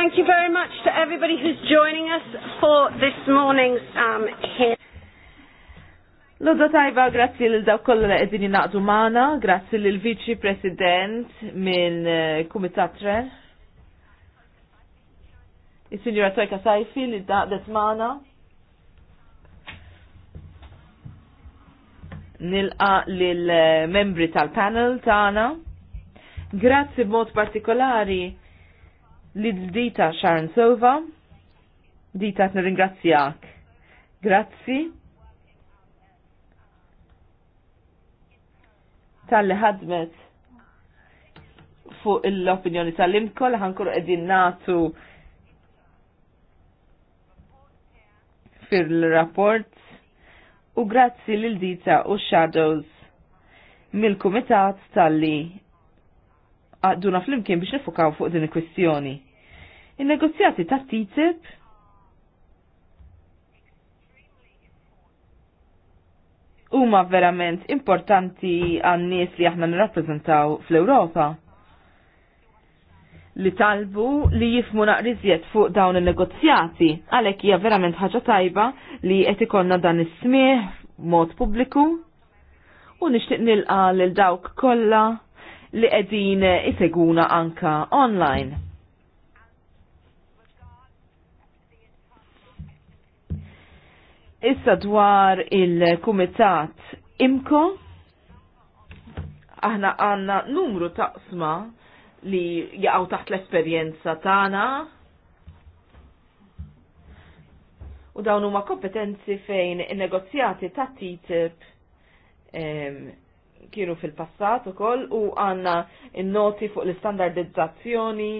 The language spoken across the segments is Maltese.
Thank you very much to everybody who's joining us for this morning's um, hymn. Lodo tajba, grazzi l daw kollu li għedin naqdu maħna, grazzi l viċi president minn eh, Kumitatre. il signora Tojka Sajfi li daqdet maħna. Nilqa l-membri eh, tal-panel taħna. Grazzi b-mod partikolari li dita Sharon Sova, dita t-nirringrazzjak. Grazzi. Tal-li ħadmet fuq l-opinjoni tal-imkoll ħankur edin natu l rapport u grazzi lil dita u shadows mill-kumitat tal-li għadduna fl-imkien biex nifukaw fuq din il-kwistjoni. Il-negozjati ta' TTIP huma verament importanti għan nies li aħna nirrappreżentaw fl-Ewropa li talbu li jifmu naqrizjet fuq dawn il-negozjati għalhekk hija verament ħaġa tajba li qed ikollna dan is-smieħ mod pubbliku u nixtieq nilqa lil dawk kollha li qegħdin iseguna anka online. Issa dwar il-kumitat imko, aħna għanna numru taqsma li jgħaw taħt l-esperienza tagħna. U dawn huma kompetenzi fejn in-negozjati ta' TTIP kienu fil-passat u koll u għanna il-noti fuq l-standardizzazzjoni,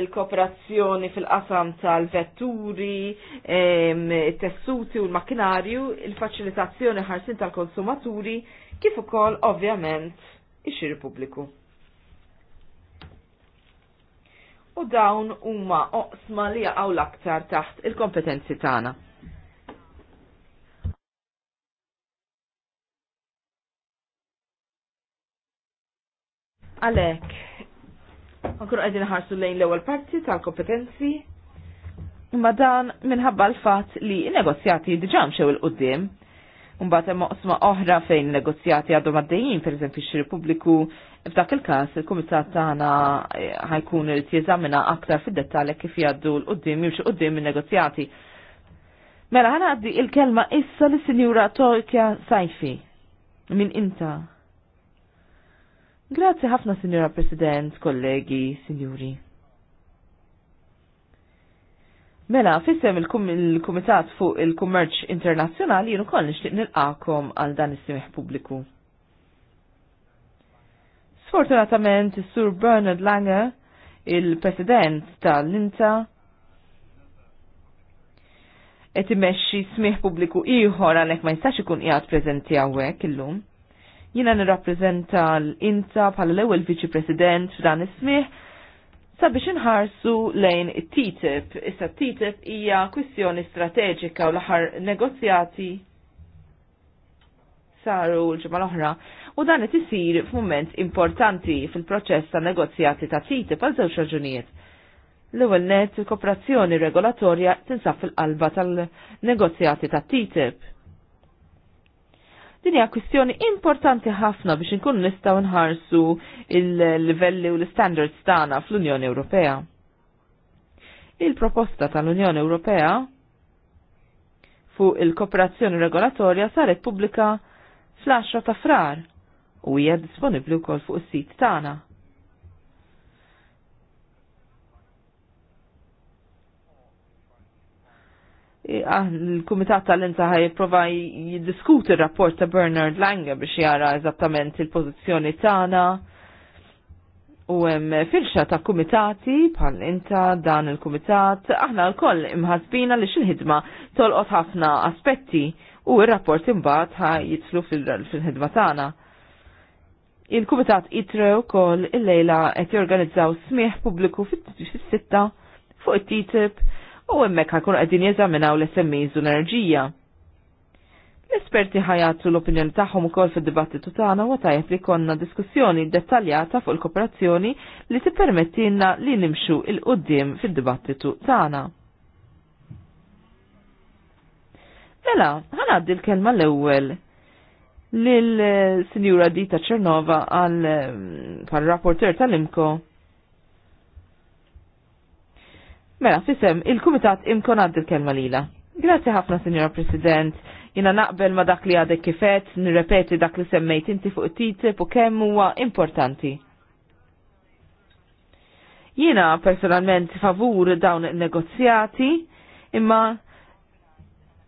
il-kooperazzjoni fil-qasam tal-vetturi, il-tessuti u l makinarju il-facilitazzjoni ħarsin tal-konsumaturi, kif ukoll ovvjament ix-xiri pubbliku. U dawn huma oqsma li jaqgħu l-aktar taħt il-kompetenzi tagħna. Għalek, għankur għedin ħarsu lejn l-ewel parti tal-kompetenzi, imma dan minħabba l-fat li negozjati diġam xew il-qoddim, Mbagħad hemm oqsma oħra fejn negozjati għadhom għaddejjin, pereżempju x-xiri pubbliku, f'dak il-każ il-kumitat tagħna eh, ħajkun irid jeżamina aktar fid-dettall kif jgħaddu l qudiem jimxi qudiem min-negozjati. Mela ħana għaddi il-kelma issa lis sinjura Torkja Sajfi. Min inta? Grazzi ħafna, Signora President, kollegi, Signori. Mela, fissem il-Kumitat il fuq il-Kummerċ Internazzjonali jenu koll nixtieq nilqakom għal dan is simiħ pubbliku. Sfortunatament, is-Sur Bernard Lange, il-President tal ninta qed imexxi smih pubbliku ieħor għalhekk ma jistax ikun prezenti preżenti hawnhekk illum. Jina nirrappreżenta l-inta bħala l-ewwel viċi president f'dan is-smih sabiex inħarsu lejn TTIP. Issa TTIP hija kwistjoni strateġika u l-aħħar negozjati saru l-ġimgħa l-oħra u dan qed isir f'mument importanti fil-proċess ta' negozjati ta' TTIP għal żewġ raġunijiet. L-ewwel net il-kooperazzjoni regolatorja tinsab fil-qalba tal-negozjati ta' TTIP Din hija kwistjoni importanti ħafna biex inkunu nistgħu nħarsu il-livelli u l-standards tagħna fl-Unjoni Ewropea. Il-proposta tal-Unjoni Ewropea fuq il-kooperazzjoni regolatorja saret pubblika fl-10 ta' frar u hija disponibbli wkoll fuq is-sit tagħna. il-Kumitat eh, ah, tal-Inta ħaj prova jiddiskuti il-rapport ta' Bernard Lange biex jara eżattament il-pozizjoni tagħna. U hemm filxa ta' kumitati bħal inta dan il-kumitat, aħna l-koll imħasbina li xil-ħidma tolqot ħafna aspetti u il rapport imbagħad ħaj jitlu fil-ħidma tagħna. Il-Kumitat itrew koll il-lejla qed jorganizzaw smieħ pubbliku fit-sitta fuq it-TTIP u hemmhekk ħajkunu qegħdin jeżaminaw l-SMEs u l-enerġija. L-esperti ħajatu l-opinjoni tagħhom ukoll fid-dibattitu tagħna u tajjeb li konna diskussjoni dettaljata fuq il-kooperazzjoni li tippermettilna li nimxu il-qudiem fil dibattitu tagħna. Mela, ħanaddi l-kelma l-ewwel lil Sinjura Dita Ċernova għal rapporter tal-Imko Mela, sisem, il-Kumitat imkon għad il-kelma lila. Grazie ħafna, Signora President. Jina naqbel ma dak li għadek kifet, nirrepeti dak li semmejt inti fuq TTIP u kemm huwa importanti. Jina personalment favur dawn negozjati, imma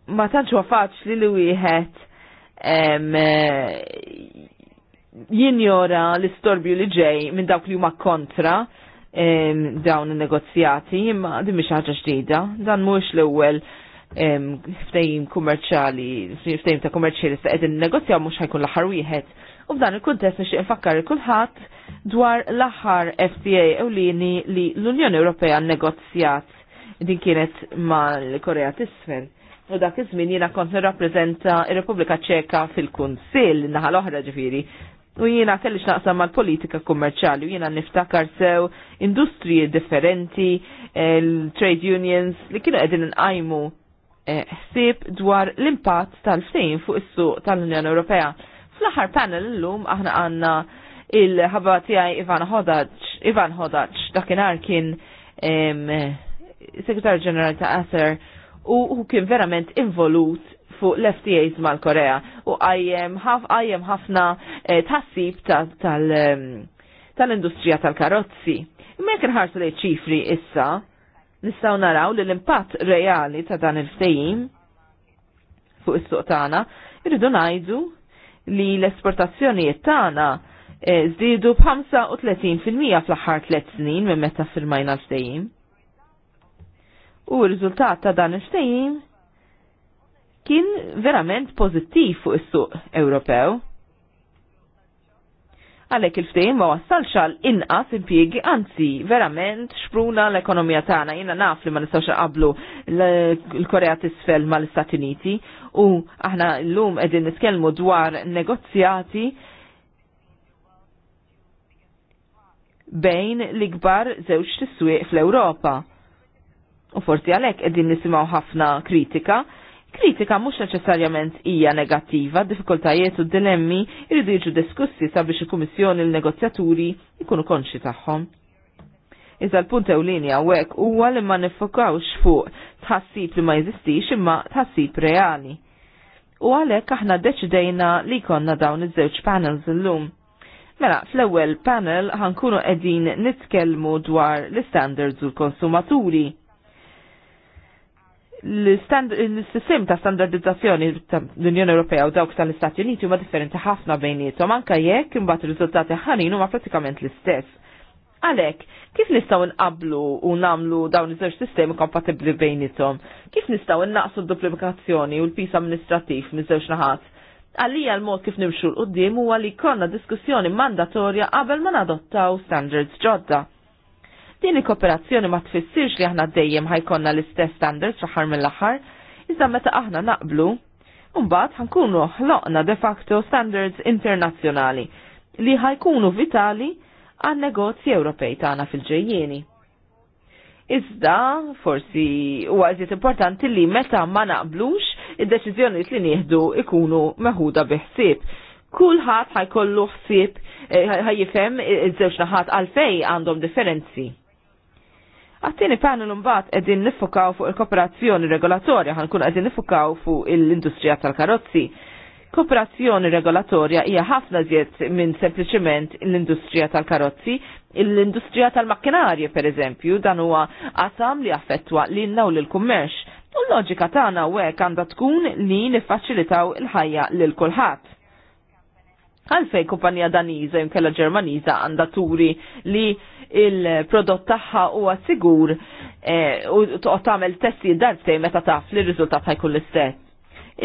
ma tantx huwa faċli li wieħed jinjora l-istorbju li ġej minn dawk li huma kontra dawn il-negozjati, imma din mhix ħaġa ġdida, dan mux l-ewwel ftejim kummerċali, ftejim ta' kummerċali se edin negozja mhux ħajkun l-aħħar wieħed. U f'dan il-kuntest nixtieq infakkar kulħadd dwar l-aħħar FTA ewlieni li l-Unjoni Ewropea negozjat din kienet mal-Korea t-isfel. U dak iż-żmien jiena kont nirrappreżenta r-Repubblika Ċeka fil-Kunsill naħa l-oħra ġifieri u jiena kellix naqsam mal-politika kummerċali u jiena niftakar sew industriji differenti, eh, trade unions li kienu qegħdin inqajmu eh, ħsieb dwar l-impatt tal fejn fuq is-suq tal-Unjoni Ewropea. Fl-aħħar panel illum aħna għandna il-ħabba tiegħi Ivan Hodaċ, Ivan Hodaċ dakinhar kien eh, segretarju ġenerali ta' Aser u hu kien verament involut fuq l-FTAs mal-Korea u għajem ħafna eh, tassib tal-industrija tal-karozzi. Mek nħarsu li ċifri issa, nistaw naraw li l-impatt reali ta' dan il-ftejim fuq is-suq tagħna, irridu ngħidu li l-esportazzjonijiet tagħna eh, żdiedu b'35% fl-aħħar tliet snin minn meta firmajna l-ftejim. U r-riżultat ta' dan il-ftejim kien verament pozittiv fuq is-suq Ewropew. Għalek il-ftejn ma wassalx għal inqas impjiegi, anzi, verament xpruna l-ekonomija tagħna. Jiena naf li ma nistgħux qablu l-Korea t'isfel mal istati Uniti u aħna llum qegħdin nitkellmu dwar negozjati bejn l-ikbar żewġ tiswieq fl-Ewropa. U forsi għalek qegħdin nisimgħu ħafna kritika, Kritika mhux neċessarjament hija negattiva, diffikultajiet u dilemmi jridu jiġu diskussi sabiex il-Kummissjoni l-negozjaturi jkunu konxi tagħhom. Iżda l-punt ewlieni hawnhekk huwa li ma nifokawx fuq tħassib li ma jeżistix imma tħassib reali. U għalhekk aħna deċidejna li konna dawn iż-żewġ panels illum. Mela, fl-ewwel panel ħankunu qegħdin nitkellmu dwar l-standards u l-konsumaturi l-sistem ta' standardizzazzjoni l-Unjoni Ewropea u dawk tal-Istati Uniti huma differenti ħafna bejnietom anke jekk imbagħad ir-riżultati ħanin huma pratikament l-istess. Għalhekk, kif nistgħu nqablu u nagħmlu dawn iż-żewġ sistemi kompatibbli bejnietom? Kif nistgħu innaqsu d-duplikazzjoni u l-pis amministrattiv miż-żewġ naħat? Għalija l-mod kif nimxu l-qoddim huwa li konna diskussjoni mandatorja qabel ma nadottaw standards ġodda Din il-kooperazzjoni ma tfissirx li aħna dejjem ħajkonna l-istess standards fl-aħħar mill-aħħar, iżda meta aħna naqblu, mbagħad ħankunu ħloqna de facto standards internazzjonali li ħajkunu vitali għan negozji Ewropej tagħna fil-ġejjieni. Iżda, forsi, u għazjet importanti li meta ma naqblux id deċiżjonijiet li nieħdu ikunu meħuda biħsib. Kulħadd ħajkollu ħsieb eh, ħajjifhem eh, iż-żewġ naħat għalfej għandhom differenzi. Għattini panel mbagħad qegħdin nifukaw fuq il-kooperazzjoni regolatorja ħankun qegħdin nifukaw fuq l-industrija tal-karozzi. Kooperazzjoni regolatorja hija ħafna żied minn sempliċement l-industrija tal-karozzi, l-industrija tal-makkinarji pereżempju dan huwa qasam li affettwa lilna u lill kummerx U l-loġika tagħna hekk għandha tkun li niffaċilitaw il-ħajja lil kulħadd. Għalfej kumpanija Daniża jimkella Ġermaniża għandha turi li il-prodott tagħha huwa sigur e, u toqgħod tagħmel testi darbtejn meta taf li r-riżultat ħajkun l-istess.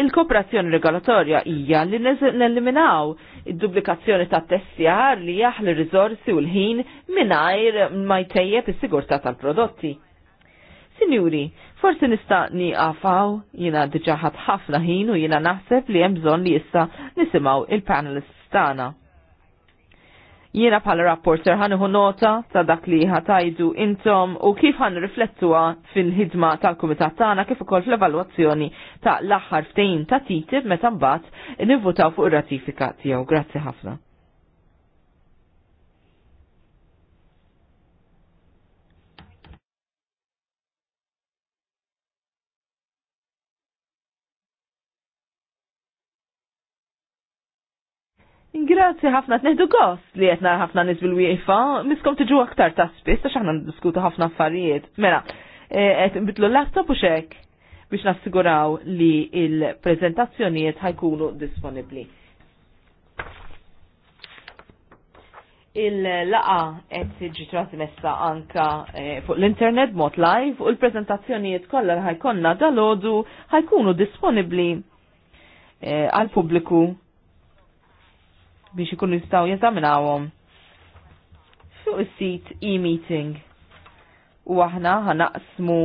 Il-kooperazzjoni regolatorja hija li neliminaw id dublikazzjoni ta' testjar li jaħli riżorsi u l-ħin mingħajr ma jtejjeb is-sigurtà tal-prodotti. Sinjuri, forsi nista' niqafaw jiena diġaħat ħafna ħin u jiena naħseb li hemm bżonn li issa nisimgħu il-panelists tagħna. Jiena bħala rapporter ħanuħu nota ta' dak li ħatajdu intom u kif ħan riflettuha fil-ħidma tal-kumitat tagħna kif ukoll fl-evalwazzjoni ta' l-aħħar ftehim ta' titib meta mbagħad nivvutaw fuq ir-ratifika tiegħu. Grazzi ħafna. Grazie ħafna t-neħdu gost li jetna ħafna nis bil-wiefa, miskom tiġu aktar ta' spiss, għax ħafna diskutu ħafna affarijiet. Mela, għet e, bitlu laptop u xek biex nassiguraw li il-prezentazzjonijiet ħajkunu disponibli. Il-laqa qed tiġi trasmessa anka e, fuq l-internet mod live u l-prezentazzjonijiet kollha ħajkonna dalodu ħajkunu disponibbli e, għal pubbliku biex ikunu jistaw jazaminawom fuq is-sit e-meeting. U aħna ħanaqsmu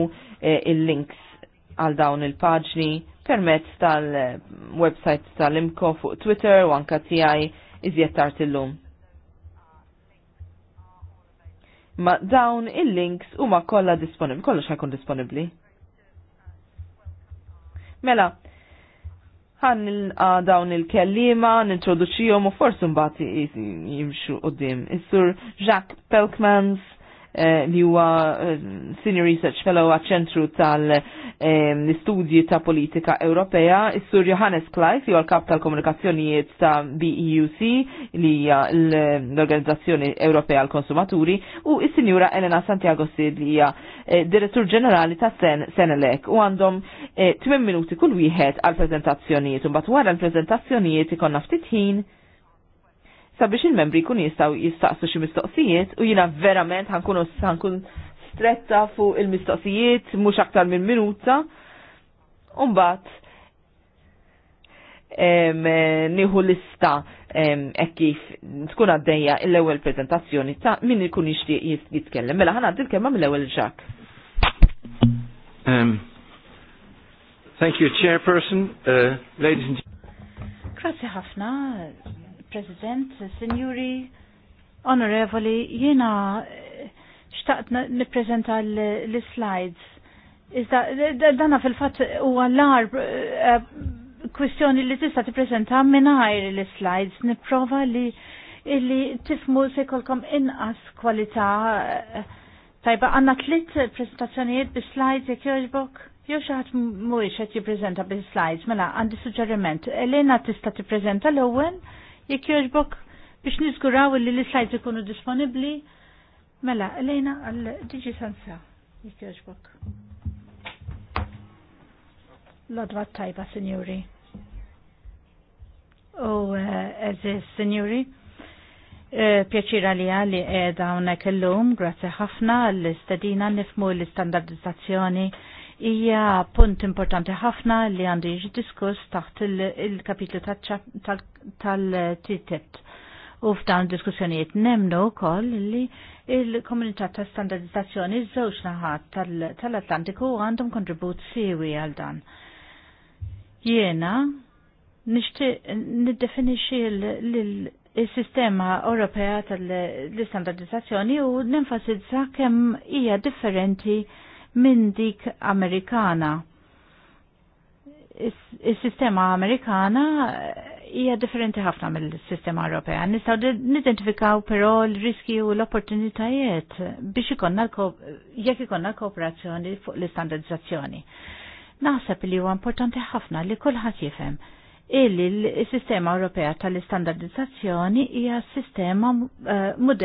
eh, il-links għal dawn il-paġni permezz tal-website tal-imko fuq Twitter u anka tijaj iżjed tard illum. Ma dawn il-links huma kollha disponibli kollox ħajkun disponibbli. Mela, ħan nilqa ah, dawn il-kellima, nintroduċijom u forsi mbagħad jimxu qudiem. Is-sur Jacques Pelkmans Eh, li huwa eh, Senior Research Fellow għat ċentru tal-istudji eh, ta' politika Ewropea, sur Johannes Kleif, li huwa l-kap tal-komunikazzjonijiet ta' BEUC, li hija l-Organizzazzjoni Ewropea għal konsumaturi u is-Sinjura Elena Santiago Sid li hija Direttur Ġenerali ta' Sen Senelek u għandhom 8 minuti kull wieħed għal-prezentazzjonijiet u mbagħad wara l-prezentazzjonijiet ikonna ftit ħin sabiex il-membri kun jistaw jistaqsu xi mistoqsijiet u jina verament ħankun ħankun stretta fuq il-mistoqsijiet mhux aktar minn minuta. Umbat nieħu lista hekk kif tkun għaddejja l-ewwel prezentazzjoni ta' min ikun ixtieq jitkellem. Mela għaddi l kemma mill-ewwel ġak. Thank you, Chairperson. Uh, ladies and gentlemen Grazie ħafna, President, Signori, Onorevoli, jena eh, xtaqt niprezenta l-slides. Iżda, dana fil-fat u għallar eh, kwistjoni li tista tipprezenta minnajr l-slides, niprofa li illi tifmu se kolkom inqas kwalità eh, tajba għanna tlitt prezentazzjonijiet bi slides jek joġbok? Jo xaħat mux għet jiprezenta bi slides, mela għandi suġġeriment. Elena tista tipprezenta l ewen jekk jogħġbok biex niżguraw li l-slides ikunu disponibbli. Mela, Elena għal Digi Sansa, jekk jogħġbok. l tajba, Sinjuri. U eh, eżis, Sinjuri. Eh, pjaċira li għalli edha unek l-lum, grazie ħafna l-istadina nifmu l-standardizzazzjoni hija punt importanti ħafna li għandi jiġi diskuss taħt il-kapitlu tal titet U f'dan diskussjonijiet nemnu wkoll li il-komunità ta' standardizzazzjoni żewġ naħat tal-Atlantiku għandhom kontribut siwi għal dan. Jiena nixtieq niddefinixxi il-sistema Ewropea tal-istandardizzazzjoni u nenfasizza kemm hija differenti minn dik Amerikana. Is-sistema Amerikana eh, hija differenti ħafna mill-sistema Ewropea. Nistgħu nidentifikaw però l-riski u l-opportunitajiet biex ikonna jekk ikonna l-kooperazzjoni fuq l-istandardizzazzjoni. Naħseb li huwa importanti ħafna li kulħadd jifhem illi l-sistema Ewropea tal-istandardizzazzjoni hija sistema uh,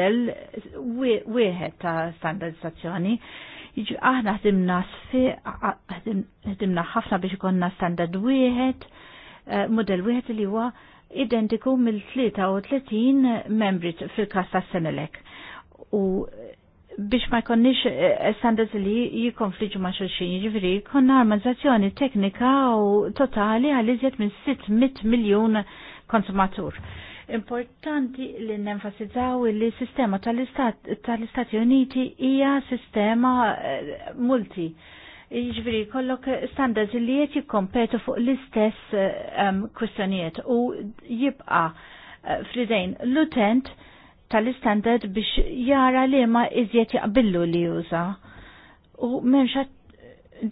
wieħed ta' standardizzazzjoni aħna ħdimna sfiq, ħdimna ħafna biex ikonna standard wieħed, eh, model wieħed li huwa identiku mill-33 membri fil-kas ta' Senelek. U biex ma jkonniex eh, standards li jikonfliġu ma' xulxin, ġifiri, konna armazzazzjoni teknika u totali għal iżjed minn 600 miljon konsumatur. Importanti li nenfasizzaw li sistema tal-Istati Uniti hija sistema eh, multi. Jiġifieri kollok standards li qed jikkompetu fuq l-istess eh, kwistjonijiet u jibqa' eh, fridejn l-utent tal-istandard biex jara li ma iżjed jaqbillu li juża. U memx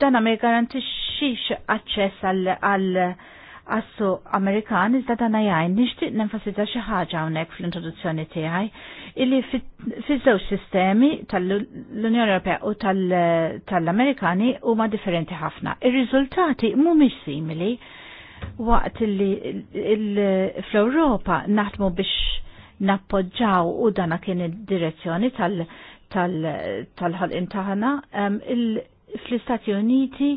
dana ma xiex aċċess għal għassu Amerikan iżda dan jgħin nixtieq nenfasizza xi ħaġa hawnhekk fl-introduzzjoni tiegħi illi fiż-żewġ sistemi tal-Unjoni Ewropea u tal-Amerikani huma differenti ħafna. Ir-riżultati mhumiex simili waqt li fl-Ewropa naħdmu biex nappoġġaw u dana kien id-direzzjoni tal- tal-ħolqin taħna, fl-Istati Uniti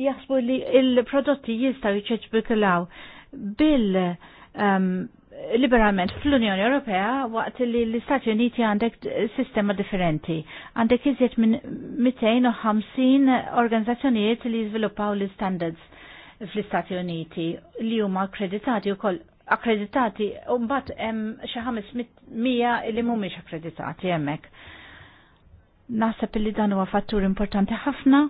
jaħsbu li il-prodotti jistaw jiċċirkulaw bil um, liberalment fl-Unjoni Ewropea waqt li l-Istati Uniti għandek sistema differenti. Għandek iżjed minn 250 organizzazzjonijiet li jizviluppaw l-standards fl-Istati Uniti li huma akkreditati wkoll akkreditati u mbagħad hemm xi ħames mija li mhumiex akkreditati hemmhekk. Naħseb li dan huwa fattur importanti ħafna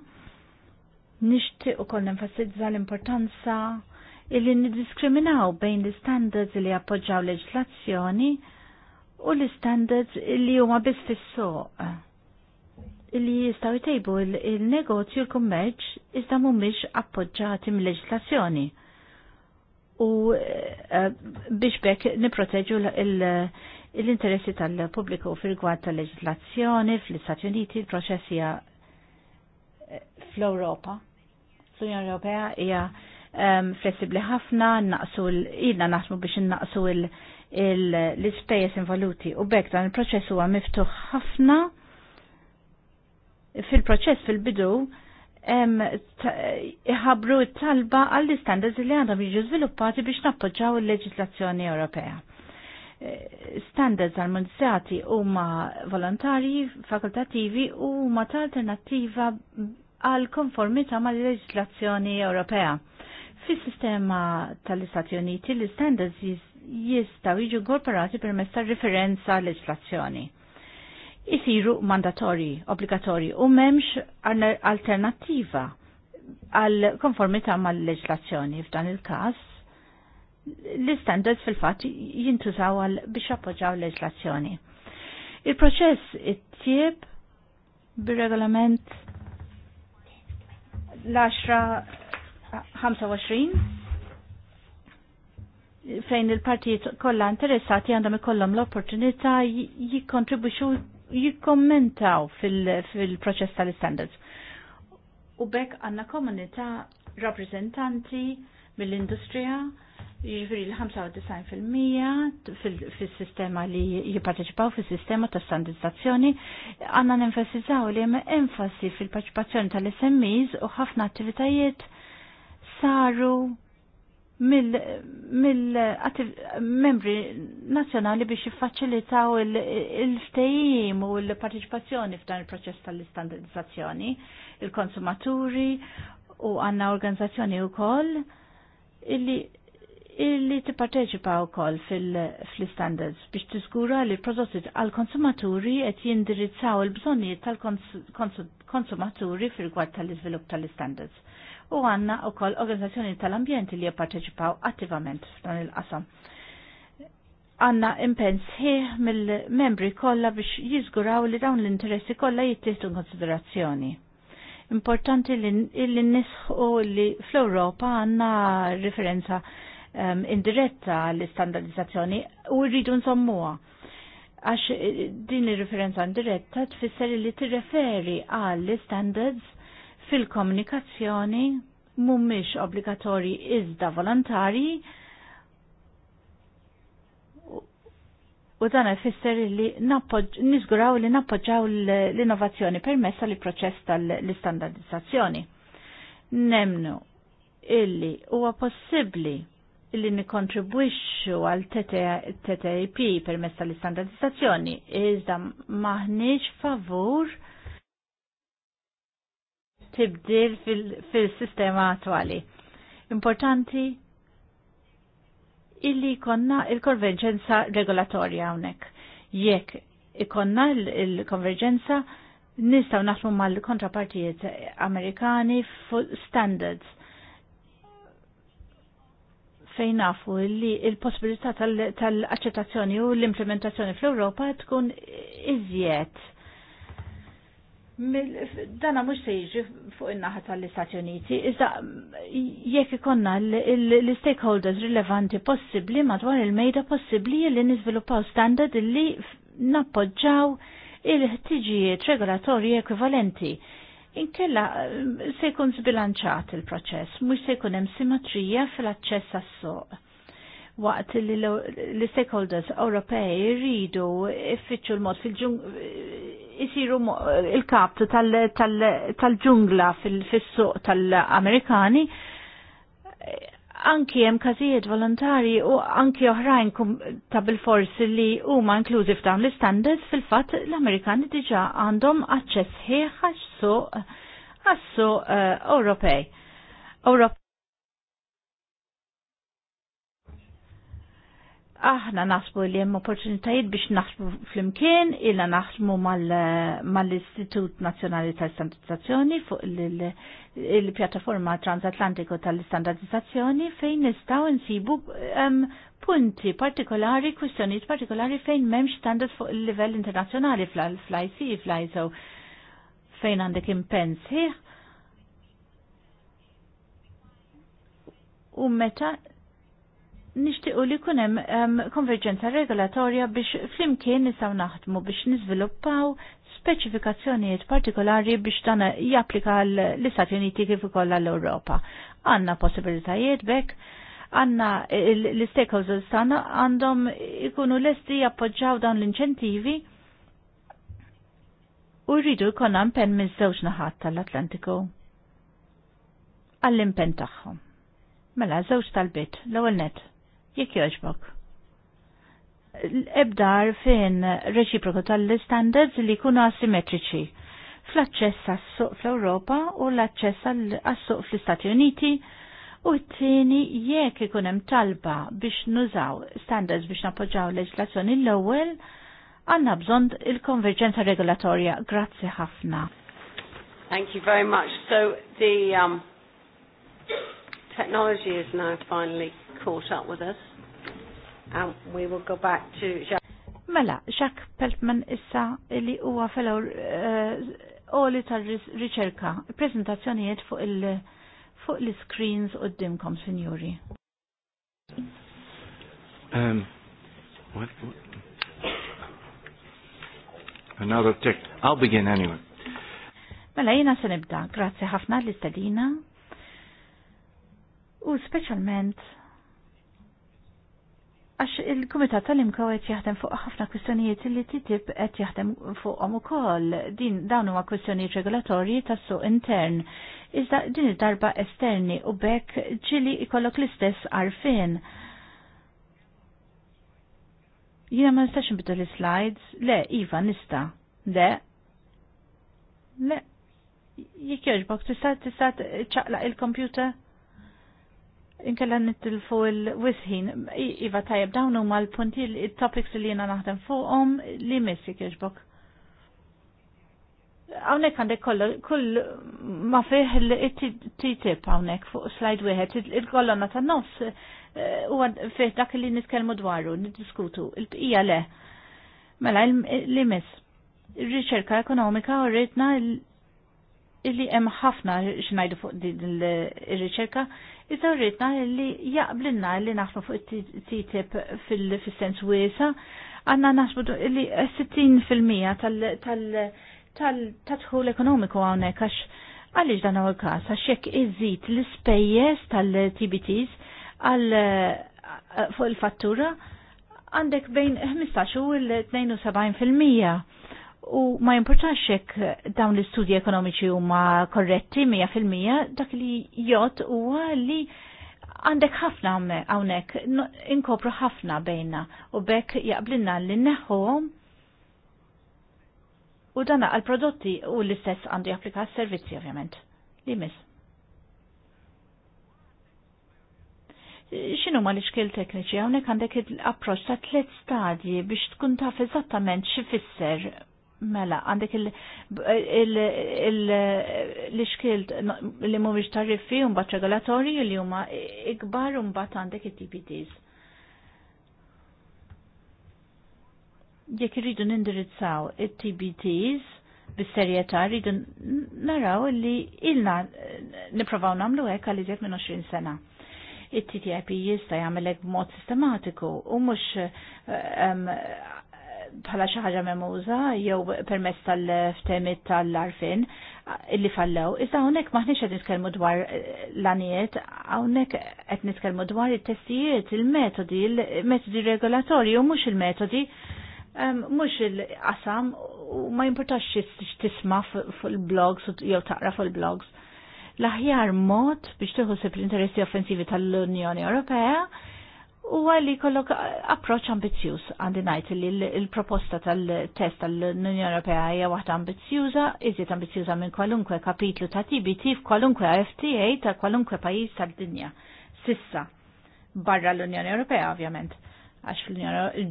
Nixtieq ukoll nenfasizza l-importanza illi niddiskriminaw bejn l-standards li appoġġaw leġislazzjoni u l-standards li huma biss fis-soq illi jistgħu jtejbu il-negozju l-kummerċ iżda mhumiex appoġġati mill-leġislazzjoni u eh, biex bekk niproteġu l-interessi tal-pubbliku fil-gwad tal-leġislazzjoni fl-Istati Uniti, il-proċessija eh, fl-Europa l-Unjoni Ewropea hija ehm, flessibli ħafna, naqsu l-idna naħsmu biex naqsu l-ispejjeż involuti u bekk dan il-proċess huwa miftuħ ħafna fil-proċess fil-bidu ehm, iħabru talba għall-standards li għandhom jiġu żviluppati biex nappoġġaw il-leġislazzjoni Ewropea. Eh, standards armonizzati huma volontarji, fakultativi u ma ta' alternattiva għal konformità mal leġislazzjoni Ewropea. Fis-sistema tal-Istati Uniti l-standards jistaw jiġu korporati permezz messa referenza leġislazzjoni. Isiru mandatori, obbligatori u memx alternativa għal konformità mal leġislazzjoni f'dan il-każ l-standards fil-fat jintużaw għal biex appoġġaw leġlazzjoni. Il-proċess it-tieb bir-regolament l-10-25 fejn il-partijiet kollha interessati għandhom ikollhom l-opportunità jikkontribwixxu jikkommentaw fil-proċess fil proċess tal standards U bekk għandna komunità rappreżentanti mill-industrija, Jiġifieri l-95% fil-sistema li jipparteċipaw fil-sistema ta' standardizzazzjoni għandna nenfasizzaw li hemm enfasi fil-parteċipazzjoni tal-SMEs u ħafna attivitajiet saru mill-membri nazzjonali biex jiffaċilitaw il-ftejim u l-parteċipazzjoni f'dan il-proċess tal standardizzazzjoni il-konsumaturi u għanna organizzazzjoni u koll illi illi tipparteċipa wkoll fil-standards biex tiżgura li prodotti għal-konsumaturi qed jindirizzaw il-bżonnijiet tal-konsumaturi fil-gwad tal-iżvilupp tal-standards. U għanna wkoll organizzazzjoni tal-ambjent li jipparteċipaw attivament f'dan il-qasam. Għanna impens ħieħ mill-membri kollha biex jiżguraw li dawn l-interessi kollha jittieħdu konsiderazzjoni importanti li nisħu li fl-Europa għanna referenza um, indiretta l-istandardizzazzjoni u rridu nsommuha għax eh, din ir-referenza indiretta tfisser li t-referi għall standards fil-komunikazzjoni mhumiex obbligatorji iżda volontarji u dan fisser li nisguraw li nappoġġaw l-innovazzjoni permessa li proċess tal-istandardizzazzjoni. Nemnu illi huwa possibbli illi nikontribwixxu għal TTIP permezz tal-istandardizzazzjoni, iżda maħniex favur tibdil fil-sistema attuali. Importanti illi konna il-konverġenza regolatorja hawnhekk. Jekk ikonna il-konverġenza nistaw naħdmu mal-kontrapartijiet Amerikani fuq standards fejn nafu li il-possibilità tal-accettazzjoni u l-implementazzjoni fl-Europa tkun iżjed. Dana mux se jiġi fuq in-naħa tal-Istati Uniti, iżda jekk ikonna l-stakeholders rilevanti possibbli madwar il-mejda possibbli li niżviluppaw standard li nappoġġaw il-ħtiġijiet regolatorji ekvivalenti inkella se jkun zbilanċat il-proċess, mhux se jkun hemm simmetrija fil-aċċess għas soq Waqt li l-stakeholders Ewropej jridu iffiċċu l-mod fil-ġung isiru il-kap tal-ġungla fil-suq tal-Amerikani, anki hemm każijiet volontari u anki oħrajn ta' bil-forsi li huma inklużi f'dawn l-istandards fil-fatt l-Amerikani diġà għandhom aċċess ħieħax su għassu għas eh, Ewropej. aħna nasbu li hemm opportunitajiet biex naħsbu flimkien illa naħsmu mal-Istitut Nazjonali Nazzjonali tal-Standardizzazzjoni fuq il-pjattaforma transatlantiku tal-standardizzazzjoni fejn nistgħu nsibu punti partikolari, kwistjonijiet partikolari fejn m'hemmx standard fuq il-livell internazzjonali fl-IC, fl-ISO, fejn għandek impensi. U meta nishtiqu li kunem um, konverġenza regolatorja biex flimkien nisaw naħdmu biex nizviluppaw speċifikazzjonijiet partikolari biex dan japplika l-Istati Uniti kif ukoll l-Ewropa. Għanna possibilitajiet bekk, għanna l-stakeholders tagħna għandhom ikunu lesti jappoġġaw dawn l-inċentivi u rridu jkollna impenn miż żewġ naħat tal-Atlantiku għall-impenn tagħhom. Mela, żewġ tal-bit, l-ewwel net jekk jaġbok. Ebdar fejn reċiproku tal-standards li kunu asimetriċi fl-aċċess għas-suq fl-Ewropa u l-aċċess għas-suq fl-Istati Uniti u t-tieni jekk ikun hemm talba biex nużaw standards biex nappoġġaw leġislazzjoni l-ewwel għandna bżonn il-konverġenza regolatorja. Grazzi ħafna. Thank you very much. So the um Technology has now finally caught up with us. And we will go back to Jacques. Mela, Jacques Peltman issa li huwa fellow eh, oli tal-riċerka, prezentazzjonijiet fuq il- fuq l-screens u d-dimkom, signori. Um, what, what? Another tick. I'll begin anyway. Mela jina se nibda. Grazie ħafna li stadina. U specialment għax il-Kumitat tal imkaw qed jaħdem fuq ħafna kwistjonijiet li titib qed jaħdem fuqhom ukoll. Din dawn huma kwistjonijiet regolatorji tas-suq intern. Iżda din id-darba esterni u bekk ġili ikollok l-istess għarfien. Jiena ma nistax nbidu l-slides, le, Iva, nista. Le, le, jekk jogħġbok tista' tista' ċaqlaq il-kompjuter? inkella nittilfu il-wisħin. Iva tajab dawn huma l-punti il-topics li jena naħdem fuqhom li missi kiexbok. Hawnhekk għandek kull ma fiħ il-TTIP hawnhekk fuq slide wieħed il-kolonna ta' nofs eh, huwa fih dak li nitkellmu dwaru, niddiskutu, il-bqija le. Mela li miss. Ir-riċerka ekonomika u rritna illi hemm ħafna xnajdu fuq din ir-riċerka, iżda rridna illi jaqblilna illi naħsmu fuq it-TTIP fil-sens wiesa, għanna naħsbu illi 60% tal-tadħul ekonomiku għawnek għax għalix dan għu kas għax hekk iżid l-spejjes tal-TBTs għal fuq il-fattura għandek bejn 15 u l-72%. U ma jimportax jekk dawn l-istudji ekonomiċi huma korretti 100% dak li jgħod huwa li għandek ħafna hawnhekk inkopru ħafna bejna u bekk jaqblilna li neħħuhom u dana għal prodotti u l-istess għandu japplika s-servizzi ovvjament. Li mis. xinu ma l-iċkil tekniċi, għonek għandek l-approċ ta' tliet stadji biex tkun taf eżattament xifisser mela għandek l-iskil li mhumiex tariffi u mbagħad regolatorji li huma ikbar u mbagħad għandek it-TPTs. Jekk irridu nindirizzaw it-TBTs bis-serjetà rridu naraw li ilna nipprovaw nagħmlu hekk għal iżjed minn 20 sena it-TTIP jista' jagħmelek b'mod sistematiku u mhux eh, bħala xi ħaġa memuża jew permezz tal-ftemit tal-arfin illi fallew. Iżda hawnhekk maħniex qed nitkellmu dwar eh, l-anijiet, hawnhekk qed nitkellmu dwar it-testijiet, il-metodi, il-metodi regolatorji u mhux il-metodi mhux il-qasam u ma jimportax tisma fil-blogs jew taqra fil-blogs. L-aħjar mod biex tieħu sib l-interessi offensivi tal-Unjoni Ewropea u għalli kollok approċ ambizjuż għandi najt li l-proposta tal-test tal-Unjoni Ewropea hija waħda ambizjuża, iżjed ambizjuża minn kwalunkwe kapitlu ta' TBT f'kwalunkwe FTA ta' kwalunkwe pajjiż tad-dinja. Sissa, barra l-Unjoni Ewropea ovvjament, għax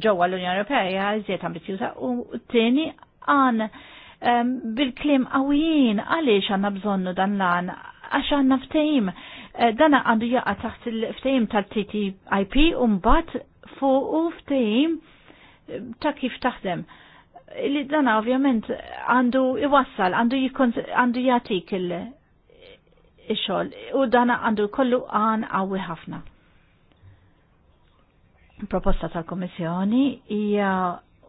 ġewwa l-Unjoni Ewropea hija iżjed ambizjuża u t-tieni għan bil-klim għawijin għaliex għandna bżonnu dan l-għan għax għandna ftehim. Eh, dana għandu jaqa taħt il-ftejim tal-TTIP un-bat fuq u ftejim eh, ta' kif taħdem Illi dana ovvjament għandu iwassal, għandu għandu jatik il-xol u dana għandu kollu għan għawi ħafna. Proposta tal-Komissjoni hija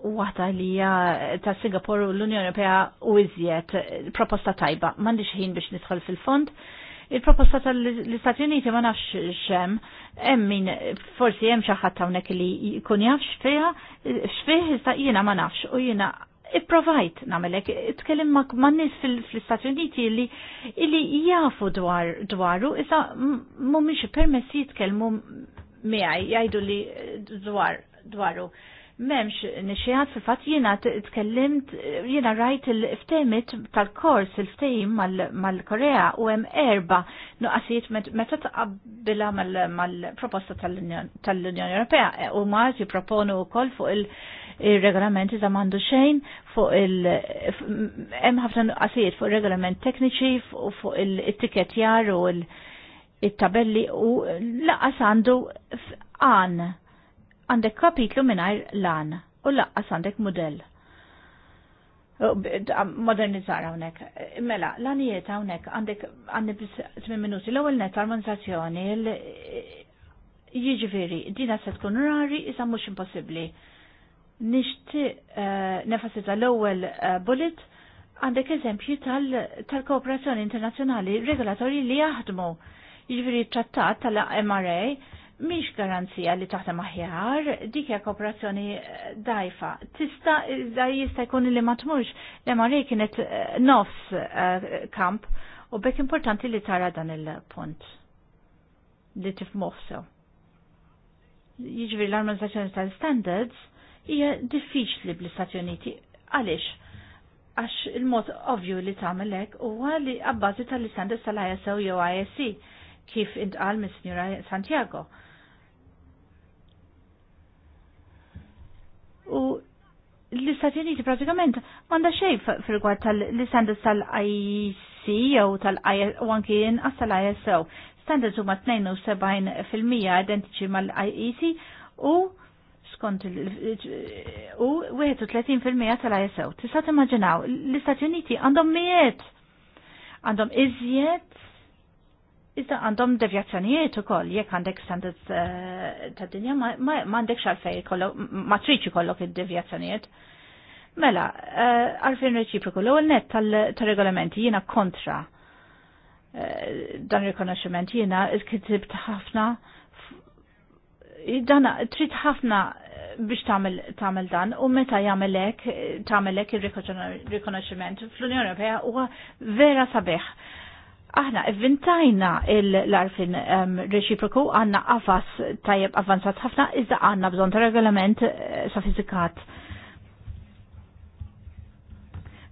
waħda li hija ta' Singapore u l-Unjoni Ewropea u iżjed proposta tajba. M'għandix ħin biex nidħol fil-fond Il-proposta tal-Istati Uniti ma nafx xem, emmin forsi jem xaħat tawnek li kun jafx fija, xfih jista jina ma nafx u jina i-provajt namelek, it kellim ma nis fil istati Uniti li illi jafu dwar, dwaru, issa mumiex permessi jitkellmu kellmu miħaj, jajdu li dwar, dwaru memx nixieħat fil fatt jiena tkellimt jiena rajt il ftejmit tal-kors il ftejm mal-Korea u hemm erba nuqqasijiet meta taqabbilha mal-proposta tal-Unjoni Ewropea e, u ma jipproponu wkoll fuq il-regolamenti ta' m'għandu xejn fuq il hemm ħafna nuqqasijiet fuq il-regolament tekniċi fuq il-tikketjar u il-tabelli u laqas għandu għan għandek kapitlu minnajr lan u laqqas għandek model. Modernizzar għonek. Mela, lanijiet għonek għandek għandek 8 minuti l-ewel net armonizzazzjoni jiġveri, dina se tkun rari, isa mux impossibli. Nishti eh, nefasita l-ewel eh, bullet għandek eżempju tal-kooperazzjoni internazjonali regolatori li jaħdmu. Jiġveri trattat tal-MRA miex garanzija li taħdem aħjar, dik hija kooperazzjoni eh, dajfa. Tista' da jista' jkun li ma tmurx li ma kienet eh, nofs eh, kamp u bekk importanti li tara dan il-punt li tifmuħ sew. Jiġri l-armonizzazzjoni tal-standards hija diffiċli bl-Istati Uniti. Għaliex? Għax il-mod ovvju li tagħmel hekk huwa li abbażi tal-standards tal-ISO jew ISC e kif intqal mis-Sinjura Santiago. U l-Istati Uniti pratikament manda xej fil-gwad tal-standards tal-IC jew tal-ISO u anki inqas tal-ISO. Standards huma 72% identiċi mal-IEC u skont u 31% tal-ISO. Tista' timmaġinaw l-Istati Uniti għandhom mijiet għandhom iżjed Iżda għandhom devjazzjonijiet ukoll jekk għandek standards eh, ta' dinja ma għandekx għalfej kollok ma triċi kollok id-devjazzjonijiet. Mela, eh, għalfejn reċipiku, reċiproku l-ewwel net tal-regolamenti jiena kontra eh, dan rikonoxximent jiena t-kitibt ħafna dan trid ħafna biex tagħmel dan u meta jagħmel hekk tagħmel hekk ir-rikonoxximent fl-Unjoni Ewropea huwa vera sabiħ aħna vintajna l-arfin um, reċiproku għanna għafas tajjeb avanzat ħafna iżda għanna bżon ta' regolament uh, sofistikat.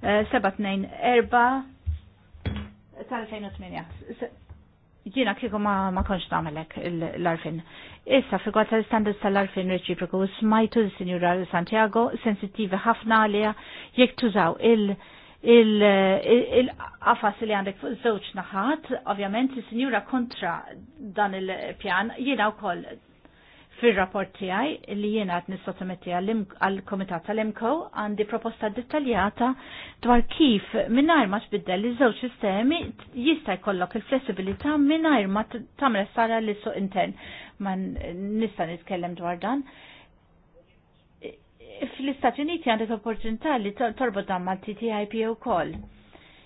Uh, 724 tal-2008. Ġina kieku ma, ma konx namelek l-arfin. Issa fi għata l standard tal-arfin reċiproku smajtu l-Sinjura Santiago sensittivi ħafna għalija jek tużaw il- il-qafas il, il li għandek fuq żewġ naħat, ovvjament il-sinjura kontra dan il-pjan jiena wkoll fil-rapport tiegħi li jiena qed nissottometti għal komitat tal-Imko għandi proposta dettaljata dwar kif mingħajr ma tbiddel li żewġ sistemi jista' jkollok il-flessibilità mingħajr ma tagħmel sara li suq intern. Ma nista' nitkellem dwar dan fl-Istati Uniti għandek opportunità li torbod dan mal TTIP u kol.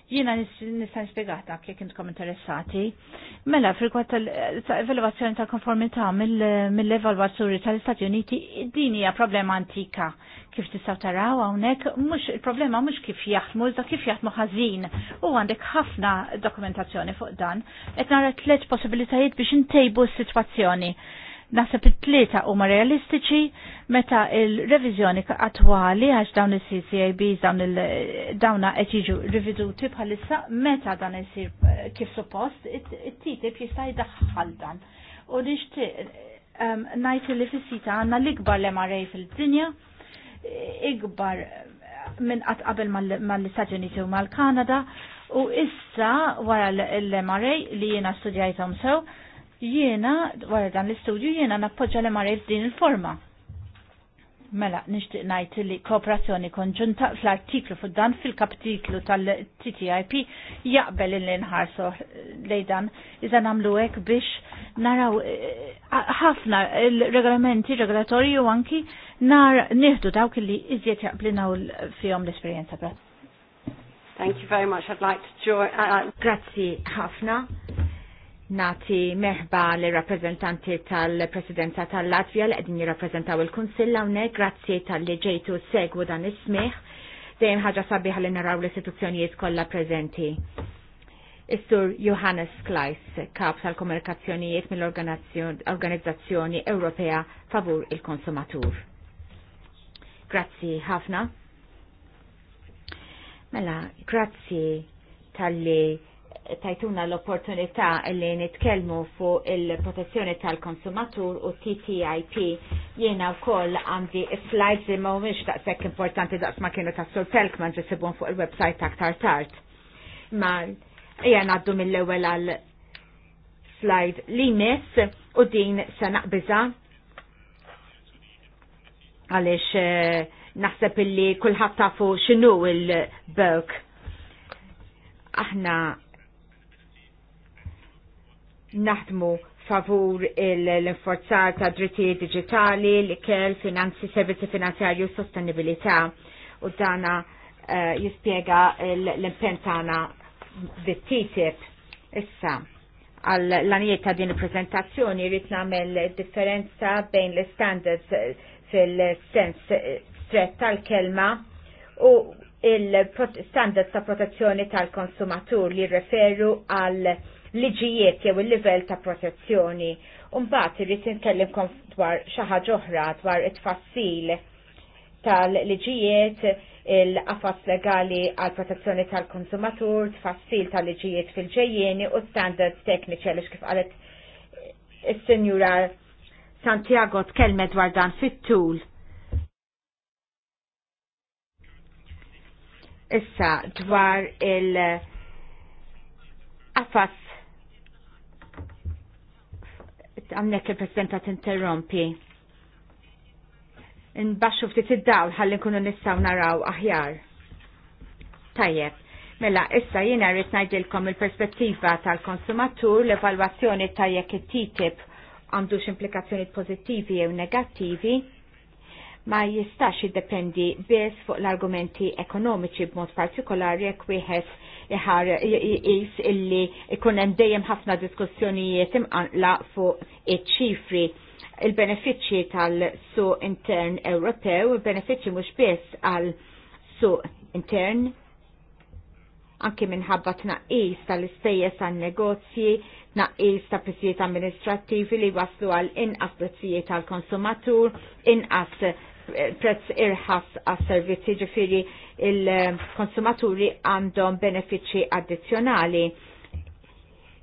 Jina nista' nispjegata kif intkom interessati. Mela, fil-kwat tal-evaluazzjoni ta' konformità mill evaluazzjoni tal-Istati Uniti, din hija problema antika. Kif tistgħu taraw hawnhekk, mhux il-problema mhux kif jaħdmu, iżda kif jaħdmu ħażin. U għandek ħafna dokumentazzjoni fuq dan, qed nara tliet possibilitajiet biex intejbu s-sitwazzjoni Naħseb it-tlieta huma realistiċi meta il-reviżjoni attwali għax dawn il ccabs dawn il dawna qed jiġu riveduti bħalissa meta dan isir eh, kif suppost it-titib jista' jdaħħal dan. U nixtieq ehm, ngħid li fis-sita għandna l-ikbar l-MRA fil-dinja, ikbar eh, minn qatt qabel mal-Istati Uniti u mal-Kanada u issa wara l-MRA li jiena studjajthom sew Jiena, wara dan l-istudju, jiena nappoġġa li mra f'din il-forma. Mela, nixtieq ngħid li kooperazzjoni konġunta fl-artiklu fuq dan fil kapitlu tal-TTIP jaqbel li nħarsu lej dan iżda nagħmlu hekk biex naraw eh, ħafna il-regolamenti regolatori u anki nar nieħdu dawk li iżjed jaqblinaw fihom l-esperjenza. Thank you very much. I'd like to join. Uh, uh Grazzi ħafna nati meħba l rappresentanti tal-Presidenza tal-Latvija li qegħdin jirrappreżentaw il-Kunsill hawnhekk grazzi tal-li ġejtu segwu dan is-smieħ dejjem ħaġa sabiħa li naraw l-istituzzjonijiet kollha preżenti. Is-Sur Johannes Kleis, kap tal-komunikazzjonijiet mill-Organizzazzjoni Ewropea favur il-Konsumatur. Grazzi ħafna. Mela, grazzi tal-li tajtuna l-opportunità li nitkellmu fuq il-protezzjoni tal-konsumatur u TTIP jiena wkoll għandi slides li mhumiex sekk importanti daqs ma kienu tas Sur ma' ġisibhom fuq il-website aktar tard. Ma hija ngħaddu mill-ewwel għal slide li miss u din se naqbiża għaliex eh, naħseb illi kulħadd tafu x'inhu il bok aħna naħdmu favur l-inforzar ta' drittijiet digitali, l-ikel, finanzi, servizi finanzjarju, sostenibilità u dana uh, jispiega l-impentana bit-TTIP. Issa, għal l-anijiet ta' din il-prezentazzjoni rrit namel differenza bejn l-standards eh, fil-sens eh, stret tal-kelma u il-standards ta' protezzjoni tal-konsumatur li referu għal liġijiet jew il-livell ta' protezzjoni. Umbat irrid nkellimkom dwar xi ħaġa oħra dwar it-tfassil tal-liġijiet il-qafas legali għal protezzjoni tal-konsumatur, tfassil tal-liġijiet fil-ġejjeni u standards tekniċi għaliex kif qalet is-Sinjura Santiago tkellmet dwar dan fit-tul. Issa dwar il- qafas għamnek il-Presidenta t-interrompi. Nbaxxu ftit id-dawl ħalli nkunu nistgħu naraw aħjar. Tajjeb. Mela, issa jina rrid ngħidilkom il-perspettiva tal-konsumatur l-evalwazzjoni tajjek il ttip għandux implikazzjoni pożittivi jew negattivi ma jistax jiddependi biss fuq l-argumenti ekonomiċi b'mod partikolari jekk wieħed iħar jis illi ikunem dejjem ħafna diskussjonijiet imqanqla fuq iċ-ċifri il-benefiċċji tal-suq intern Ewropew, il-benefiċċji mhux biss għal suq intern anki minħabba tnaqqis tal-istejjes għan negozji, tnaqqis ta' prezzijiet amministrativi li waslu għal inqas prezzijiet tal konsumatur inqas prezz irħas għas servizzi ġifiri il-konsumaturi għandhom benefiċi addizzjonali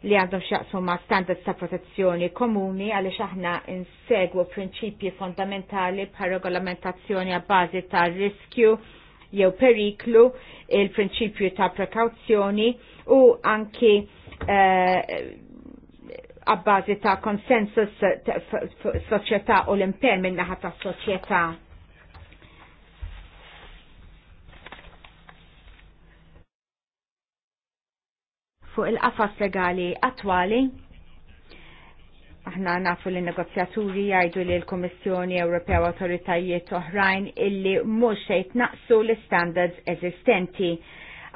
li għandhom xaqsu ma' standards ta' protezzjoni komuni għaliex aħna insegwu prinċipji fondamentali bħal regolamentazzjoni għal bazi ta' riskju jew periklu, il-prinċipju ta' prekawzjoni u anki eh, għabbażi bazi ta' konsensus soċjetà u l-impen minnaħa ta' soċjetà fuq il-qafas legali attwali. Aħna nafu li negozjaturi jgħidu li l komissjoni Ewropea u Autoritajiet oħrajn illi mhux se jitnaqsu l-standards eżistenti.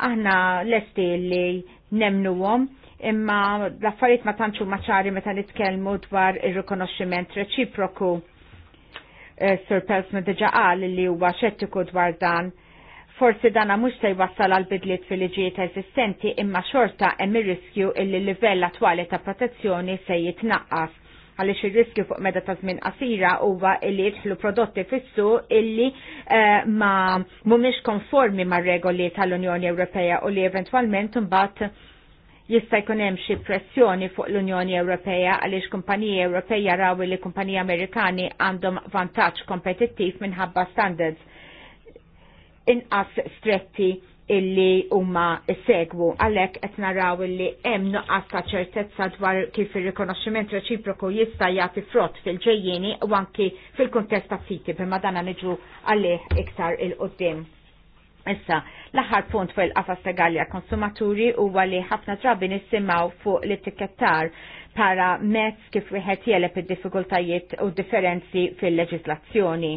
Aħna lesti li nemnuhom imma l-affarijiet ma tantxu maċari meta nitkellmu dwar ir-rikonoxximent reċiproku. Eh, Sir Pelsman diġa qal li huwa xettiku dwar dan Forsi dana mhux se jwassal għal bidliet fil-liġijiet eżistenti imma xorta hemm ir-riskju illi l-livell attwali ta' protezzjoni se jitnaqqas għaliex il riskju fuq meta ta' żmien qasira huwa li jidħlu prodotti fissu illi eh, ma mhumiex konformi mar-regoli tal-Unjoni Ewropea u li eventwalment imbagħad jista' jkun hemm xi pressjoni fuq l-Unjoni Ewropea għaliex kumpaniji Ewropej jaraw li kumpaniji Amerikani għandhom vantaġġ kompetittiv minħabba standards inqas stretti illi huma segwu għalhekk qed naraw illi hemm nuqqas ta' ċertezza dwar kif ir-rikonoxximent reċiproku jista' jagħti frott fil-ġejjieni u anki fil-kuntest ta' siti imma dana niġu għalih iktar il-qudiem. Issa, l-aħħar punt fuq il-qafas legali konsumaturi huwa li ħafna drabi nisimgħu fuq l-etikettar para mezz kif wieħed jeleb id-diffikultajiet u differenzi fil-leġislazzjoni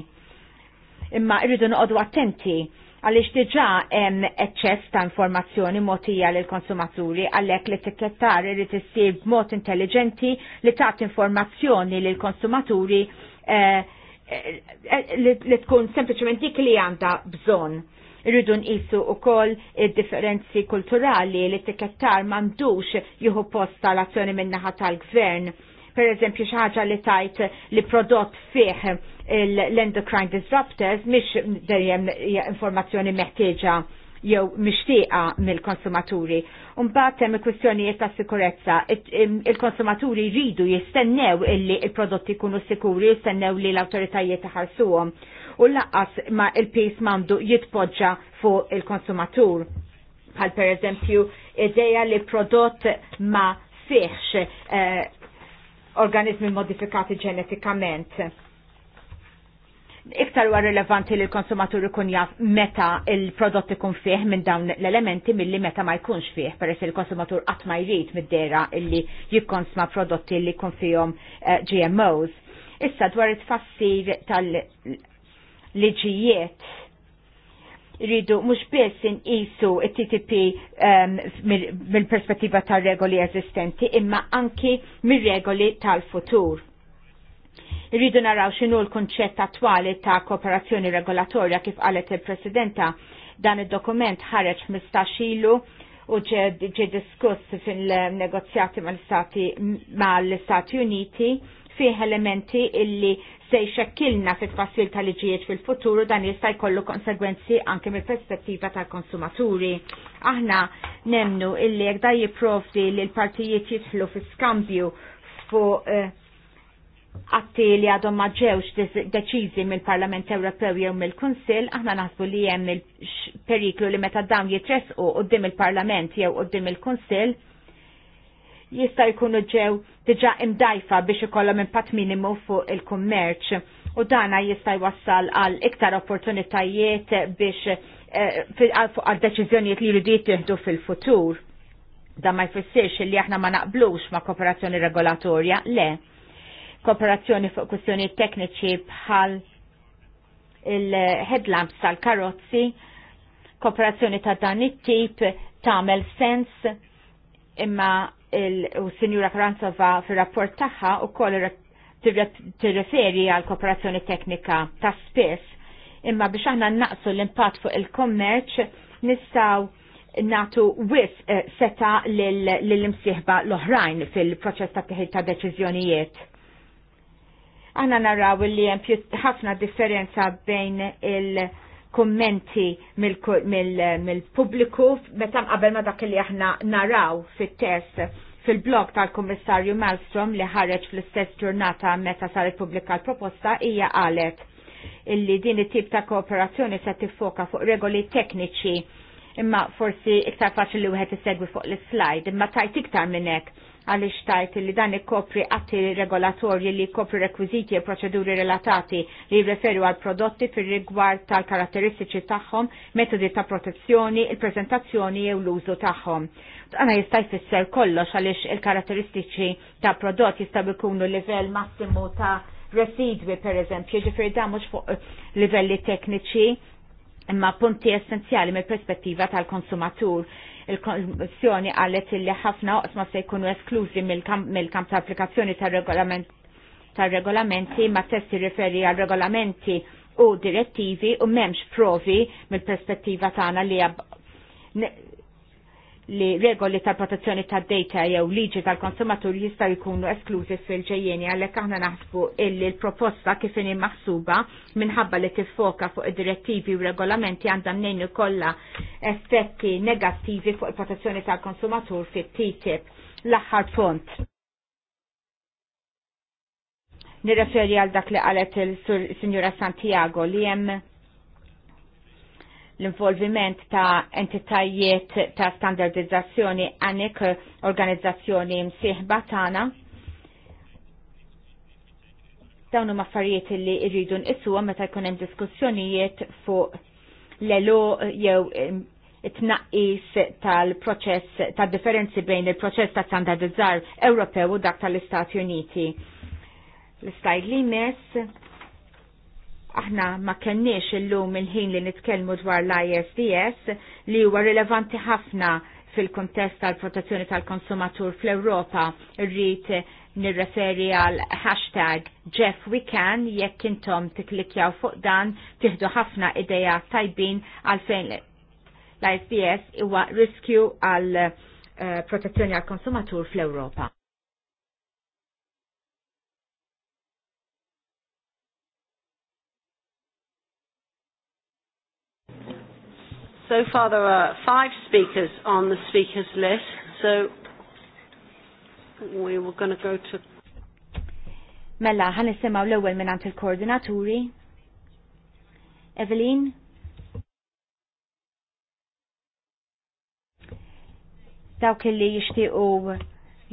imma irridu noqogħdu attenti għaliex diġà hemm eċċess ta' informazzjoni mogħtija l konsumaturi għalhekk li t tikettar irid issir b'mod intelligenti li tagħti informazzjoni l konsumaturi eh, eh, li tkun sempliċement dik li għandha bżonn irridu nqisu wkoll id-differenzi kulturali li t-tikettar m'għandux jieħu posta l azzjoni min-naħa tal-gvern per eżempju xi ħaġa li tajt li prodott fih l-endocrine disruptors mhix dejjem informazzjoni meħtieġa jew mixtieqa mill-konsumaturi. Mbagħad hemm il-kwistjonijiet ta' sikurezza. Il-konsumaturi jridu jistennew illi il-prodotti jkunu sikuri, jistennew li l-awtoritajiet taħarsuhom u laqqas ma il-pis mandu jitpoġġa fuq il-konsumatur. Bħal per eżempju, ideja li prodott ma fiħx eh, organizmi modifikati ġenetikament. Iktar huwa rilevanti li l-konsumatur ikun jaf meta il prodotti ikun fih minn dawn l-elementi milli meta ma jkunx fih, peress il-konsumatur qatt ma jrid mid-dera illi jikkonsma prodotti li jkun fihom uh, eh, GMOs. Issa dwar it-tfassir tal-liġijiet rridu mhux biss inqisu t-TTP mill-perspettiva tar-regoli eżistenti imma anki mir-regoli tal-futur irridu naraw xinu l-konċett attwali ta' kooperazzjoni regolatorja kif qalet il-Presidenta dan id-dokument ħareġ mistaxilu ilu u ġie diskuss fil-negozjati mal-Stati mal-Stati Uniti fih elementi illi se jxekkilna fit tfassil tal-liġijiet fil-futuru dan jista' jkollu konsegwenzi anke mill-perspettiva tal-konsumaturi. Aħna nemnu illi jekk da jipprovdi li l-partijiet jitħlu fis-skambju fuq uh, atti li għadhom ma ġewx deċiżi mill-Parlament Ewropew jew mill-Kunsill, aħna naħsbu li hemm il-periklu li meta dawn jitresqu qudiem il-Parlament jew qudiem il-Kunsill, jista' jkunu ġew diġa imdajfa biex ikollhom impatt minimu fuq il-kummerċ u dana jista' jwassal għal iktar opportunitajiet biex eh, għal deċiżjonijiet li jridu jittieħdu fil-futur. Da ma jfissirx li aħna ma naqblux ma' kooperazzjoni regolatorja, le. Kooperazzjoni fuq kwistjonijiet tekniċi bħal il-headlamps tal-karozzi, kooperazzjoni ta' dan it-tip tagħmel sens imma u Sinjura Karanzova fil-rapport taħħa u koll tirreferi għal kooperazzjoni teknika ta' spess. Imma biex aħna naqsu l-impatt fuq il-kommerċ nistaw natu wis eh, seta l-imsieħba l-oħrajn fil-proċess ta' teħil ta' deċiżjonijiet. Aħna naraw li hemm ħafna differenza bejn il- kommenti mill-pubbliku meta qabel ma dak li aħna naraw fit-test fil-blog tal-Kummissarju Malmstrom li ħareġ fl-istess ġurnata meta sar pubblika l-proposta hija qalet illi din it-tip ta' kooperazzjoni se tiffoka fuq regoli tekniċi imma forsi iktar faċli li wieħed isegwi fuq l-slide, imma tajt iktar minn hekk għaliex tajt li dan ikkopri atti regolatorji li jkopri rekwiżiti e proċeduri relatati li jirreferu għal prodotti fir rigward tal-karatteristiċi tagħhom, metodi ta' protezzjoni, il-preżentazzjoni jew l-użu tagħhom. Għana jista' jfisser kollox għaliex il-karatteristiċi ta' prodott jistaw jkunu livell massimu ta' residwi per eżempju, ġifir da fuq livelli tekniċi, imma punti essenzjali mill perspettiva tal-konsumatur. Il-Komissjoni għallet illi ħafna oqsma se jkunu esklużi mill-kamp ta' applikazzjoni tal-regolamenti ma' testi riferi għal regolamenti u direttivi u memx provi mill-perspettiva tagħna li li regoli tal-protezzjoni tad-data jew liġi tal-konsumatur jista' jkunu esklużi fil-ġejjeni għalhekk aħna naħsbu illi l-proposta kif inhi maħsuba minħabba li tiffoka fuq id-direttivi u regolamenti għandha mnejn ikollha effetti negattivi fuq il-protezzjoni tal-konsumatur fit-TTIP. L-aħħar punt. Nirreferi għal dak li qalet il-Sinjura Santiago li hemm l-involviment ta' entitajiet ta' standardizzazzjoni għanek organizzazzjoni msieħba tagħna. Dawn huma affarijiet li jridu nqisuha meta jkun hemm diskussjonijiet fuq l-elo jew it-tnaqqis tal-proċess ta' differenzi bejn il-proċess ta' standardizzar Ewropew u dak tal-Istati Uniti. L-istajd li mess aħna ma kenniex illum il-ħin li nitkellmu dwar l-ISDS li huwa rilevanti ħafna fil-kontest tal-protezzjoni tal-konsumatur fl ewropa rrit nirreferi għal hashtag Jeff We Can jekk intom tiklikjaw fuq dan tiħdu ħafna ideja tajbin għal fejn l-ISDS huwa riskju għal eh, protezzjoni għal konsumatur fl ewropa So far there are five speakers on the speakers list, so we were going to go to... Mella, għan nisimaw l ewwel minn il-koordinaturi. Evelyn? Dawk li jishtiqu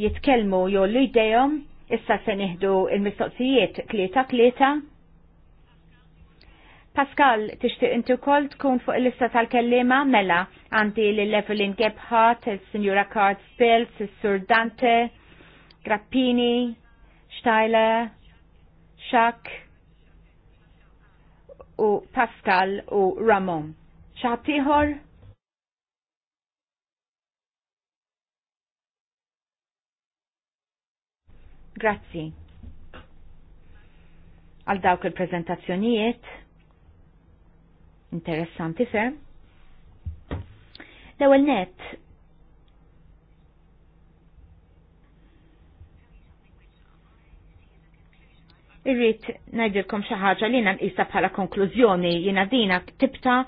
jitkellmu jew li jdejhom issa se nieħdu il-mistoqsijiet tlieta tlieta. Pascal, tixtieq inti wkoll tkun fuq il-lista tal-kellima mela għandi lil Evelyn Gebhardt, il-Sinjura Card Spills, il-Sur Dante, Grappini, Steiler, Shaq u Pascal u Ramon. ċaħtiħor? Grazzi. Għal dawk il-prezentazzjonijiet interessanti se? L-ewwel net irrit najdilkom xi ħaġa li nqisha bħala konklużjoni jiena dina tibta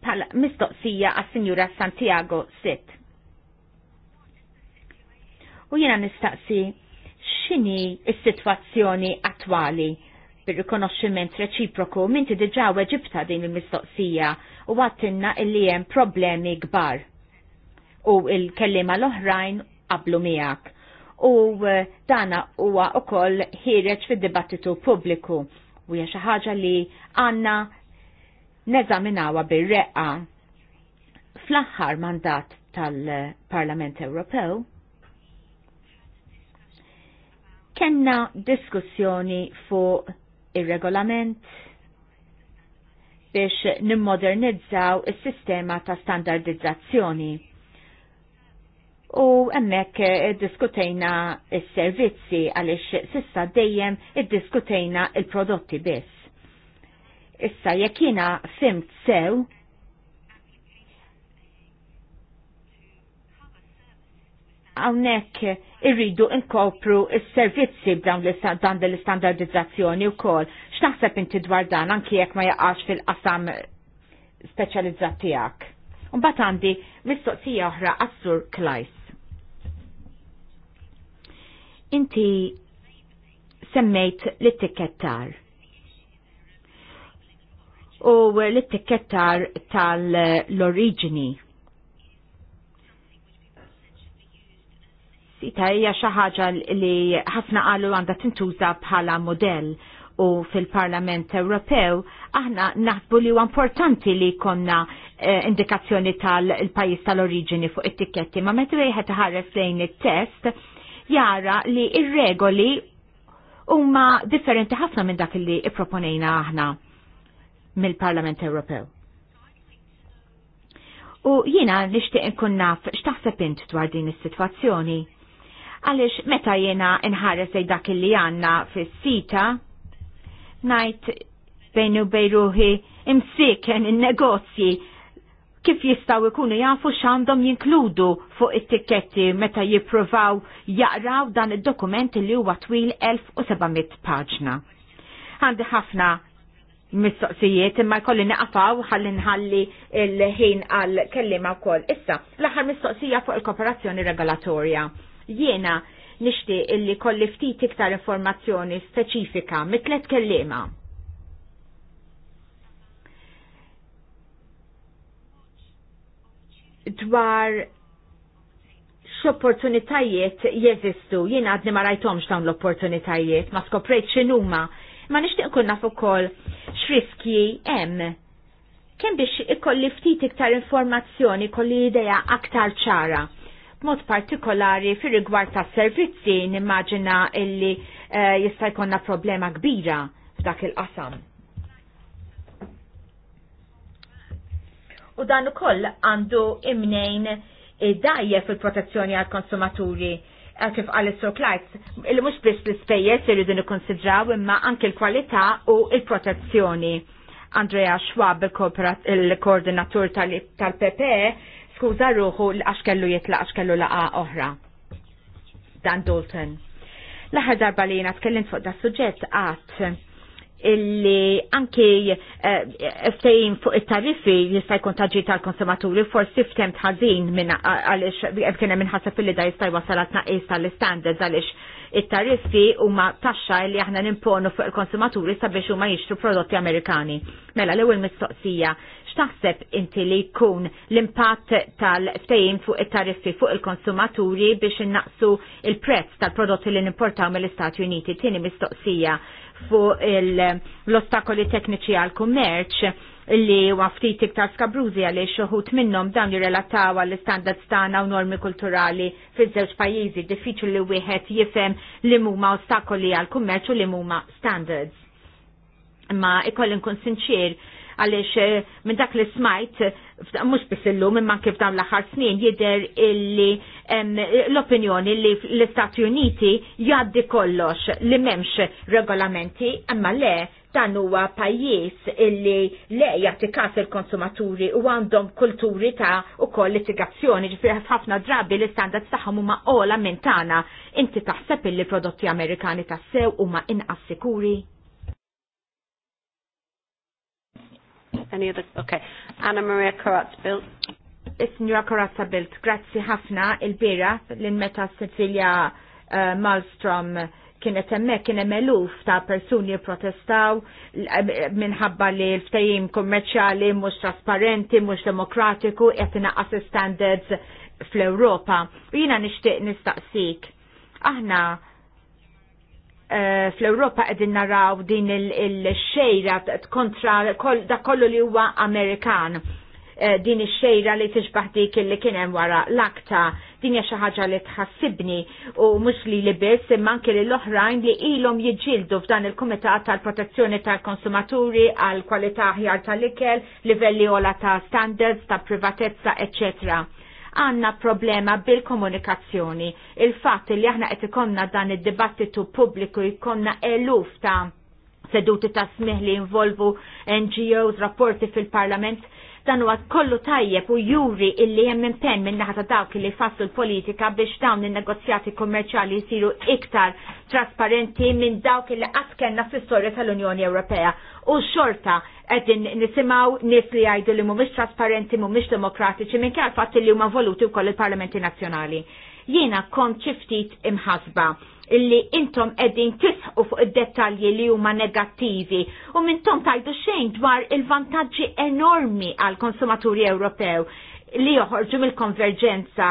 bħala mistoqsija għas-Sinjura Santiago Sitt. U jiena nistaqsi x'inhi s-sitwazzjoni attwali bil rikonoxximent reċiproku minti diġa weġibta din il-mistoqsija u għattinna illi hemm problemi kbar. U il-kellima l-oħrajn qablu miegħek. U eh, dana huwa ukoll ħireġ fid-dibattitu pubbliku u hija xi ħaġa li għandna neżaminawha bir-reqqa. Fl-aħħar mandat tal-Parlament Ewropew, kenna diskussjoni fuq ir-regolament biex nimmodernizzaw is-sistema ta' standardizzazzjoni. U emmek diskutejna il-servizzi għalix sissa dejjem id-diskutejna il prodotti biss. Issa jekkina fimt sew għawnek irridu inkopru il-servizzi b'dan l-istandardizzazzjoni u kol. Xnaħseb inti dwar dan anki jekk ma jaqax fil-qasam tiegħek. Unbat għandi mistoqsija oħra għassur Klajs. Inti semmejt l-tikettar. U l-tikettar tal-origini sita hija xi ħaġa li ħafna qalu għandha tintuża bħala modell u fil-Parlament Ewropew aħna naħsbu li huwa importanti li konna eh, indikazzjoni tal-pajjiż tal-oriġini fuq it-tikketti, ma meta wieħed ħares lejn it-test jara li ir-regoli huma differenti ħafna minn dak li ipproponejna aħna mill-Parlament Ewropew. U jiena nixtieq nkun naf x'taħseb int dwar din is-sitwazzjoni għaliex meta jena nħares li dak li għanna fis-sita, najt bejnu bejruħi imsiken in-negozji kif jistaw ikunu jafu x'għandhom jinkludu fuq it-tikketti meta jippruvaw jaqraw dan id-dokument li huwa twil 1700 paġna. Għandi ħafna mistoqsijiet imma jkolli naqafaw ħalli nħalli il-ħin għal kellima wkoll. Issa, l-aħħar mistoqsija fuq il-kooperazzjoni regolatorja. Jiena nishti illi kolli ftit iktar informazzjoni speċifika mitlet kellima. Dwar x'opportunitajiet jeżistu, jiena għadni ma rajtomx dawn l-opportunitajiet, ma skoprejt x'inhuma, ma nixtieq ikun naf ukoll x'riskji hemm. Kemm biex ikolli ftit iktar informazzjoni, kolli idea aktar ċara mod partikolari fir rigward ta' servizzi nimmaġina illi eh, jista' jkollna problema kbira f'dak il-qasam. U dan ukoll għandu imnejn dajje fil-protezzjoni għal konsumaturi eh, kif għal sur Clarks, il mhux biss l ispejjeż iridu nikkonsidraw imma anke l-kwalità u l-protezzjoni. Andrea Schwab, il-koordinatur tal-PPE, skuża ruħu għax kellu jitlaq għax kellu laqa oħra. Dan Dalton. L-aħħar darba li tkellimt fuq da' suġġett għat illi anki eh, ftejn fuq it-tariffi jista' jkun taġġi tal-konsumaturi forsi ftemt ħażin minn għaliex kien hemm inħasseb illi da jista' jwasal tnaqqis tal istandards għaliex it-tariffi huma taxxa li aħna nimponu fuq il-konsumaturi sabiex huma jixtru prodotti Amerikani. Mela l-ewwel mistoqsija x'taħseb inti li jkun l-impatt tal-ftejn fuq it-tariffi fuq il-konsumaturi biex innaqsu il-prezz tal-prodotti li nimportaw mill-Istati Uniti. Tieni mistoqsija fuq l-ostakoli tekniċi għal-kummerċ li waftit iktar skabruzi għalli xoħut minnom dan jirrelataw għall standards tana u normi kulturali fi żewġ pajjiżi diffiċli li wieħed jifhem li huma ostakoli għal kummerċ u li huma standards. Ma ikolli nkun sinċir għaliex eh, minn dak li smajt mhux biss illum imma kif dawn l-aħħar snin jidher illi l-opinjoni li l-Istati Uniti jaddi kollox li memx regolamenti, imma le dan huwa pajjiż illi le jagħti kas il-konsumaturi u għandhom kulturi ta' ukoll litigazzjoni ġifier ħafna drabi l istandards tagħhom huma ola minn tagħna. Inti taħseb illi prodotti Amerikani tas-sew huma inqas sikuri? Any other? Okay. Anna Maria Karatz-Bilt. Is-Sinjura Korazza Bilt, grazzi ħafna il-bira l-meta Cecilia uh, eh, Malmstrom kienet hemmhekk kien hemm eluf ta' persuni protestaw eh, minħabba li l-ftajim kummerċjali mhux trasparenti, mhux demokratiku qed inaqqas standards fl-Ewropa. U jiena nixtieq nistaqsik. Aħna uh, fl-Ewropa qegħdin naraw din il-xejra kontra da kollu li huwa Amerikan Eh, din ix-xejra li tiġbaħ dik li kien hemm wara l-akta din hija xi ħaġa li tħassibni u mhux li li biss imma anke lil oħrajn li ilhom jiġġieldu f'dan il-Kumitat tal-Protezzjoni tal-Konsumaturi għal kwalità aħjar tal-ikel, livelli ola ta' standards, ta' privatezza, eccetera għanna problema bil-komunikazzjoni. Il-fatt li aħna qed ikonna dan id-dibattitu pubbliku jkonna eluf ta' seduti ta' smih li involvu NGOs, rapporti fil-parlament, dan huwa kollu tajjeb u juri illi hemm impenn minn naħa ta' dawk li fassu l-politika biex dawn in-negozjati kummerċjali jsiru iktar trasparenti minn dawk li qatt kellna fl-istorja tal-Unjoni Ewropea. U xorta qegħdin nisimgħu nies li jgħidu li mhumiex trasparenti, mhumiex demokratiċi minn kien fatt li huma voluti wkoll il-Parlamenti Nazzjonali jiena kont ċiftit imħasba illi intom edin tisħu fuq id-dettalji li huma negattivi u mintom tajdu xejn dwar il-vantaġġi enormi għal konsumaturi Ewropew li joħorġu mill-konverġenza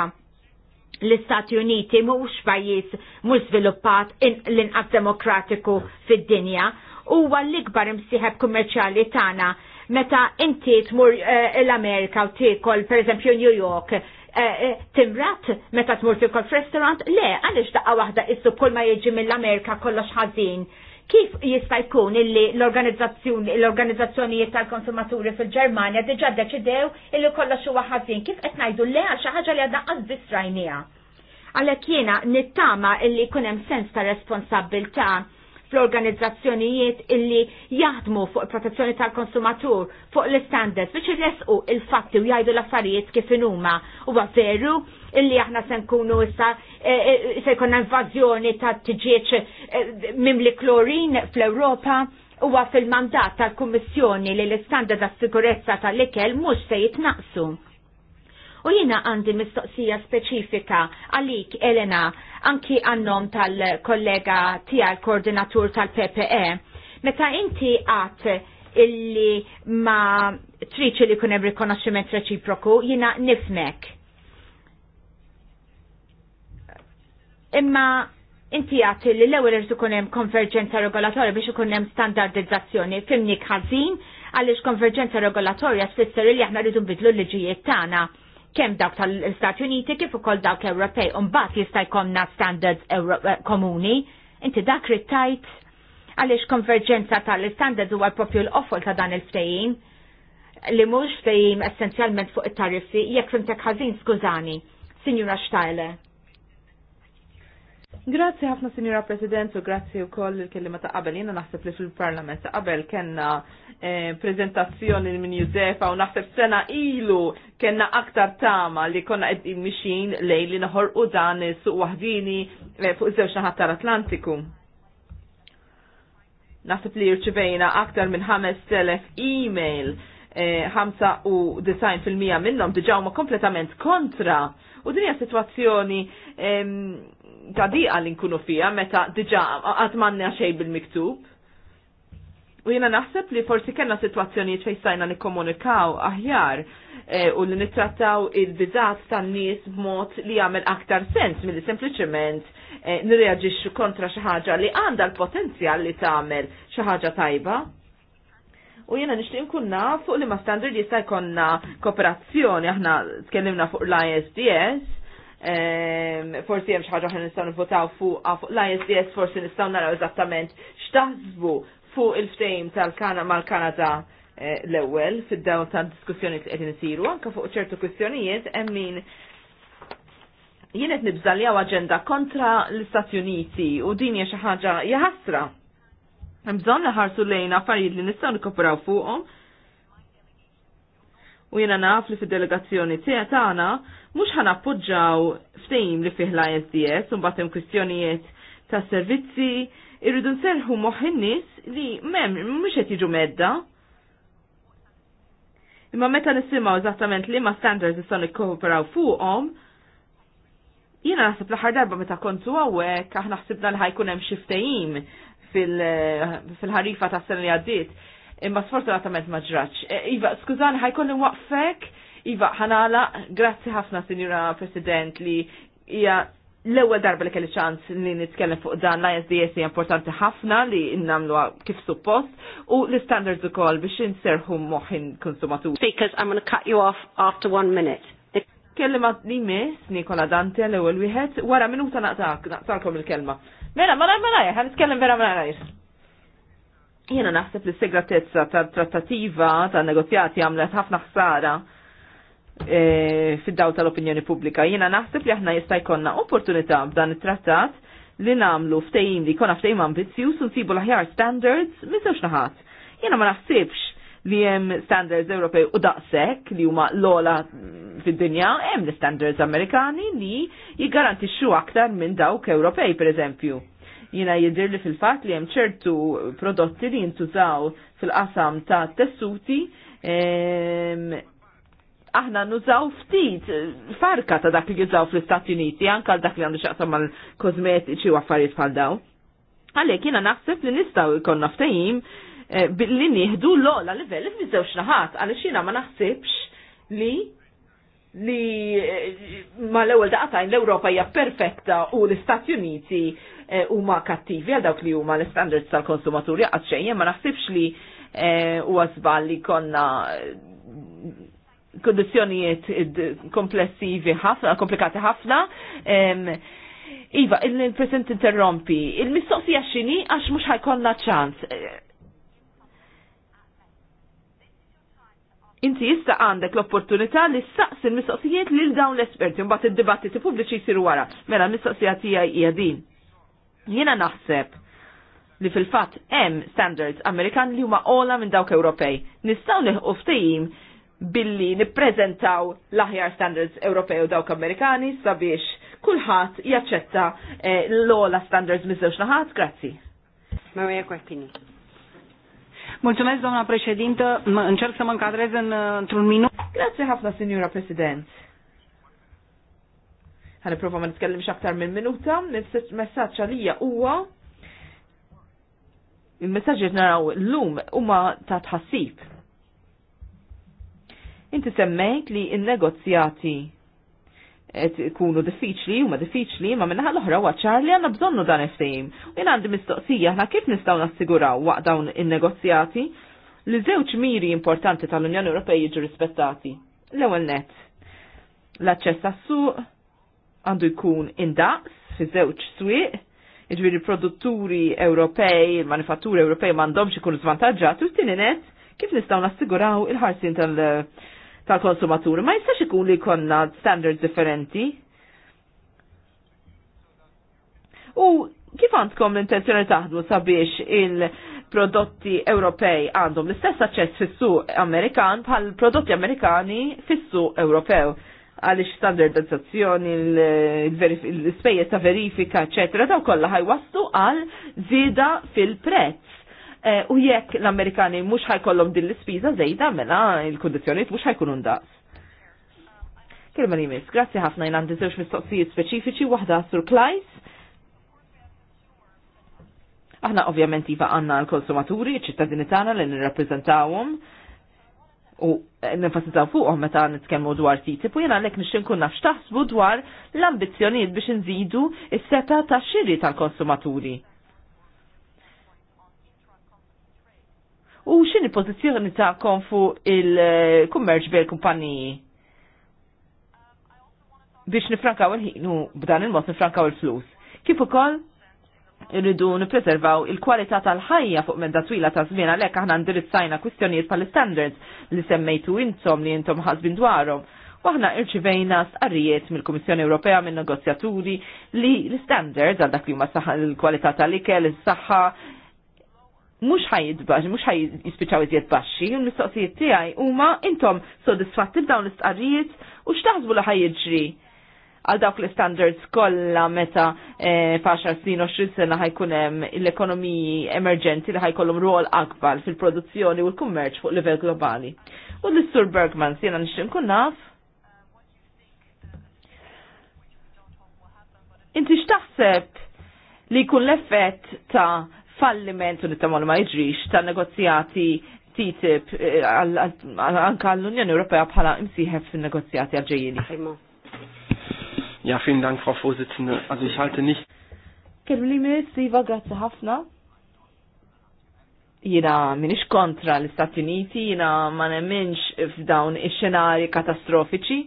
l-Istati Uniti mhux pajjiż mhux żviluppat l-inqas demokratiku fid-dinja huwa l-ikbar imsieħeb kummerċjali tagħna meta inti tmur eh, l-Amerika u tiekol pereżempju New York Eh, eh, timrat meta tmur fi kolf restaurant, le, għaliex daqqa waħda issu kull ma jiġi mill-Amerika kollox ħażin. Kif jista' jkun illi l-organizzazzjoni l-organizzazzjonijiet tal-konsumaturi fil-Ġermanja diġà deċidew illi kollox huwa ħażin, kif qed ngħidu le għal xi ħaġa li għadha qatt rajnija. Għalhekk jiena nittama illi jkun hemm sens ta' responsabbilta' fl-organizzazzjonijiet illi jaħdmu fuq protezzjoni tal-konsumatur, fuq l-standards biex irresqu il-fatti u jgħidu l-affarijiet kif inhuma. Huwa veru illi aħna se nkunu issa eh, eh, se jkollna invażjoni ta' tiġieċ eh, mimli klorin fl-Ewropa huwa fil-mandat tal-Kummissjoni li l-istandard tas-sikurezza tal-ikel mhux se jitnaqsu U jina għandi mistoqsija speċifika għalik, Elena, anki għannom tal-kollega tija l-koordinatur tal-PPE. Meta inti għat illi ma triċi li kunem rikonoxximent reċiproku, jina nifmek. Imma inti għati li l-ewel irtu kunem konverġenza regolatorja biex kunem standardizzazzjoni, fimnik ħazin, għalix konverġenza regolatorja sfisser li aħna rridu bidlu l-liġijiet tagħna kemm dawk tal-Istati Uniti kif ukoll dawk Ewropej u mbagħad jista' jkollna standards eh, komuni. Inti dak rittajt għaliex konverġenza tal-standards huwa proprju l-offol ta' dan il ftejin li mhux ftehim essenzjalment fuq it-tariffi jekk fimtek ħażin skużani. Sinjura Steiler. Grazzi ħafna Sinjora President u grazzi u koll il-kellima ta' qabel. Jena naħseb li fil-Parlament ta' qabel kena eh, prezentazzjoni minn Jusefa u naħseb sena ilu kena aktar tama li konna qed mixin lej li noħor u dan suq waħdini eh, fuq żewġ naħattar atlantiku Naħseb li rċivejna aktar minn 5000 e-mail 95% minnom diġaw ma kompletament kontra u dinja situazzjoni ta' diqa li nkunu fija meta diġa għatmanna xej bil-miktub. U jena naħseb li forsi kena situazzjoni fej sajna nikkomunikaw aħjar e, u li nittrattaw il-bizat tan nies b'mod li jagħmel aktar sens milli sempliċement e, kontra xi ħaġa li għandha l-potenzjal li tagħmel xi ħaġa tajba. U jena nixtieq nkun fuq li ma standard jista' jkollna kooperazzjoni aħna tkellimna fuq l-ISDS Ehm, forsi hemm xi ħaġa nistaw nistgħu nivvotaw fuq fuq l-ISDS forsi nistgħu naraw eżattament xtaħzbu fuq il-ftehim tal-Kana mal-Kanada eh, l-ewwel fid-dawl ta' diskussjoni li għedin siru, anke fuq ċertu kwistjonijiet hemm min jien qed nibżaljaw aġenda kontra l-Istati Uniti u din hija xi ħaġa Mbżon Hemm bżonn naħarsu lejn affarijiet li nistgħu nikkopraw fuqhom. U jiena naf li fid-delegazzjoni tiegħek tagħna mux ħan appoġġaw ftejim li fiħla SDS un batem kwistjonijiet ta' servizzi, irridu nserħu moħinnis li mem, mux qed jiġu medda. Imma meta nisimaw eżattament li ma standards jistan nikkooperaw fuqhom, jiena naħseb l-aħħar darba meta kontu għawek, aħna ħsibna li ħajkunem hemm xi ftehim fil-ħarifa tas sena li għaddiet imma sfortunatament ma ġraċ. E, iva, skużani, ħajkolli waqfek Iva, ħanala, grazzi ħafna, Signora President, li hija l-ewwel darba li kelli ċans li nitkellem fuq dan l-ISDS hija importanti ħafna li nagħmluha kif suppost u l-standards ukoll biex inserħu moħħin konsumatur. Because I'm going to cut you off after one minute. Kellima li miss Nikola Dante l-ewwel wieħed wara minuta naqtak naqtalkom il-kelma. Mela, mela, mela, ħan nitkellem vera mela Jiena naħseb li s-segratezza tat trattativa tan negozjati għamlet ħafna ħsara E, fid-daw tal-opinjoni pubblika. Jiena naħseb li aħna jista' jkollna opportunità b'dan it-trattat li namlu ftejim li jkun ftejim ambizzjuż u nsibu l-aħjar standards miżewx naħat. Jiena ma naħsibx li hemm standards Ewropej u daqshekk li huma l ogħla fid-dinja, hemm l-standards Amerikani li jiggarantixxu aktar minn dawk Ewropej pereżempju. Jiena jidir li fil fatt li hemm ċertu prodotti li jintużaw fil-qasam ta' tessuti aħna nużaw ftit farka ta' dak li jużaw fl-Istati Uniti, anka dak li għandu xaqsam mal-kosmetiċi u affarijiet bħal daw. Għalhekk jiena naħseb li nistgħu jkollna ftajim eh, billi nieħdu l-ola level li żewġ naħat, għaliex jiena ma naħsibx li li eh, ma l-ewwel daqtajn l-Ewropa hija perfetta u l-Istati Uniti eh, huma kattivi għal dawk li huma l-standards tal-konsumaturi għad ma naħsibx li huwa għazbal li konna kondizjonijiet komplessivi ħafna, komplikati ħafna. Iva, il-President interrompi, il-mistoqsija xini għax mux ħajkonna ċans. Inti jista għandek l-opportunità li s-saqs il-mistoqsijiet li l-dawn l-esperti, mbagħad id-dibattiti pubbliċi jsiru wara. Mela l-mistoqsija tiegħi hija din. Jiena naħseb li fil-fatt hemm standards Amerikan li huma ola minn dawk Ewropej. Nistgħu neħu ftehim billi nippreżentaw l-aħjar standards Ewropew dawk Amerikani sabiex kulħadd jaċċetta eh, l-ola standards miż-żewġ naħat. Grazzi. Maria Kwestini. Mulțumesc, doamna președintă. M încerc să mă încadrez în, Grazie ħafna, signora President. Għan iprofa ma nitkellim xaktar minn minuta, il-messagġ għalija huwa il-messagġi naraw l-lum huma ta' tħassib Inti semmejt li il negozjati et kunu diffiċli, u ma diffiċli, ma minna l-oħra waċar li għanna bżonnu dan il-fejm. U jina għandi mistoqsija, ħna kif nistaw nassiguraw waqt dawn il-negozjati li żewġ miri importanti tal-Unjoni Ewropej jiġu rispettati. L-ewwel net, l-aċċess għas-suq għandu jkun indaqs fi żewġ swieq, jiġri produtturi Ewropej, manifatturi Ewropej m'għandhomx ikunu żvantaġġati u t-tieni net kif nistgħu nassiguraw il-ħarsin tal- tal-konsumaturi. Ma jistax ikun li konna standards differenti. U kif għandkom l-intenzjoni taħdmu sabiex il-prodotti Ewropej għandhom l-istess aċċess fis Amerikan bħal prodotti Amerikani fis Ewropew għalix standardizzazzjoni, l-spejjeż ta' verifika, eccetera, daw kollha ħajwastu għal zida fil-prezz. Eh, u jekk l-Amerikani mhux ħajkollhom din l-ispiża żejda mela il-kundizzjonijiet mhux ħajkunu ndaqs. Kelma li miss, grazzi ħafna jien għandi żewġ mistoqsijiet speċifiċi waħda sur Klajs. Aħna ovvjament iva għanna l-konsumaturi, ċittadini tagħna li nirrappreżentawhom u nifasitaw fuqhom meta nitkellmu dwar TTIP u jien għalhekk nixtieq nkun naf x'taħsbu dwar l-ambizzjonijiet biex inżidu s-seta ta' xiri tal-konsumaturi. U x'in il-pożizzjoni tagħkom fuq il-kummerċ bejn kumpaniji? Biex nifrankaw il-ħin u b'dan il-mod nifrankaw il-flus. Kif ukoll irridu nippreservaw il-kwalità tal-ħajja fuq menda twila ta' żmien għalhekk aħna ndirizzajna kwistjonijiet bħal-standards li semmejtu intom li intom ħasbin dwarhom waħna irċivejna stqarrijiet mill-Kummissjoni Ewropea minn negozjaturi li l-standards għal dak li huma l-kwalità tal-ikel, is-saħħa, mux ħajidbax, mux ħajispiċaw iżjed baxxi, u l-mistoqsijiet tiegħi huma intom sodisfatti b'dawn l-istqarrijiet u x'taħsbu li ħajjiġri għal dawk l-standards kollha meta eh, faxar snin 20 sena ħajkun hemm l-ekonomiji emerġenti li ħajkollhom rol akbar fil-produzzjoni u l-kummerċ fuq livell globali. U l-Sur Bergman siena nixtieq kun naf Inti x'taħseb li jkun l-effett ta' falliment u nittamal ma jġrix ta' negozjati TTIP eh, anka l-Unjoni Ewropea bħala imsiħef fin negozjati għalġejjini. Ja, fin Dank, Frau Vorsitzende. Also ich halte nicht. Kellim li mis, Iva, grazzi ħafna. Jina minix kontra l-Istati Uniti, jina ma nemminx f'dawn ix-xenari katastrofiċi.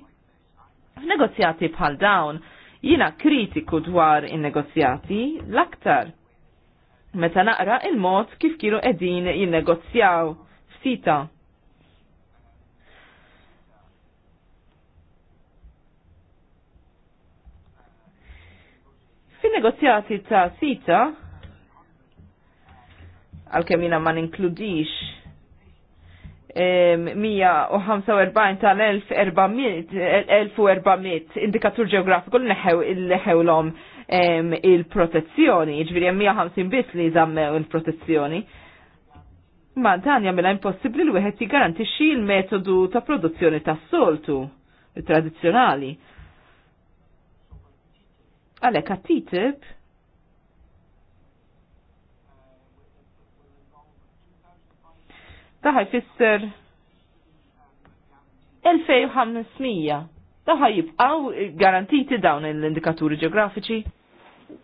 F'negozjati bħal dawn, jina kritiku dwar in-negozjati l-aktar meta naqra il-mod kif kienu qegħdin jinnegozjaw f'sita. Fin-negozjati ta' sita għalkemm jiena ma ninkludix 145 tal-1400 indikatur ġeografiku l-neħew l-om il-protezzjoni, ġviri 150 bis li jżammew il-protezzjoni. Ma dan jagħmilha impossibbli li wieħed jiggarantixxi l-metodu ta' produzzjoni tas-soltu tradizzjonali. Għalhekk għat-TTIP daħaj fisser 2500 daħaj jibqaw garantiti dawn l-indikaturi ġeografiċi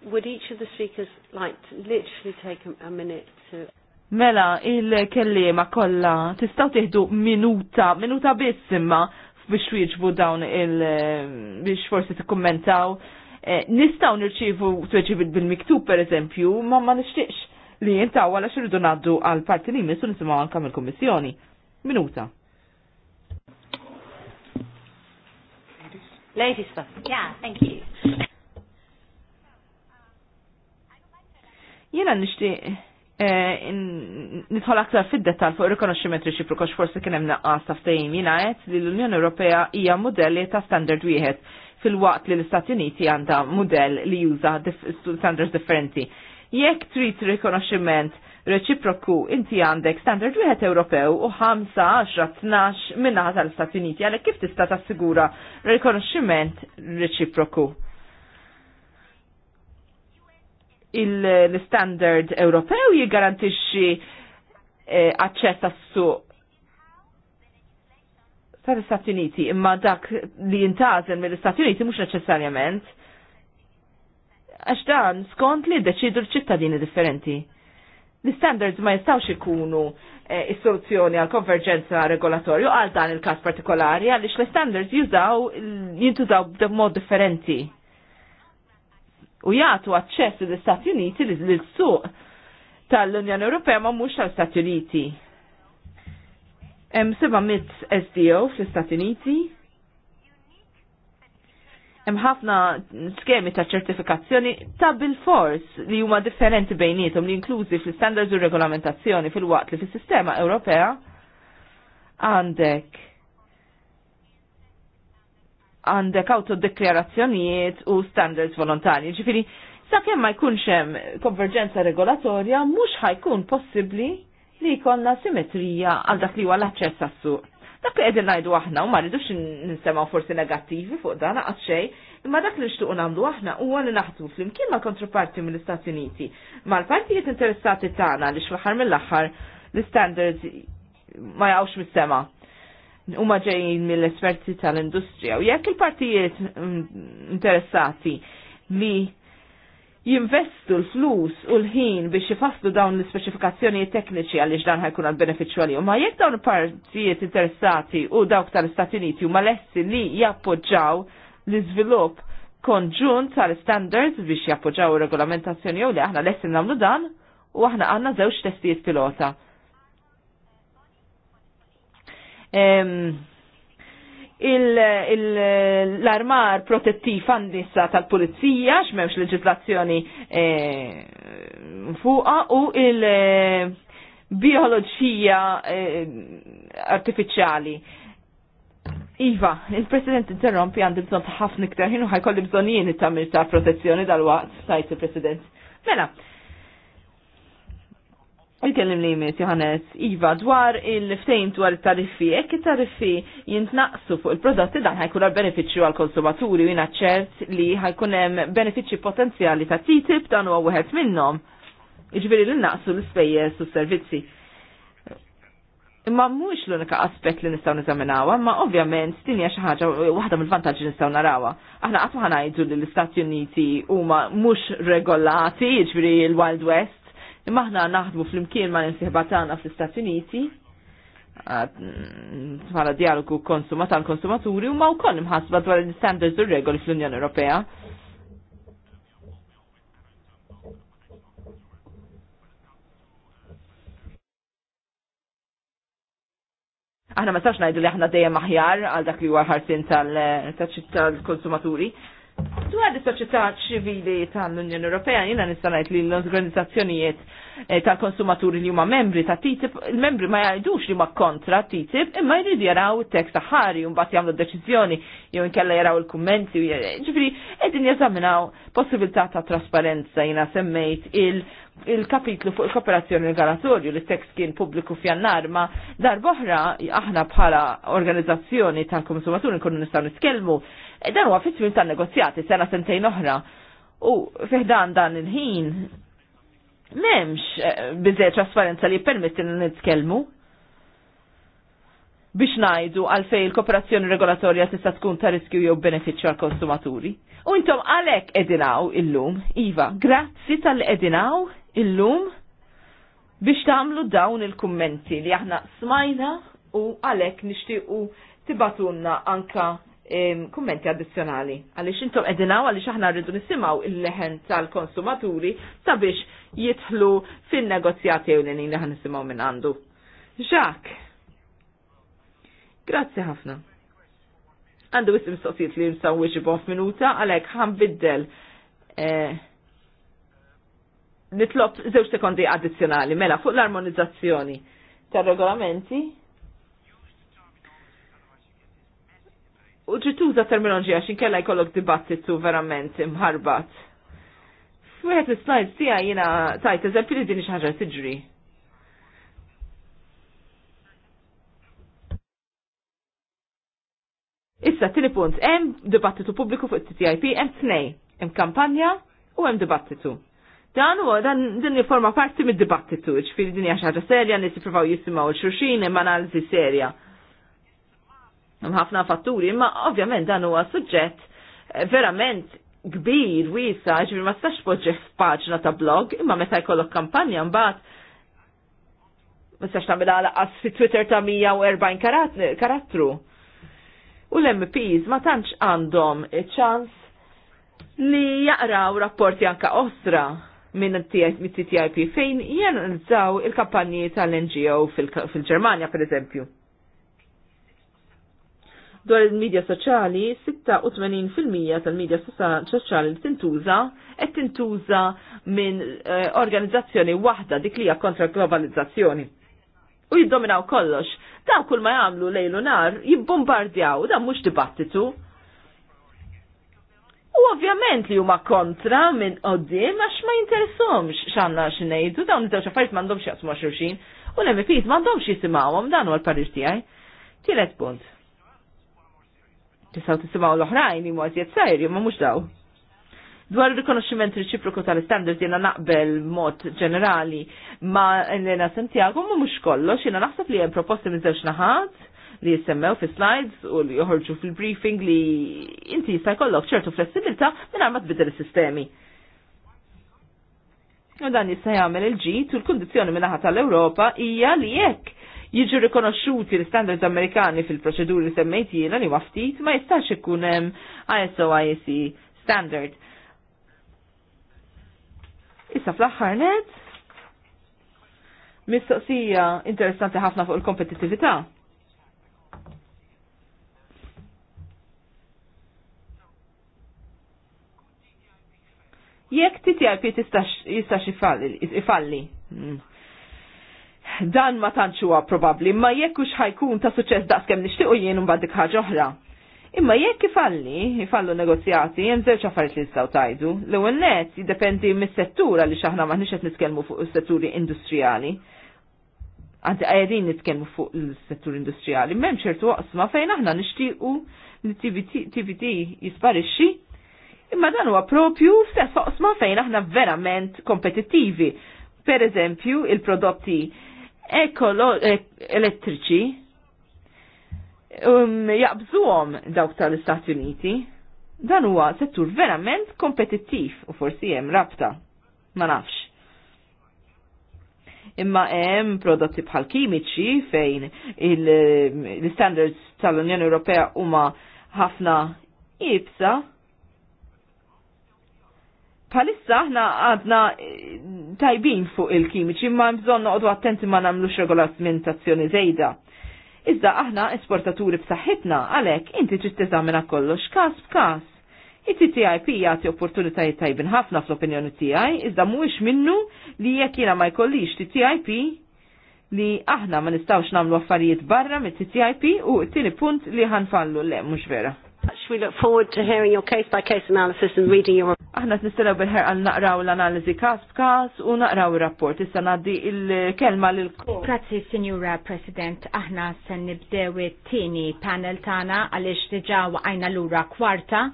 would each of the speakers like to literally take a, a minute to... Mela, il-kellima kolla, tistaw tiħdu minuta, minuta biss imma biex wieġbu dawn il- biex forsi t-kommentaw. Eh, Nistaw nirċivu tweġibit bil-miktub per eżempju, ma ma nishtiqx li jintaw għala xirridu naddu għal parti li missu nisimaw għankam il kommissjoni. Minuta. Ladies first. Yeah, thank you. Jena nishti eh, nidħol aktar fid-detal fuq rikonoxximent reċiproku forsi kien hemm naqqas ta' ftehim li l-Unjoni Ewropea hija mudelli ta' standard wieħed fil-waqt li l-Istati Uniti għandha mudell li juża standards differenti. Jekk trid rikonoxximent reċiproku inti għandek standard wieħed Ewropew u 5 10 12 minnaħa tal-Istati Uniti għalhekk kif tista' tassigura rikonoxximent reċiproku? l-standard Ewropew jiggarantixxi eh, aċċess għas-suq tal-Istati Uniti, imma dak li jintażel mill-Istati Uniti mhux neċessarjament. Għax dan skont li deċidu l-ċittadini differenti. L-standards ma jistawx ikunu eh, is-soluzzjoni għal konverġenza regolatorju għal dan il-każ partikolari għaliex l-standards jużaw jintużaw b'mod differenti u jagħtu aċċess l istati Uniti l-suq tal-Unjoni Ewropea ma mhux tal-Istati Uniti. Hemm 700 SDO fl-Istati Uniti. Hemm ħafna skemi ta' ċertifikazzjoni ta' bil-fors li huma differenti bejniethom li inklużi fl-standards u regolamentazzjoni fil-waqt li fis-sistema Ewropea għandek għandek autodeklarazzjonijiet u standards volontarji. Ġifiri, sa' kemm ma jkunx hemm konverġenza regolatorja, mhux ħajkun possibbli li jkollna simetrija għal dak li huwa l-aċċess għas Dak li qegħdin ngħidu aħna u ma rridux nisemgħu forsi negattivi fuq dan għad xejn, imma dak li nixtuq nagħmlu aħna huwa li naħdu flimkien mal kontraparti mill-Istati Uniti, mal-partijiet interessati tagħna li xfaħar mill-aħħar l-standards ma jawx mis-sema huma ġejjin mill-esperti tal-industrija. U jekk il-partijiet mm, interessati li jinvestu l-flus u l-ħin biex jifaslu dawn l-speċifikazzjoni tekniċi għaliex dan ħajkun għal beneficju għalihom. Ma jekk dawn partijiet interessati u dawk tal-Istati Uniti huma lessi li jappoġġaw l-iżvilupp konġunt tal-standards biex jappoġġaw ir-regolamentazzjoni jew li aħna lessi nagħmlu dan u aħna għandna żewġ testijiet pilota l-armar protettiv għandissa tal-pulizija, xmemx leġislazzjoni eh, fuqa u il- eh, bioloġija eh, artificiali. Iva, il-President interrompi għandi bżon ta' ħafna u ħajkolli bżonijin ta' mir ta' protezzjoni dal-waqt, sajt il-President. Mela, il li jmiss Johannes Iva dwar il-ftejn dwar il-tariffi, ekk il-tariffi jintnaqsu fuq il-prodotti dan ħajkun benefiċċju għal-konsumaturi u jina ċert li ħajkun hemm benefiċċji potenzjali ta' TTIP dan huwa wieħed minnhom. Iġifieri li naqsu l-ispejjeż u s-servizzi. Imma mhux l-unika aspett li nistgħu niżaminawha, ma ovvjament din hija xi ħaġa waħda mill-vantaġġi nistgħu narawha. Aħna qatt ma ħanajdu li l-Istati Uniti huma mhux regolati, jiġri l-Wild West, Imma aħna naħdmu fl-imkien ma' l tagħna fl-Istati Uniti mm, bħala dialogu konsuma tal-konsumaturi u ma' wkoll imħassba dwar il-standards u regoli fl-Unjoni Ewropea. aħna ma sax ngħidu li aħna dejjem aħjar għal dak li huwa ħarsin tal-konsumaturi, Dwar is-soċjetà ċivili tal-Unjoni Ewropea jiena nista' ngħid li l-organizzazzjonijiet eh, tal-konsumaturi li huma membri ta' TTIP, il-membri ma jgħidux li huma kontra TTIP, imma jridu jaraw it-tekst aħari u mbagħad jagħmlu deċiżjoni jew inkella jaraw il-kummenti u ġifieri qegħdin jeżaminaw possibilità ta' trasparenza jiena semmejt il- il-kapitlu fuq il-kooperazzjoni regalatorju li tekst kien pubbliku f'jannar ma darboħra aħna bħala organizzazzjoni tal-konsumaturi nkunu nistgħu nitkellmu e dan huwa fit-tmim tan-negozjati sena sentejn oħra. U fiħdan dan il-ħin m'hemmx eh, biżej trasparenza li permetti li nitkellmu biex najdu għalfej il-kooperazzjoni regolatorja tista' tkun ta' riskju jew benefiċċju għal konsumaturi. U intom għalhekk edinaw illum, Iva, grazzi tal-edinaw illum biex tagħmlu dawn il-kummenti li aħna smajna u għalhekk nixtiequ tibatunna anka kummenti addizzjonali. Għaliex intom edinaw għaliex aħna rridu nisimaw il-leħen tal-konsumaturi sabiex jitħlu fin-negozjati u l-nin li nisimaw minn għandu. Ġak, grazzi ħafna. Għandu wisq mistoqsijiet li nsaw wieġibhom f'minuta għalhekk ħan biddel eh, nitlob zewġ sekondi addizzjonali mela fuq l-armonizzazzjoni tar-regolamenti u ġituża terminoloġija xin kella jkollok dibattitu verament imħarbat. F'wieħed is-slides tiegħi jina tajt eżempju li din ħaġa tiġri. Issa tieni punt, hemm dibattitu pubbliku fuq it-TTIP, hemm tnej, hemm kampanja u hemm dibattitu. Dan huwa dan din forma parti mid-dibattitu, ġifieri din hija xi ħaġa serja nies jippruvaw jisimgħu l-xulxin imma analiżi serja. Hemm ħafna fatturi, imma ovvjament dan huwa suġġett eh, verament kbir, wiesa, ġifieri ma tistax poġġi f'paġna ta' blog, imma meta jkollok kampanja mbagħad ma sax tagħmel għalaqas fi Twitter ta' 140 karat, karattru. U l-MPs ma tantx għandhom ċans li jaqraw rapporti anka osra minn TTIP fejn jenżaw il-kampanji tal-NGO fil ġermania per eżempju. Dwar il-medja soċjali, 86% tal-medja soċjali li tintuża qed tintuża minn eh, organizzazzjoni waħda dik li hija kontra globalizzazzjoni. U jiddominaw kollox. Dan kull ma jagħmlu lejlu nar jibbombardjaw, dan mhux dibattitu ovvjament li huma kontra minn qoddim għax ma jinteressomx x'għandna x'ngħidu dawn iż-żewġ affarijiet m'għandhomx jaqsmu xulxin u l-MPs m'għandhomx jisimgħuhom dan huwa l-parir tiegħi. Tielet punt. Tistgħu tisimgħu l-oħrajn imma qed jitsajr ma mhux daw. Dwar il-rikonoxximent reċiproku tal istandards jiena naqbel mod ġenerali ma Elena Santiago ma mhux kollox jiena naħseb li hemm proposti minn żewġ naħat li jissemmew fi slides u li joħorġu fil-briefing li inti jista' jkollok ċertu flessibilità minn ma tbidel is-sistemi. U dan jista' jagħmel il-ġid u l-kundizzjoni minnaħa tal-Ewropa hija li jekk jiġu rikonoxxuti l-standards Amerikani fil-proċeduri li semmejt jiena li waftit ma jistax ikun hemm ISO IEC standard. Issa fl-aħħar net mistoqsija interessanti ħafna fuq il-kompetittività. jekk TTIP jistax ifalli. Hmm. Dan ma tanċuwa huwa probabbli, ma jekk ux ħajkun ta' suċċess daqskemm nixtiequ jien imbagħad dik ħaġa oħra. Imma jekk ifalli, ifallu negozjati, hemm żewġ affarijiet li jistgħu tajdu. L-ewwel nett jiddependi mis-settura li x'aħna m'aħniex qed nitkellmu fuq is-setturi industrijali. Għanti għajedin nitkellmu fuq il setturi industrijali, m'hemm ċertu waqsma fejn aħna nixtiequ li TVT jisparixxi Imma dan huwa propju stess oqsma fejn aħna verament kompetittivi. Per eżempju, il-prodotti e- elettriċi um, jaqbżuhom dawk tal-Istati Uniti. Dan huwa settur verament kompetittiv u forsi hemm rabta. Ma nafx imma hemm prodotti bħal kimiċi fejn l-standards tal-Unjoni Ewropea huma ħafna ibsa palissa aħna għadna eh, tajbin fuq il-kimiċi ma bżon noqdu attenti ma namlux regolamentazzjoni zejda. Iżda aħna esportaturi b'saħħitna għalek inti trid teżamina kollox każ b'każ. It-TTIP jagħti opportunitajiet tajbin ħafna fl-opinjoni tiegħi, iżda mhuwiex minnu li jekk jiena ma jkollix TTIP li aħna ma nistawx namlu affarijiet barra mit-TTIP u t-tieni punt li ħanfallu le mhux vera. We look forward to hearing your case by case analysis and reading your Aħna t nistela bil għal naqraw l-analizi kas b'kas u naqraw il-rapport. Issa naddi il-kelma l Grazzi, Signora President. Aħna sen nibdew it-tini panel tana għalix diġa għajna l-ura kwarta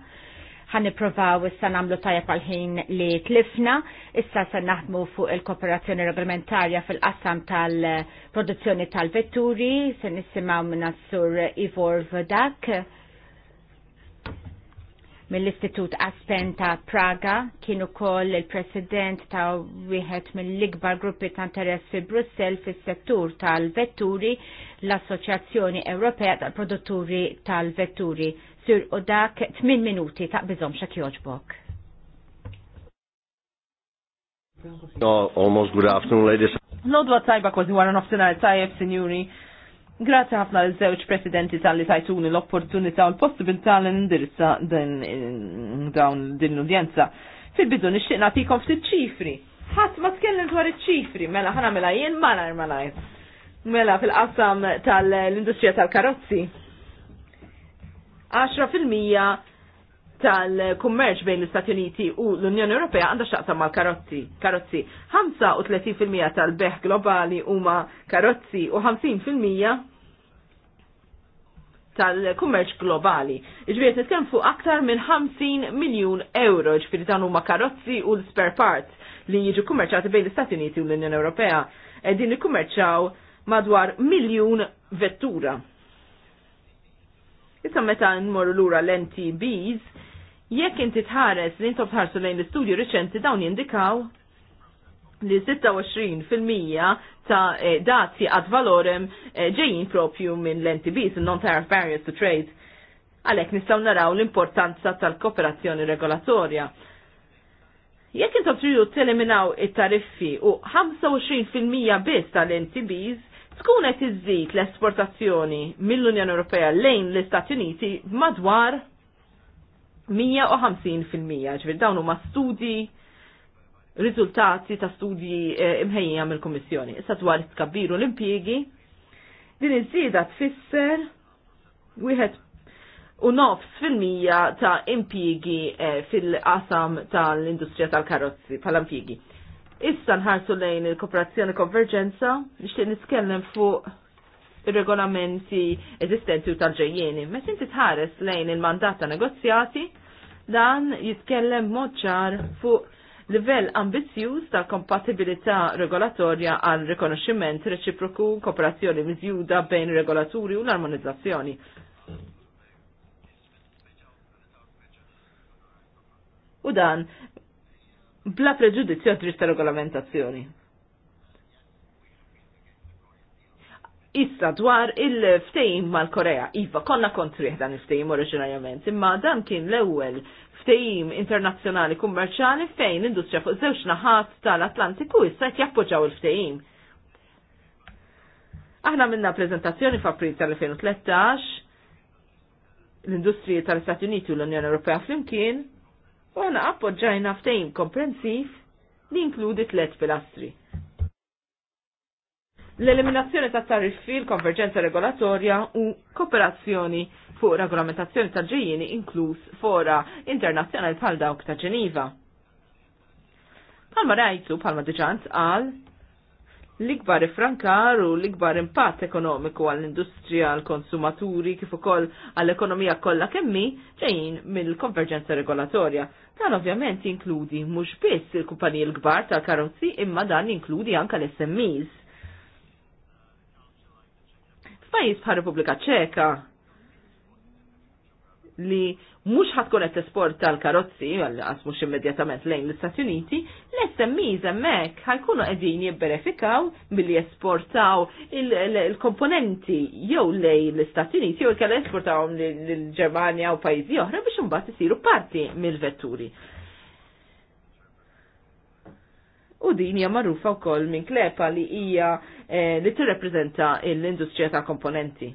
niprofaw issa namlu tajab għal-ħin li tlifna, issa se naħdmu fuq il-kooperazzjoni reglementarja fil-qassam tal-produzzjoni tal-vetturi, se nissimaw minna sur Ivor Vodak mill-Istitut Aspen ta' Praga, kienu kol il-president ta' wieħed mill-ikbar gruppi ta' interess fi Brussel fis settur tal-vetturi, l-Assoċjazzjoni Ewropea tal-Produtturi tal-Vetturi. Sur u dak 8 minuti ta' bizom xa kjoġbok. No, almost good afternoon, ladies. Lodwa tajba kważi wara nofsinhar tajjeb, sinjuri. Grazie ħafna l żewġ presidenti tal-li tajtuni l-opportunità u l-possibilità li nindirizza dawn din l-udjenza. Fil-bidu nixtieq nagħtikom ftit ċifri. Ħadd ma tkellem dwar iċ-ċifri, mela ħana mela jien ma nar ma Mela fil-qasam tal-industrija tal-karozzi. 10% tal-kummerċ bejn l-Istati Uniti u l-Unjoni Ewropea għandha xaqsam mal karozzi karozzi. 35% tal-beħ globali huma karozzi u 50% tal-kummerċ globali. Iġbiet nitkellem fuq aktar minn 50 miljun euro ġifieri dan huma karozzi u l-spare parts li jiġu kummerċati bejn l-Istati Uniti u l-Unjoni Ewropea. Din ikkummerċaw madwar miljun vettura. Issa meta nmorru lura l-NTBs, jekk inti tħares li intom tħarsu lejn l-istudju riċenti dawn jindikaw li 26% ta' eh, dati ad valorem eh, ġejjin propju minn l-NTBs, non-tariff barriers to trade. Għalek nistaw naraw l-importanza tal-kooperazzjoni regolatorja. Jekk intom tridu teliminaw it-tariffi u 25% biss tal-NTBs, tkun qed iżżid l-esportazzjoni mill-Unjoni Ewropea lejn l-Istati Uniti madwar 150%. Ġvir dawn huma studji riżultati ta' studji eh, imħejja mill-Kummissjoni. Issa dwar tkabbiru l-impjiegi, din iż-żieda tfisser wieħed u nofs fil-mija ta' impjiegi eh, fil-qasam tal-industrija tal-karozzi tal-impjiegi. Issa nħarsu lejn il-kooperazzjoni konverġenza nixtieq nitkellem fuq ir-regolamenti eżistenti u tal ġejjieni Meta inti tħares lejn il-mandat ta' negozjati, dan jitkellem mod ċar fuq livell ambizzjuż ta' kompatibilità regolatorja għal rikonoxximent reċiproku, kooperazzjoni miżjuda bejn regolaturi u l-armonizzazzjoni. U dan bla preġudizzju għad ta' regolamentazzjoni. Issa dwar il-ftejim mal-Korea, Iva, konna kontriħ dan il-ftejim oriġinarjament, imma dan kien l-ewel ftehim internazzjonali kummerċali fejn l-industrija fuq żewġ naħat tal-Atlantiku issa qed jappoġġaw il-ftehim. Aħna minna prezentazzjoni f'April tal-2013 l-industriji tal-Istati Uniti u l-Unjoni Ewropea flimkien u għana appoġġajna ftehim komprensiv li inkludi tliet pilastri l-eliminazzjoni ta' tariffi, l-konverġenza regolatorja u kooperazzjoni fuq regolamentazzjoni ta' ġejjini inkluż fora internazzjonali bħal dawk ta' Ġeniva. Palma rajtu, palma diġant għal, l-ikbar ifrankar u l-ikbar impatt ekonomiku għall-industrija, għall-konsumaturi, kif ukoll għall-ekonomija kollha kemmi ġejjin mill-konverġenza regolatorja. Dan ovvjament jinkludi mhux biss il-kumpaniji l-kbar tal-karozzi imma dan jinkludi anke l-SMEs pajjiż bħal Repubblika Ċeka li mhux ħatkun qed tesporta l-karozzi għas mhux immedjatament lejn l-Istati Uniti, l-SMEs hemmhekk ħajkunu qegħdin jibberifikaw billi jesportaw il-komponenti jew lejn l-Istati Uniti jew kellha esportaw lill-Ġermanja u pajjiżi oħra biex imbagħad isiru parti mill-vetturi u din hija magħrufa wkoll minn klepa li hija eh, li tirrepreżenta l-industrija ta' komponenti.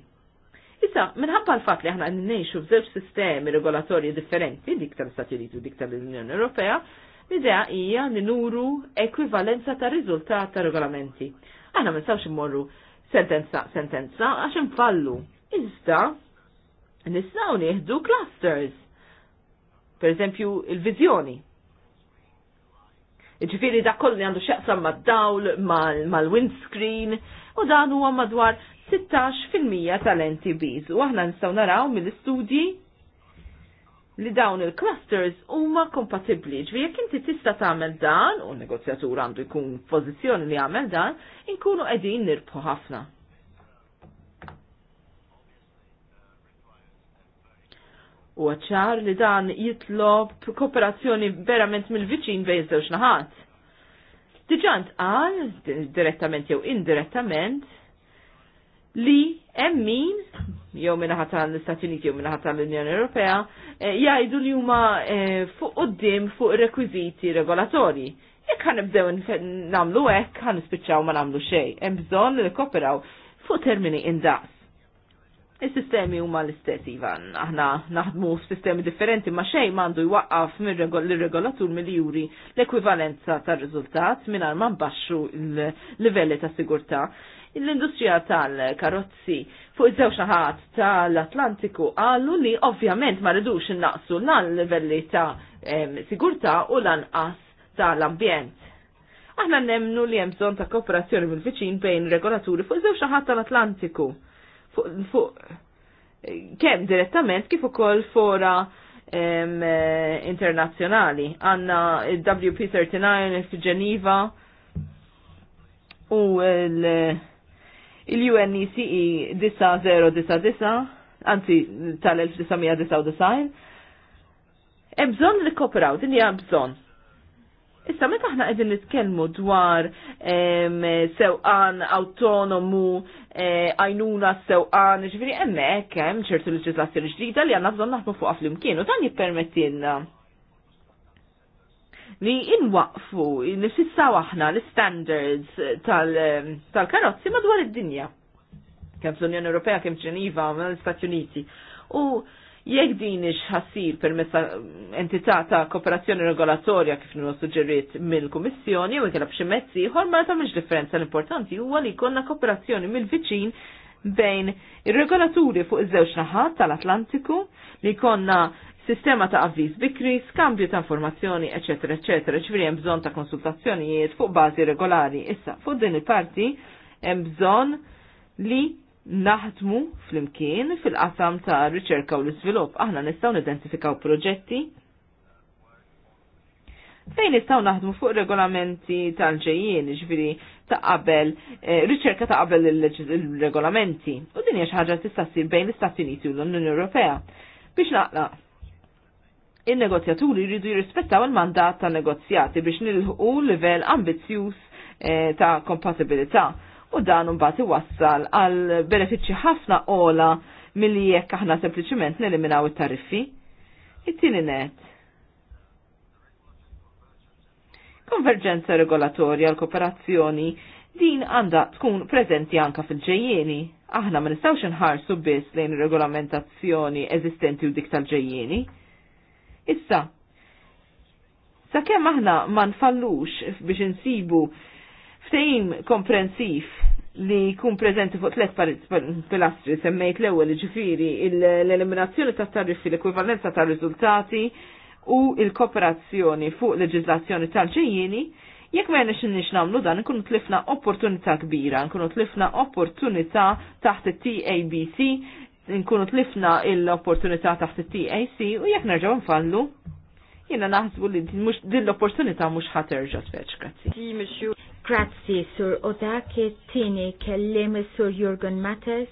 Issa, minħabba l-fat li aħna n f'żewġ sistemi regolatorji differenti, dik tal-Stati Uniti u dik tal-Unjoni Ewropea, l-idea hija li nuru ekwivalenza ta' riżultat ta' regolamenti. Aħna ma nistgħux immorru sentenza sentenza għax infallu. Iżda nistgħu nieħdu clusters. Per eżempju, il-viżjoni. Ġifiri da kollu għandu xaqsam ma' dawl, mal-windscreen, u dan huwa madwar 16% tal biz. U aħna nistaw naraw mill-istudji li dawn il-clusters huma kompatibbli. Ġifiri, jek inti tista' tagħmel dan, u n-negozjatur għandu jkun pozizjoni li jagħmel dan, inkunu qegħdin nirbħu ħafna. U ċar li dan jitlob kooperazzjoni verament mill-viċin bejn żewġ naħat. Diġant qal, direttament jew indirettament, li emmin, jew minnaħat tal-Istati Uniti jew minnaħat tal-Unjoni Ewropea, eh, jgħidu li huma eh, fuq qudiem fuq rekwiżiti regolatorji. Jekk ħanibdew nagħmlu hekk, ħanispiċċaw ma nagħmlu xejn. Hemm bżonn li kooperaw fuq termini indaqs Is-sistemi huma l-istess ivan, aħna naħdmu f'sistemi differenti ma xejn m'għandu jwaqqaf mir-regolatur mill-juri l-ekwivalenza tar-riżultat mingħajr ma nbaxxu l-livelli ta' sigurtà. L-industrija tal-karozzi fuq iż-żewġ naħat tal-Atlantiku qalu li ovvjament ma rridux innaqsu lan livelli ta' sigurtà u lanqas tal-ambjent. Aħna nemnu li hemm bżonn ta' kooperazzjoni mill-viċin bejn regolaturi fuq iż-żewġ naħat tal-Atlantiku fuq kemm direttament kif ukoll fora eh, internazzjonali. Għanna il-WP39 f'Ġeniva u il-UNECE 9099, e anzi tal-1999, ebżon li kopraw, din hija bżonn. Issa meta aħna qegħdin nitkellmu dwar sewqan autonomu Eh, għajnuna s sewqa ġviri emme, hemm ċertu leġislazzjoni ġdida li għanna bżon naħdmu fuqa fl u dan jippermettilna li inwaqfu, nifissaw aħna l-standards tal-karozzi madwar id-dinja. Kemm fl-Unjoni Ewropea, kemm ġeniva, l-Istati Uniti. U Jekk din ħassir permezz entità ta' kooperazzjoni regolatorja kif nu suġġeriet mill-Kummissjoni u kellha b'xi mezzi ieħor ma tagħmilx differenza l-importanti huwa li jkollna kooperazzjoni mill-viċin bejn ir-regolaturi fuq iż-żewġ naħat tal-Atlantiku li jkollna sistema ta' avviż bikri, skambju ta' informazzjoni, eċetera, eċetera, ġifieri hemm bżonn ta' konsultazzjonijiet fuq bażi regolari. Issa, fuq din il-parti hemm bżonn li naħdmu fl-imkien fil-qasam ta' riċerka u l-izvilupp. Aħna nistaw nidentifikaw proġetti fejn nistaw naħdmu fuq regolamenti tal-ġejjien, ġviri ta' qabel, eh, riċerka ta' qabel il-regolamenti. U din hija xi ħaġa tista' ssir bejn l-Istati Uniti u l-Unjoni Ewropea. Biex naqlaq, il-negozjaturi jridu jirrispettaw il-mandat ta' negozjati biex nilħu livell ambizzjuż eh, ta' kompatibilità u dan mbagħad iwassal għal benefiċċji ħafna ola milli jekk aħna sempliċiment neliminaw it-tariffi. It-tieni net. Konverġenza regolatorja l koperazzjoni din għandha tkun preżenti anka fil-ġejjieni. Aħna ma nistgħux inħarsu biss lejn regolamentazzjoni eżistenti u dik tal-ġejjieni. Issa, sakemm aħna ma nfallux biex insibu ftejim komprensif li kun prezenti fuq tlet pilastri semmejt l-ewwel ġifiri l-eliminazzjoni tat tariffi l-ekwivalenza ta' riżultati u l-kooperazzjoni fuq l-leġislazzjoni tal-ġejjini, jekk ma jenix nix namlu dan, nkunu tlifna opportunità kbira, nkunu tlifna opportunità taħt it-TABC, nkunu tlifna l-opportunità taħt it-TAC u jekk nerġgħu nfallu, jena naħsbu li din l-opportunità mhux ħaterġa' speċ, grazzi. Grazzi, Sur Odaki, tini kellim Sur Jurgen Mattes,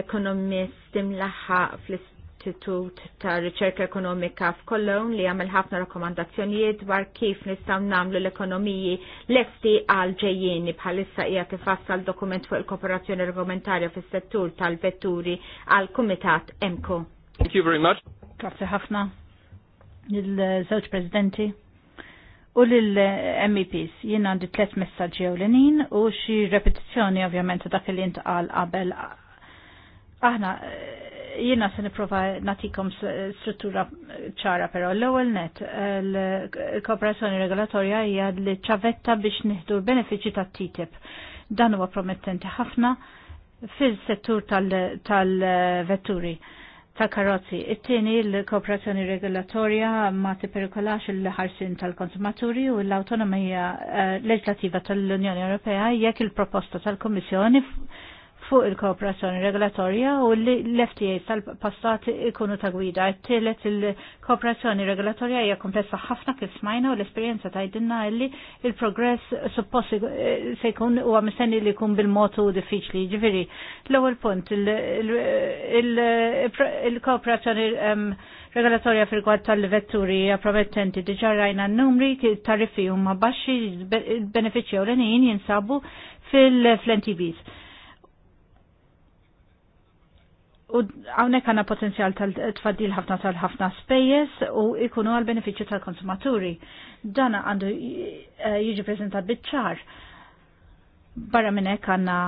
ekonomist imlaħħa fl-Istitut ta' Riċerka Ekonomika f'Kolon li għamil ħafna rakkomandazzjonijiet dwar kif nistaw namlu l-ekonomiji lesti għal ġejjeni bħalissa hija tifassal dokument fuq il-kooperazzjoni regolamentarja fis-settur tal-vetturi għal Kumitat Emko. Thank you very much. Grazzi ħafna. Il-żewġ Presidenti u lill-MEPs. Jien għandi tlet messaġġi ewlenin u xi repetizzjoni ovvjament dak li intqal qabel. Aħna eh, jiena se nipprova natikom struttura ċara però l-ewwel net l-kooperazzjoni regolatorja hija li ċavetta biex nieħdu l-benefiċċji tat-TTIP. Dan huwa promettenti ħafna fil-settur tal-vetturi. Tal tal-karozzi. It-tieni l-kooperazzjoni regolatorja ma tipperikolax il-ħarsin tal-konsumaturi u l-autonomija eh, leġlativa tal-Unjoni Ewropea jekk il-proposta tal-Kommissjoni fuq il-kooperazzjoni regolatorja u l-FTA tal-passat ikunu ta' gwida. Tillet il-kooperazzjoni regolatorja hija komplessa ħafna kif smajna u l-esperjenza tajdinna li il-progress supposti se jkun u għamistenni li jkun bil-motu diffiċli. Ġifiri, l-ewwel punt, il-kooperazzjoni regolatorja fil gwad tal-vetturi promettenti diġa rajna n-numri tariffi huma baxxi, il-benefiċċju l jinsabu fil-FLNTVs U għawnek għanna potenzjal tal-tfaddil ħafna tal-ħafna spejjes u ikunu għal beneficju tal-konsumaturi. Dan għandu eh, jiġi prezentat bitċar. Barra minnek għanna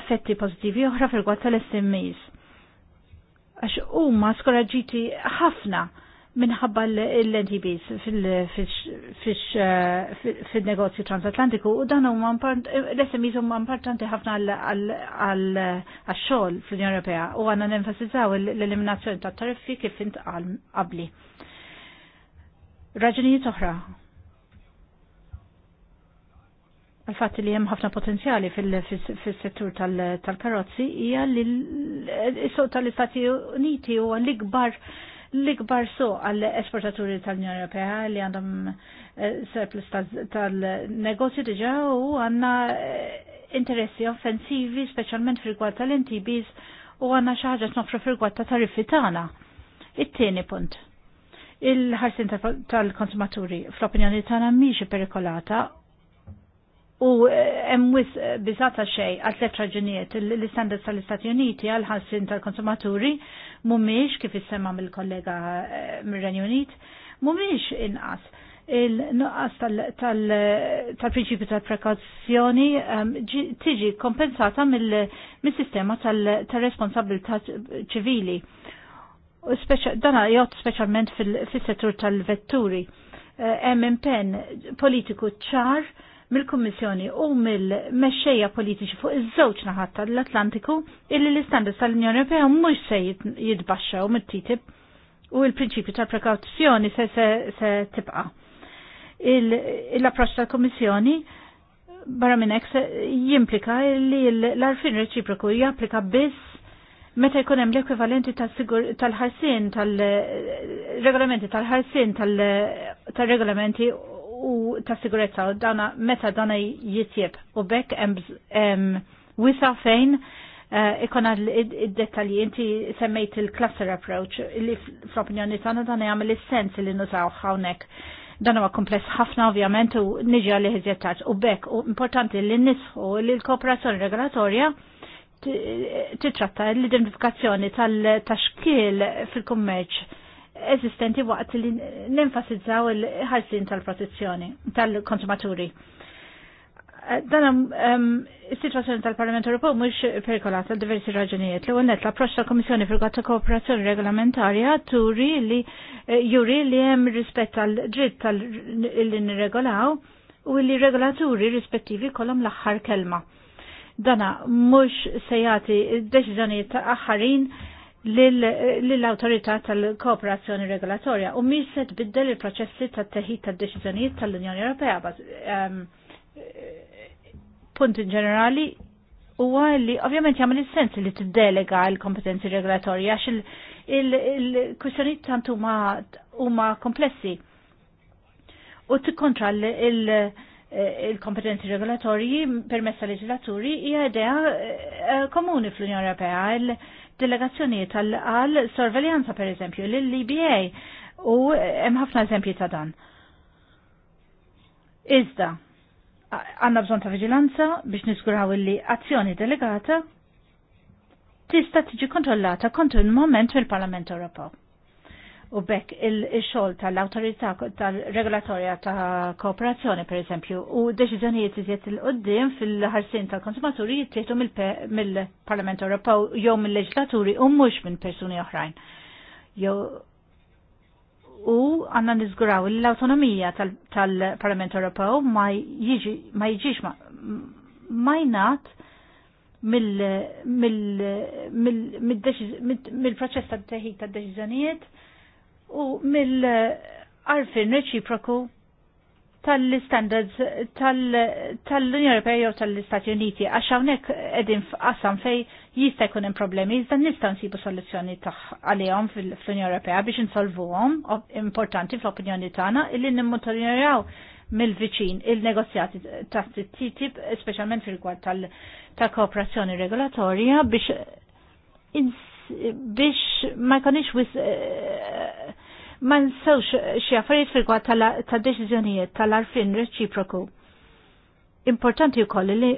effetti pozitivi oħra fil-gwad tal-SMEs. Għax u ma skoraġiti ħafna minħabba l-NTBs fil-negozju transatlantiku u dan huma l-SMEs huma importanti ħafna għal-xogħol fl-Unjoni Ewropea u għandna nenfasizzaw l-eliminazzjoni tat tariffi kif int qabli. Raġunijiet oħra għal-fat li hemm ħafna potenzjali fil-settur tal-karozzi hija li s-suq tal-Istati Uniti huwa l-ikbar l-ikbar so għall-esportaturi tal-Unjoni Ewropea li għandhom eh, surplus tal-negozju diġa u għanna eh, interessi offensivi, specialment fil-gwad tal ntbs u għanna xaħġa t-nofru fil-gwad ta' tariffi tagħna. It-tieni punt. Il-ħarsin tal-konsumaturi fl-opinjoni tagħna mhix perikolata U eh, emwis eh, bizata xej għal tletra raġunijiet l-istandards tal-Istati Uniti għal ħassin tal-konsumaturi mumiex kif issema mill-kollega eh, mir-Renju Unit mumiex inqas. Il-nuqqas tal-prinċipju tal-prekazzjoni ehm, tiġi kompensata mill-sistema tal-responsabilità ċivili. Dana jgħod specialment fil-settur tal-vetturi. Hemm impenn politiku ċar mill-Kummissjoni u mill-mexxejja politiċi fuq iż-żewġ naħat tal-Atlantiku illi l-istandards tal-Unjoni Ewropea mhux se jitbaxxew mit-TTIP u l-prinċipju tal-prekawzjoni se, se, se tibqa. L-approċċ tal-Kummissjoni barra minn hekk jimplika li l-arfin reċiproku japplika biss meta jkun hemm l-ekwivalenti tal-ħarsien tal-regolamenti tal-ħarsien tal-regolamenti tal u ta' sigurezza u dana meta dana jitjeb u bekk hemm wisa fejn uh, eh, ikona id-dettalji inti semmejt il-cluster approach li fl-opinjoni tagħna dan jagħmel is-sens li nużaw hawnhekk. Dan huwa kompless ħafna ovvjament u niġi għalli iżjettaġ u bekk u importanti li nisħu li l-kooperazzjoni regolatorja titratta l-identifikazzjoni tal-taxkil fil-kummerċ eżistenti waqt li nenfasizzaw il-ħarsin tal-protezzjoni tal-konsumaturi. Dan um, um, is-sitwazzjoni tal-Parlament Ewropew mhux perikolata għal diversi raġunijiet. L-ewwel nett l-approċċ tal-Kummissjoni fil ta' kooperazzjoni regolamentarja turi li eh, juri li hemm rispett tal-dritt tal-li nirregolaw u li regolaturi rispettivi kollhom l-aħħar kelma. Dana mhux se jagħti deċiżjonijiet aħħarin lill-autorità tal-kooperazzjoni regolatorja u mhix se tbiddel il-proċessi tat-teħid tad-deċiżjonijiet tal-Unjoni Ewropea ehm, punt in ġenerali huwa li ovvjament jagħmel is-sens li tiddelega l-kompetenzi regolatorji għax il-kwistjonijiet tant huma huma komplessi. U tikkontra il-kompetenzi regolatorji permessa leġislaturi hija idea eh, komuni fl-Unjoni Ewropea delegazzjonijiet għal sorveljanza per eżempju l-LBA u hemm ħafna eżempji ta' dan. Iżda, għanna bżon ta' vigilanza biex nisguraw li azzjoni delegata tista' tiġi kontrollata kontu il-moment fil-Parlament Ewropew u bekk il-xol tal-autorità tal-regolatorja ta' kooperazzjoni per eżempju u deċiżjonijiet iżjed il-qoddim fil-ħarsin tal-konsumaturi jittieħdu mill-Parlament Ewropew jew mill-leġislaturi u mhux minn persuni oħrajn. Jew u għanna niżguraw l-autonomija tal-Parlament Ewropew ma jiġix ma jnat mill-proċess tad-teħid tad-deċiżjonijiet u mill-arfin reċiproku tal-standards tal-Unjoni Ewropea jew tal-Istati Uniti għax hawnhekk qegħdin f'qasam fej jista' jkun hemm problemi iżda nista' nsibu soluzzjoni għalihom fl-Unjoni Ewropea biex insolvuhom importanti fl-opinjoni tagħna illi nimmonitorjaw mill-viċin il-negozjati ta' TTIP speċjalment fil-rigward tal-kooperazzjoni regolatorja biex biex ma jkunix wis eh, ma nsewx xi affarijiet fil-kwa tad-deċiżjonijiet tal-arfin reċiproku. Importanti wkoll li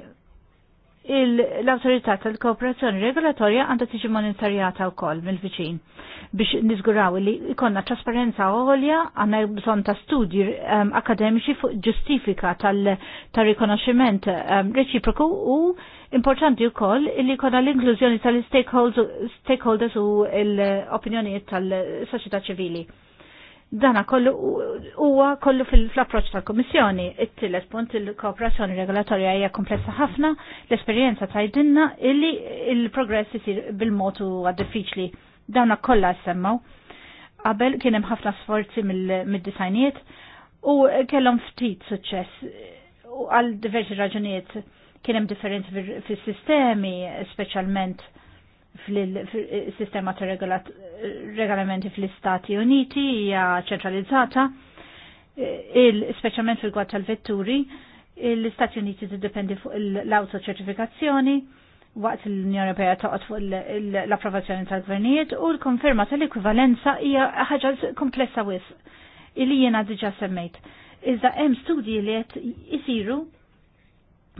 l-autorità tal-kooperazzjoni regolatorja għandha tiġi monitorjata wkoll mill-viċin biex niżguraw li ikonna trasparenza għolja għandna bżonn ta' studji ehm, akademiċi fuq ġustifika tal-rikonoxximent ehm, reċiproku u Importanti u koll illi konna l-inklużjoni tal-stakeholders u l-opinjonijiet tal-soċjetà ċivili. Dana kollu huwa kollu fil-approċ tal komissjoni It-tielet punt il-kooperazzjoni regolatorja hija komplessa ħafna, l-esperjenza tajdinna illi il-progress isir bil-motu għad diffiċli. Dana kollha semmaw. Qabel kien hemm ħafna sforzi mid-disajnijiet u kellhom ftit suċċess u għal diversi raġunijiet kienem differenti fil-sistemi, specialment fil-sistema ta' regolamenti fil-Stati Uniti, hija ċentralizzata, specialment fil-gwad tal-vetturi, l-Stati Uniti tiddependi fuq l-autoċertifikazzjoni, waqt l-Unjoni Ewropea toqgħod fuq l-approvazzjoni tal-gvernijiet u l-konferma tal-ekwivalenza hija ħaġa komplessa wis li jiena diġà semmejt. Iżda hemm studji li qed isiru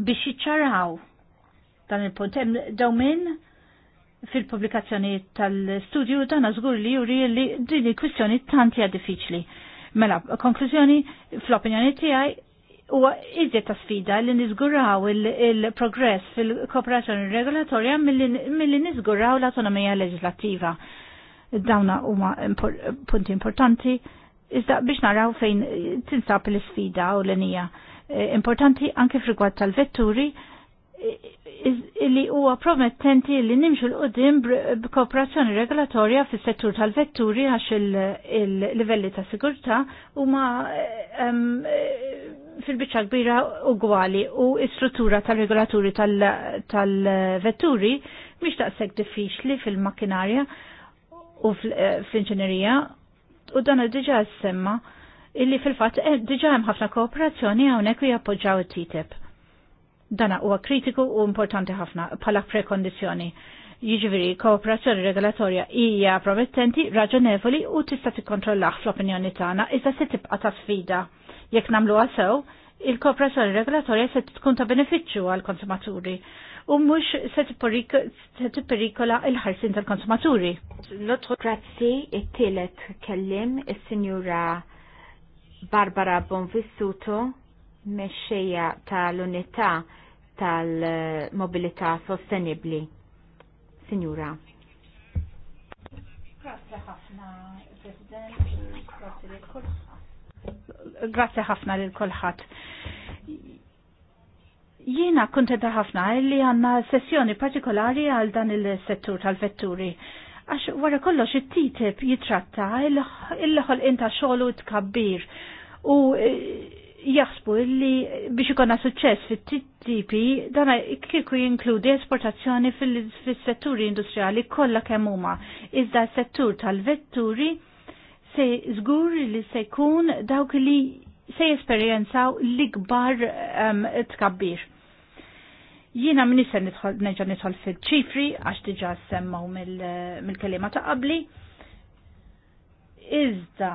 biex jiċċaraw dan il-punt. Hemm minn fil-pubblikazzjoni tal-studju dan żgur li juri li din il-kwistjoni tant hija diffiċli. Mela, konklużjoni fl-opinjoni tiegħi huwa iżjed ta' sfida li niżguraw il-progress il fil-kooperazzjoni regolatorja milli niżguraw l-autonomija leġislattiva. Dawna huma impor punti importanti iżda biex naraw fejn tinsab l-sfida u l-enija Eh, importanti anke frigwad tal-vetturi eh, li huwa promettenti li nimxu l-qudiem b'kooperazzjoni regolatorja fis settur tal-vetturi għax il-livelli ta' u huma eh, fil-biċċa kbira ugwali u s-struttura tal-regolaturi tal-vetturi mhix daqshekk diffiċli fil-makkinarja u fl-inġinerija u dan diġà semma' illi fil-fatt eh, diġa hemm ħafna kooperazzjoni hawnhekk u jappoġġaw it-TTIP. Dana huwa kritiku u importanti ħafna bħala prekondizzjoni. Jiġifieri kooperazzjoni regolatorja hija promettenti, raġonevoli u tista' tikkontrollaħ fl-opinjoni tagħna iżda se tibqa' ta' sfida. Jekk nagħmluha sew, il-kooperazzjoni regolatorja se tkun ta' benefiċċju għall konsumaturi u mhux se tipperikola il-ħarsin tal-konsumaturi. Notokrazzi it-tielet kellim is-sinjura l il-ħarsin tal-konsumaturi. Notru grazzi it-tielet kellim is sinjura Barbara Bonvissuto, mexxejja tal-Unità tal-Mobilità Sostenibbli. Signora. Grazie ħafna, President. Grazie ħafna lil kulħadd. Jiena kunt ħafna li għandna sessjoni partikolari għal dan il-settur tal-vetturi. tal vetturi Għax wara kollox it tip jitratta il-ħol inta xogħol u tkabbir u e, jaħsbu li biex ikonna suċċess fit-TTP dana kieku jinkludi esportazzjoni fil-setturi industrijali kollha kemm huma. Iżda s-settur tal-vetturi se żgur li se jkun dawk li se jesperjenzaw l-ikbar um, tkabbir. Jiena min se nerġa' nidħol fil-ċifri għax diġà semmaw mill-kelima ta' qabli. Iżda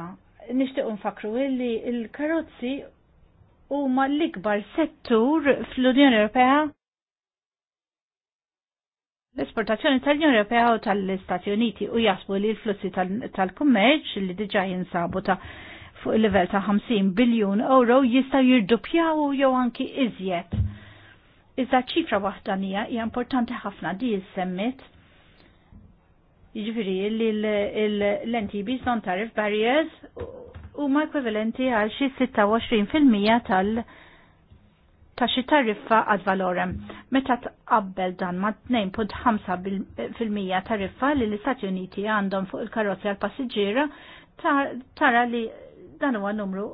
nixtieq nfakru illi l-karozzi huma l-ikbar settur fl-Unjoni Ewropea l-esportazzjoni tal-Unjoni Ewropea u tal-Istati Uniti u jasbu li l-flussi tal-kummerċ li diġa jinsabu ta' fuq il-level ta' 50 biljun euro jistaw jirdupjaw jew anki iżjed Iżda ċifra waħda mija hija importanti ħafna di semmit jiġifieri li l-NTBs non-tariff barriers huma ekwivalenti għal xi 26% tal- ta' xi tariffa ad valorem. Meta tqabbel dan ma' 2.5% tariffa li l-Istati Uniti għandhom fuq il-karozzi għal passiġġiera tara li dan huwa numru,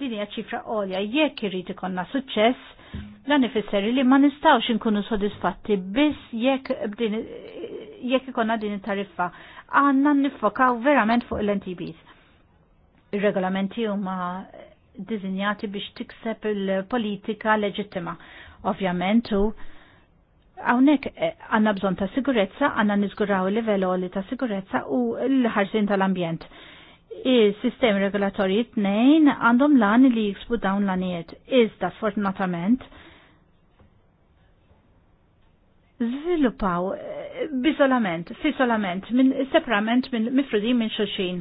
din hija ċifra għolja, jekk irid ikonna suċċess, dan ifisser li ma nistgħux inkunu sodisfatti biss jekk jekk ikonna din it-tariffa. Għandna nifokaw verament fuq l-NTBs. Ir-regolamenti huma dizinjati biex tikseb il-politika leġittima. Ovvjament u Għawnek eh, għanna bżon ta' sigurezza, għanna nizguraw il-livell ta' sigurezza u l-ħarsin tal-ambjent il-sistemi regolatorji t-nejn għandhom lan li jiksbu dawn l-għaniet. Iżda sfortunatament zviluppaw eh, bizolament, fisolament, separament minn mifrudi minn xoċin.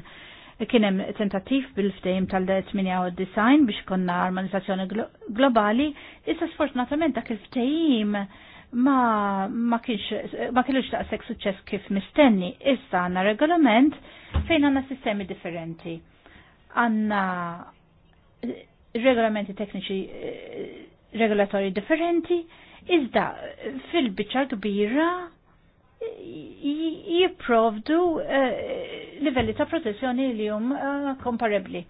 Kienem tentativ bil-ftejm tal 89 biex konna armonizzazzjoni globali, issa sfortunatament dak il-ftejm ma ma kienx ma kienx taqsek suċċess kif mistenni. Issa għandna regolament fejn għandna sistemi differenti. Għandna eh, regolamenti tekniċi eh, regolatori differenti, iżda fil-biċċa kbira eh, jiprovdu livelli ta' protezzjoni li hum komparabbli.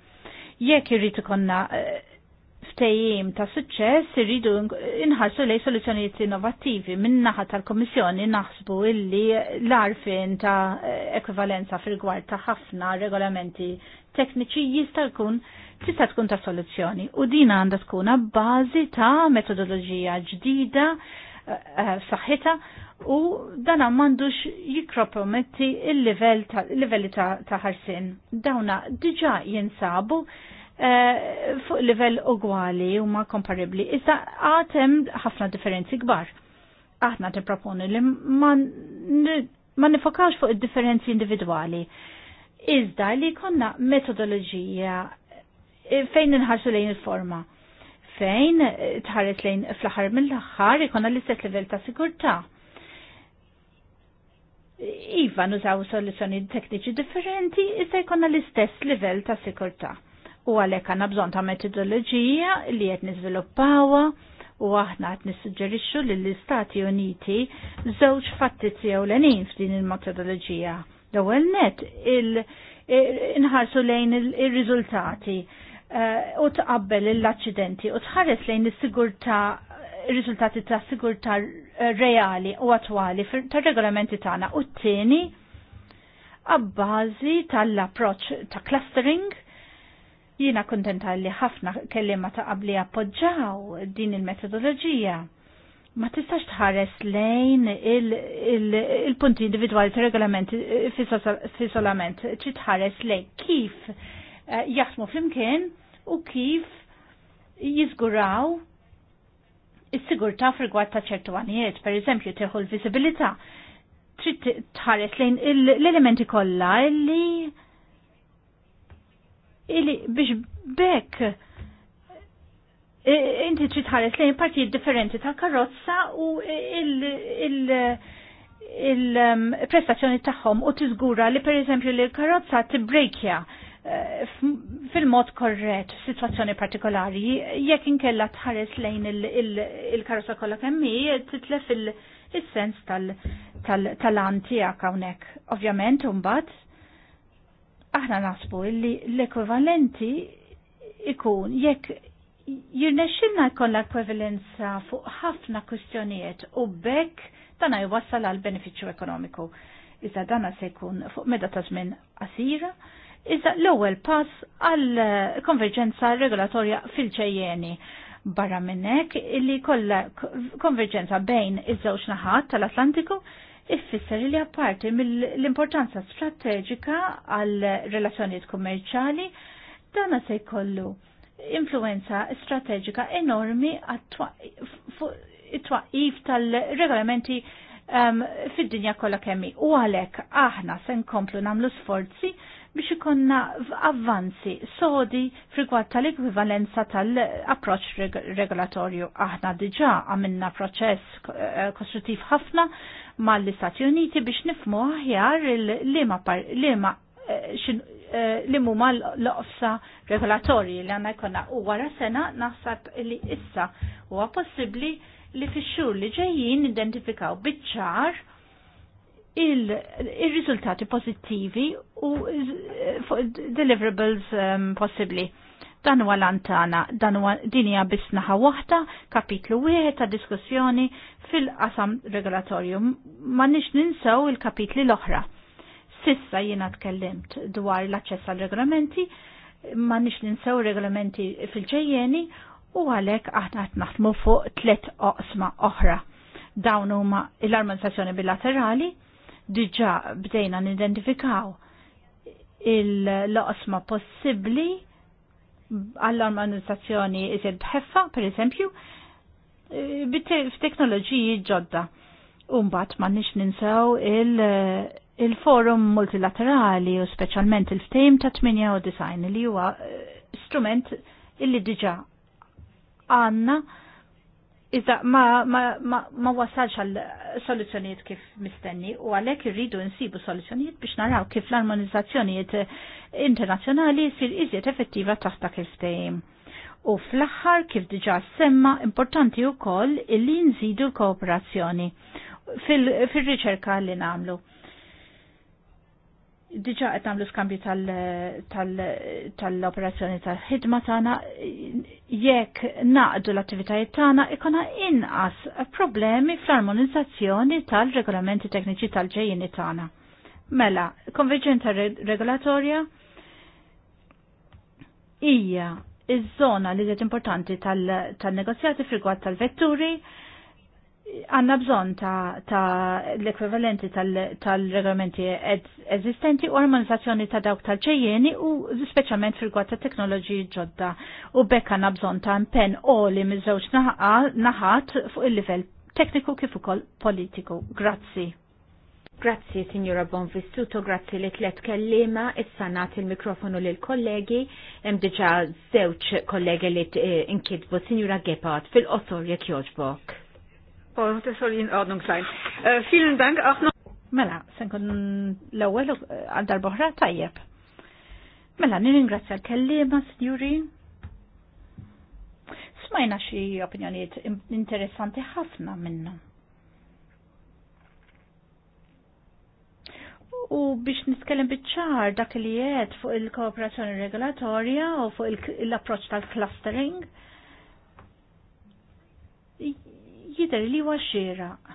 Jekk irrid ikonna uh, ftejjim ta' suċċess irridu inħarsu lej soluzzjonijiet innovattivi minn naħa tal-Komissjoni naħsbu illi l-arfin ta' ekvivalenza fil-gwar ta' ħafna regolamenti tekniċi jista' jkun tista' tkun ta' soluzzjoni u din għandha tkun bażi ta' metodoloġija ġdida eh, eh, saħħita u dan m'għandux jikroprometti il-livelli ta' ħarsin. Dawna diġa jinsabu Eh, fuq livell ugwali u ma komparibli. Issa għatem ħafna differenzi kbar. Aħna te proponi li ma nifokax fuq differenzi individuali. Iżda li konna metodologija eh, fejn nħarsu lejn il-forma. Fejn eh, tħares lejn fl-ħar mill-ħar ikonna l-istess livell ta' sigurta. Iva nużaw soluzzjoni tekniċi differenti, issa jkonna l-istess livell ta' sikurta' u għalhekk għandna bżonn ta' metodoloġija li qed niżviluppawha u aħna qed nissuġġerixxu lill-Istati Uniti żewġ l-enin f'din il-metodoloġija. L-ewwel net il inħarsu lejn ir-riżultati eh, u tqabbel l-accidenti u tħares lejn is-sigurtà riżultati ta' sigurtà eh, reali u attwali tar regolamenti tagħna u t-tieni għabbażi tal-approċ ta' clustering Jiena kontenta li ħafna kellima ta' qabli appoġġaw din il-metodoloġija. Ma tistax tħares lejn il-punti individwali ta' regolament fi solament, ċi tħares lejn kif eh, jaħsmu flimkien u kif jizguraw is-sigurta f'rigward ta' ċertu għanijiet, per eżempju, teħu l visibilita Trid tħares lejn l-elementi kollha li Ili biex bekk inti tri tħares lejn partijiet differenti tal-karozza u il-prestazzjoni um, tagħhom u tiżgura li pereżempju li l-karozza tibbrejkja eh, fil-mod korret f'sitwazzjoni partikolari jekk inkella tħares lejn il-karozza kollha kemm hi titlef il-sens tal-anti hawnhekk. Ovvjament, mbagħad aħna nasbu li l-ekwivalenti ikun jekk jirnexxilna jkollha ekwivalenza fuq ħafna kwistjonijiet u bekk dan jwassal għal benefiċċju ekonomiku. Iżda dana se jkun fuq meda ta' żmien qasira, iżda l-ewwel pass għal konverġenza regolatorja fil-ċejjeni barra minnek illi kollha konverġenza bejn iż-żewġ naħat tal-Atlantiku Ifisser li apparti mill-importanza strateġika għal relazzjonijiet kummerċali dana se jkollu influenza strateġika enormi it-twaqif tal-regolamenti um, fid-dinja kollha kemmi. U għalhekk aħna se nkomplu nagħmlu sforzi biex ikonna avvanzi sodi frigwat tal ekvivalenza tal-approċ regolatorju. Aħna diġa għamilna proċess eh, kostruttiv ħafna mal-Istati Uniti biex nifmu aħjar l-lima lima eh, eh, li mumma l-oqsa regolatorji li għanna jkonna u wara sena naħseb li issa huwa possibbli li fix-xhur li ġejjin identifikaw biċ-ċar il-riżultati pozittivi u eh, deliverables possibli. Ehm, possibbli. Dan huwa lantana, dan huwa dinja bisnaħa waħda, kapitlu wieħed ta' diskussjoni fil-qasam regolatorju. Ma nix ninsew il-kapitli l-oħra. Sissa jiena tkellimt dwar l-aċċess għal regolamenti, ma nix ninsew regolamenti fil-ġejjeni u għalek aħna qed naħdmu fuq tliet oqsma oħra. Dawn huma l-armonizzazzjoni bilaterali, diġà bdejna nidentifikaw il-loqsma possibbli għall-armonizzazzjoni iżed bħeffa, per eżempju, e, f'teknoloġiji ġodda. Umbat ma nix ninsaw il-forum il multilaterali u specialment il-ftejm ta' 98 li huwa e, strument illi diġa għanna iżda ma, ma, ma, ma wasalx għal soluzzjonijiet kif mistenni u għalhekk irridu nsibu soluzzjonijiet biex naraw kif l-armonizzazzjonijiet internazzjonali sir iżjed effettiva taħt dak il-ftehim. U fl-aħħar kif diġà semma importanti wkoll illi nżidu l-kooperazzjoni fil-riċerka li nagħmlu diġa qed nagħmlu skambju tal-operazzjoni tal-ħidma tagħna jekk naqdu l-attivitajiet tagħna ikuna inqas problemi fl-armonizzazzjoni tal-regolamenti tekniċi tal-ġejjini tagħna. Mela, konverġenza regolatorja hija iż-żona li qed importanti tal-negozjati fil tal-vetturi, tal negozjati fil tal vetturi għanna bżon ta', ta l-ekvivalenti tal-regolamenti tal eżistenti u armonizzazzjoni ta' dawk tal ċejjeni u specialment fil ta' teknoloġiji ġodda u bekk għanna bżon ta' pen o miż-żewġ naħat fuq il-livell tekniku kif ukoll politiku. Grazzi. Grazzi, Signora Bonvistuto, grazzi li tlet kellima, issa il-mikrofonu l kollegi, hemm zewċ żewġ kollegi li eh, inkidbu, Signora Gepard, fil-qosor jekk jogħġbok. Oh, in äh, vielen Dank auch noch. Mela, senkun l-ewel uh, għaddar boħra tajjeb. Mela, nir-ingrazzja l-kellima, s Smajna xie opinjoniet interessanti ħafna minna. U biex nitkellem bieċar dak li jgħed fuq il-kooperazzjoni regolatorja u fuq l-approċ tal-clustering, jidher li huwa xieraq.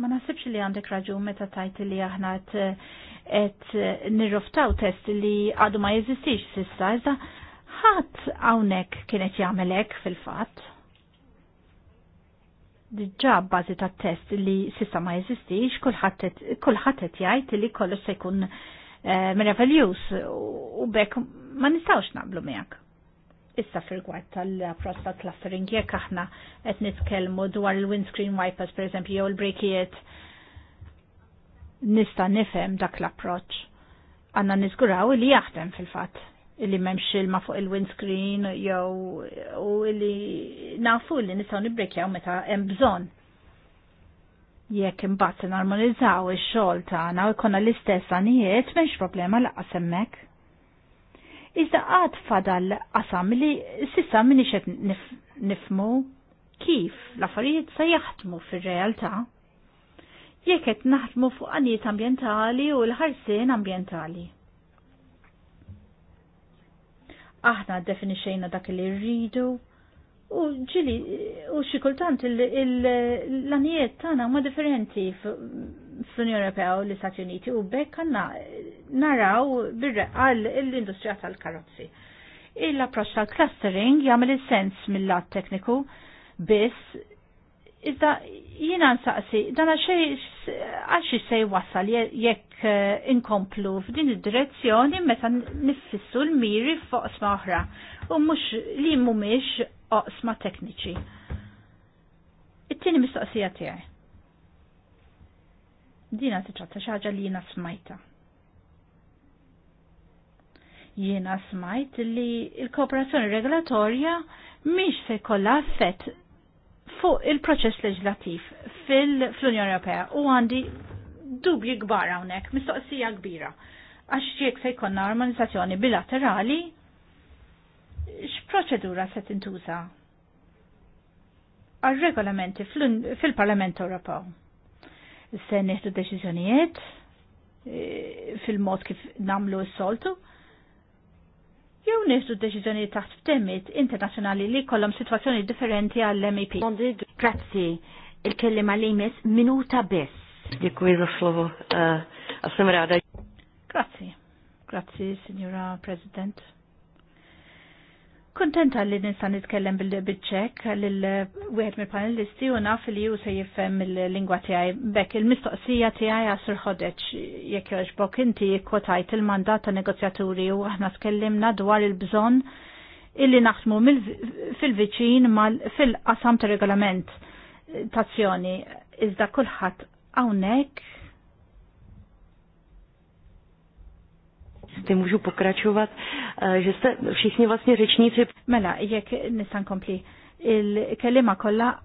Ma nasibx li għandek raġun meta tajt li aħna qed nirroftaw test li għadu ma jeżistix sissa, iżda ħadd hawnhekk kienet jagħmel hekk fil-fatt. Diġà bażi tat-test li sissa ma jeżistix, kulħadd qed jgħid li kollox se jkun eh, meravigliuż u bekk ma nistgħux naqblu miegħek. Issa fil-gwad tal-approċ ta' clustering jekk aħna qed nitkellmu dwar il-windscreen wipers pereżempju jew il-brekijiet nista' nifhem dak l-approċ. Għandna niżguraw li jaħdem fil-fatt illi memx ma fuq il-windscreen jew u illi nafu li nistgħu nibbrekjaw meta hemm bżonn. Jekk imbagħad narmonizzaw ix-xogħol tagħna u jkollna l-istess għanijiet m'hemmx problema laqas hemmhekk Iżda għad fadal qasam li sissa minni xed nif nifmu kif l-affarijiet se jaħdmu fir-realtà. Jekk qed naħdmu fuq għanijiet ambjentali u l-ħarsien ambjentali. Aħna definixxejna dak li rridu u ġili u xikultant l-għanijiet tagħna huma differenti fl-Unjoni Ewropea u l-Istati Uniti u bekk għandna naraw bir-reqqal l-industrija tal-karozzi. Il-approċċ tal-clustering jagħmel sens mill-lat tekniku biss iżda jiena nsaqsi dan għax se jwassal jekk eh, inkomplu f'din id-direzzjoni meta nifissu l-miri f'oqsma oħra u mhux li mhumiex oqsma tekniċi. It-tieni mistoqsija tiegħi Dina t xi ħaġa li jiena smajta. Jiena smajt li l-kooperazzjoni regolatorja miex se jkollha fett fuq il-proċess leġlativ fil-Unjoni Ewropea u għandi dubji kbar hawnhekk, mistoqsija kbira. Għax jekk se jkollna armonizzazzjoni bilaterali, x'proċedura se tintuża għal-regolamenti fil-Parlament Ewropew? se neħdu deċiżjonijiet e, fil-mod kif namlu s-soltu. Jew nieħdu deċiżjonijiet taħt temmit internazzjonali li kollom sitwazzjoni differenti għall-MEP. Grazzi, il-kellima li imis minuta bis. za e, Grazzi. Grazzi, signora President. Kontenta li nista' nitkellem bil-ċek lil wieħed mill-panelisti u naf li ju se jifhem il-lingwa tiegħi Bek, il-mistoqsija tiegħi għasur ħodeġ jekk jogħġbok inti kwotajt il-mandat ta' negozjaturi u aħna tkellimna dwar il-bżonn illi naħsmu fil-viċin fil-qasam ta' regolament tazzjoni iżda kulħadd hawnhekk ty můžu pokračovat, e, že jste všichni vlastně řečníci. Mela, jak nesan kompli. Il-kelima kolla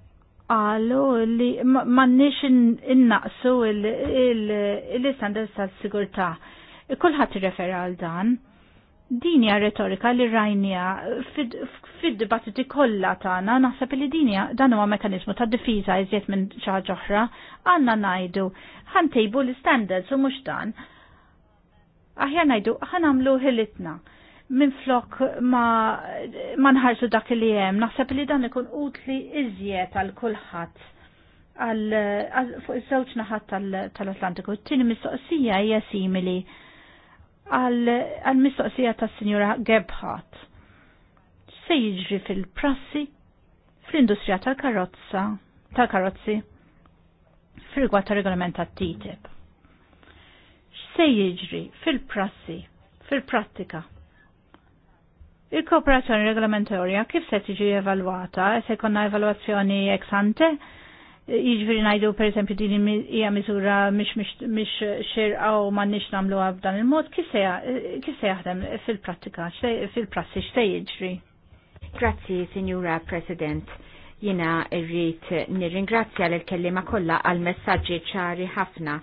għalu li mannix innaqsu il-standard tal-sigurta. Kulħat refer għal dan. Dinja retorika li rajnija fid-dibattiti kollha tagħna naħseb li dinja dan huwa mekanizmu ta' difiża iżjed minn xi ħaġa oħra għandna ngħidu ħantejbu l-standards u mhux dan aħjar najdu ħanamlu ħilitna minn flok ma, ma nħarsu dak li jem, naħseb li dan ikun utli iżjed għal kulħadd għal fuq iż-żewġ naħat tal-Atlantiku. T-tieni mistoqsija hija simili għal mistoqsija tas-Sinjura Gebhardt. Se jiġri fil-prassi fl-industrija tal-karozza tal-karozzi fil gwata regolamenta regolament tat-TTIP se jiġri fil-prassi, fil-prattika. Il-kooperazzjoni regolamentorja kif se tiġi evalwata? Se konna evalwazzjoni ex ante? Jiġri najdu per esempio din hija miżura mhix xirqa u m'għandniex nagħmluha b'dan il-mod, kif se jaħdem fil-prattika, fil-prassi x'se jiġri? Grazzi, Signora President jina irrit nirringrazzja l kellima kollha għal messaġġi ċari ħafna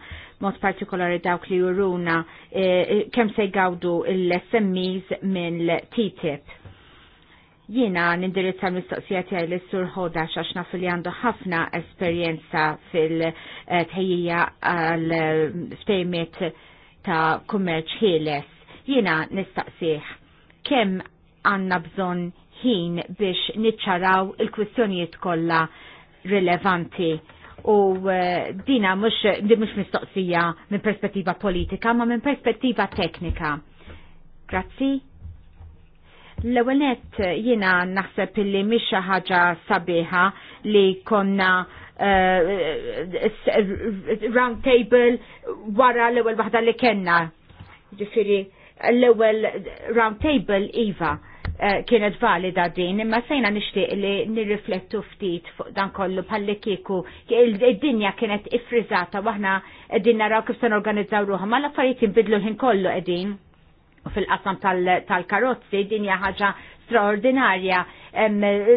mod partikolari dawk li juruna e, e, kem kemm se jgawdu l-SMEs minn TTIP. Jiena nindirizza l-mistoqsija tiegħi lis sur ħoda għax nafu li għandu ħafna esperjenza fil-tħejjija għal ftejmiet ta' kummerċ ħieles. Jiena nistaqsih kemm għandna bżonn ħin biex niċċaraw il-kwistjonijiet kollha rilevanti u eh, dina mux, di mux mistoqsija minn perspettiva politika, ma minn perspettiva teknika. Grazzi. L-ewenet eh, jina naħseb li mish ħaġa sabiħa li konna uh, round table wara l-ewel wahda li kenna. Ġifiri, l-ewel round table Iva Eh, kienet valida din, imma sejna nishtiq li nirriflettu ftit fuq dan kollu palli kieku id-dinja kienet ifrizzata waħna din naraw kif se organizzaw ruħa ma laffariet affarijiet jinbidlu l-ħin kollu qegħdin u fil-qasam tal-karozzi dinja ħaġa straordinarja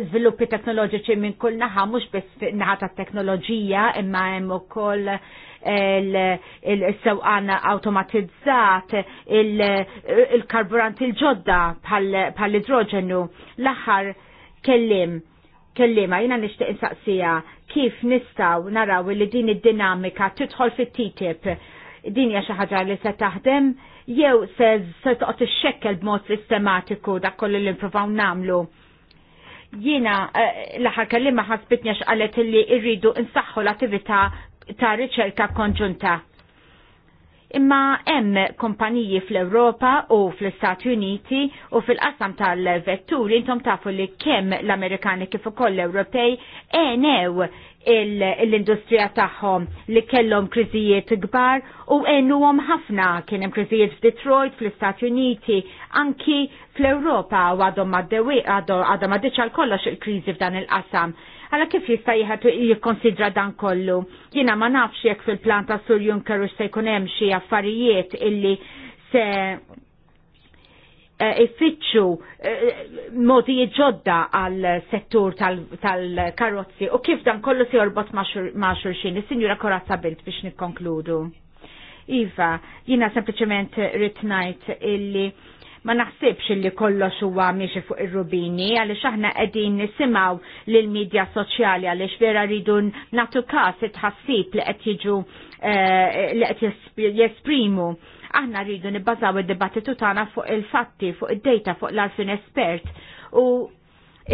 żviluppi teknoloġiċi minn kull naħa mhux biss naħa teknoloġija imma hemm ukoll il sewqana automatizzat, il-karburant il-ġodda pal idroġenu L-aħħar kellim, kellima, jina nishtiq insaqsija kif nistaw naraw li din id-dinamika tidħol fit-TTIP din hija xi ħaġa li se taħdem jew se se toqgħod ixxekkel b'mod sistematiku dak kollu li nipprovaw nagħmlu Jiena eh, l-aħħar kellima ħasbitni x'qalet illi rridu nsaħħu l-attività ta' riċerka konġunta. Imma hemm kumpaniji fl-Ewropa u fl-Istati Uniti u fil-qasam tal-vetturi intom tafu li kemm l-Amerikani kif ukoll l-Ewropej enew l-industrija tagħhom li kellhom kriżijiet kbar u għom ħafna kien hemm kriżijiet f'Detroit, fl-Istati Uniti, anki fl-Ewropa u għadhom għadhom għadhom kollox il-kriżi f'dan il-qasam. Għala kif jista jħat jikonsidra dan kollu? Jina ma nafx jekk fil planta ta' Sur Junker u se jkun hemm xi affarijiet illi se Eh, ifittxu eh, modi ġodda għal settur tal-karozzi u kif dan kollu se jorbot ma' xurxin. Is-Sinjura Korazza Bilt biex nikkonkludu. Iva, jina sempliciment ritnajt illi ma naħsibx illi kollox huwa miexi fuq ir-rubini għaliex aħna qegħdin nisimgħu l medja soċjali għaliex vera ridun natu każ it-ħassib li qed jiġu eh, li qed jesprimu. Aħna rridu nibbażaw id-dibattitu tagħna fuq il-fatti, fuq id-data, fuq l-arfin espert u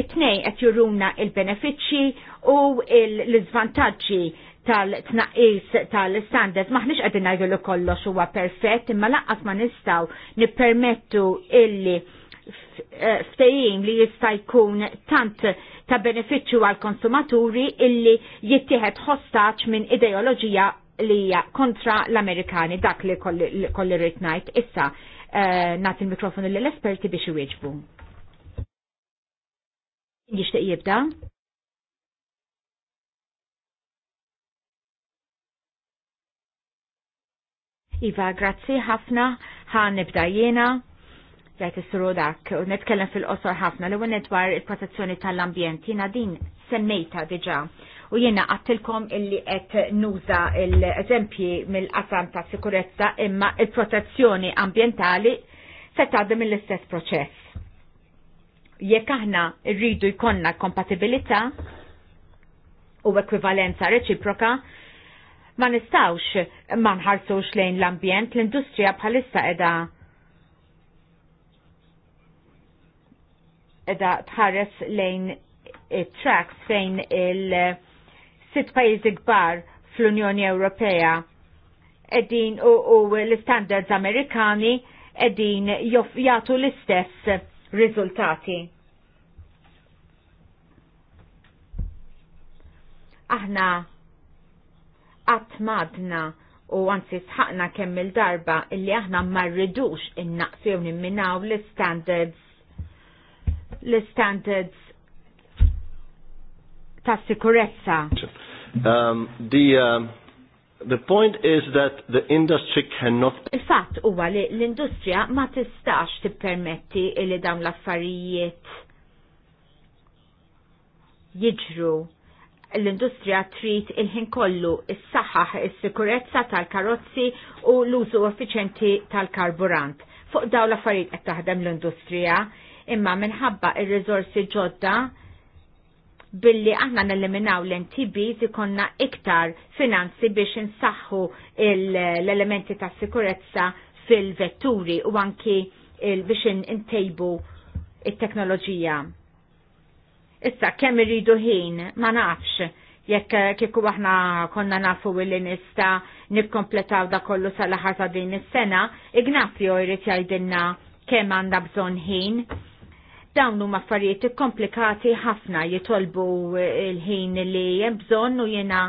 it-tnej qed juruna il-benefiċċji u l-iżvantaġġi tal-tnaqis tal-standards maħniex qegħdin ngħidu li kollox huwa perfett imma laqqas ma nistgħu nippermettu illi ftejin li jista' jkun tant ta' benefiċċju għal konsumaturi illi jittieħed ħostaġġ minn ideoloġija li hija kontra l-Amerikani dak li kolli rrit ngħid. Issa eh, nagħti il-mikrofonu lill-esperti biex iwieġbu. Jixtieq jibda? Iva, grazzi ħafna, ħan nibda jena. Jgħet s-suru dak, u netkellem fil-qosor ħafna, l dwar il-protezzjoni tal-ambjent, jena din semmejta diġa u jiena għattilkom illi qed nuża l-eżempji mill-qasam ta' sikurezza imma il-protezzjoni ambientali se tgħaddi mill-istess proċess. Jekk aħna rridu jkollna kompatibilità u ekwivalenza reċiproka, ma nistawx ma nħarsux lejn l-ambjent l-industrija bħalissa edha edha tħares lejn it tracks fejn il- sitt pajjiżi kbar fl-Unjoni Ewropea edin u, u l-standards Amerikani edin jagħtu l-istess riżultati. Aħna għatmadna u għansi sħaqna kemm il-darba illi aħna marridux in-naqsjoni minnaw l-standards l-standards ta' sikurezza. Um, the, um, the point is that the industry cannot... Il-fat huwa li l-industrija ma tistax tippermetti li dawn l-affarijiet jiġru l-industrija trid il-ħin kollu is-saħħaħ is-sikurezza tal-karozzi u l-użu effiċenti tal-karburant. Fuq dawn l-affarijiet qed taħdem l-industrija, imma minħabba ir-riżorsi ġodda billi aħna neliminaw l-NTBs ikonna iktar finanzi biex insaħħu l-elementi ta' sikurezza fil-vetturi u anki biex intejbu il teknoloġija Issa, kemm irridu ħin, ma nafx, jekk kieku aħna konna nafu li nista nikkompletaw da kollu sal-ħar ta' din is-sena, Ignazio jrid jgħidilna kemm għandha bżonn ħin Dawn huma affarijiet komplikati ħafna jitolbu eh, il-ħin li hemm bżonn u jiena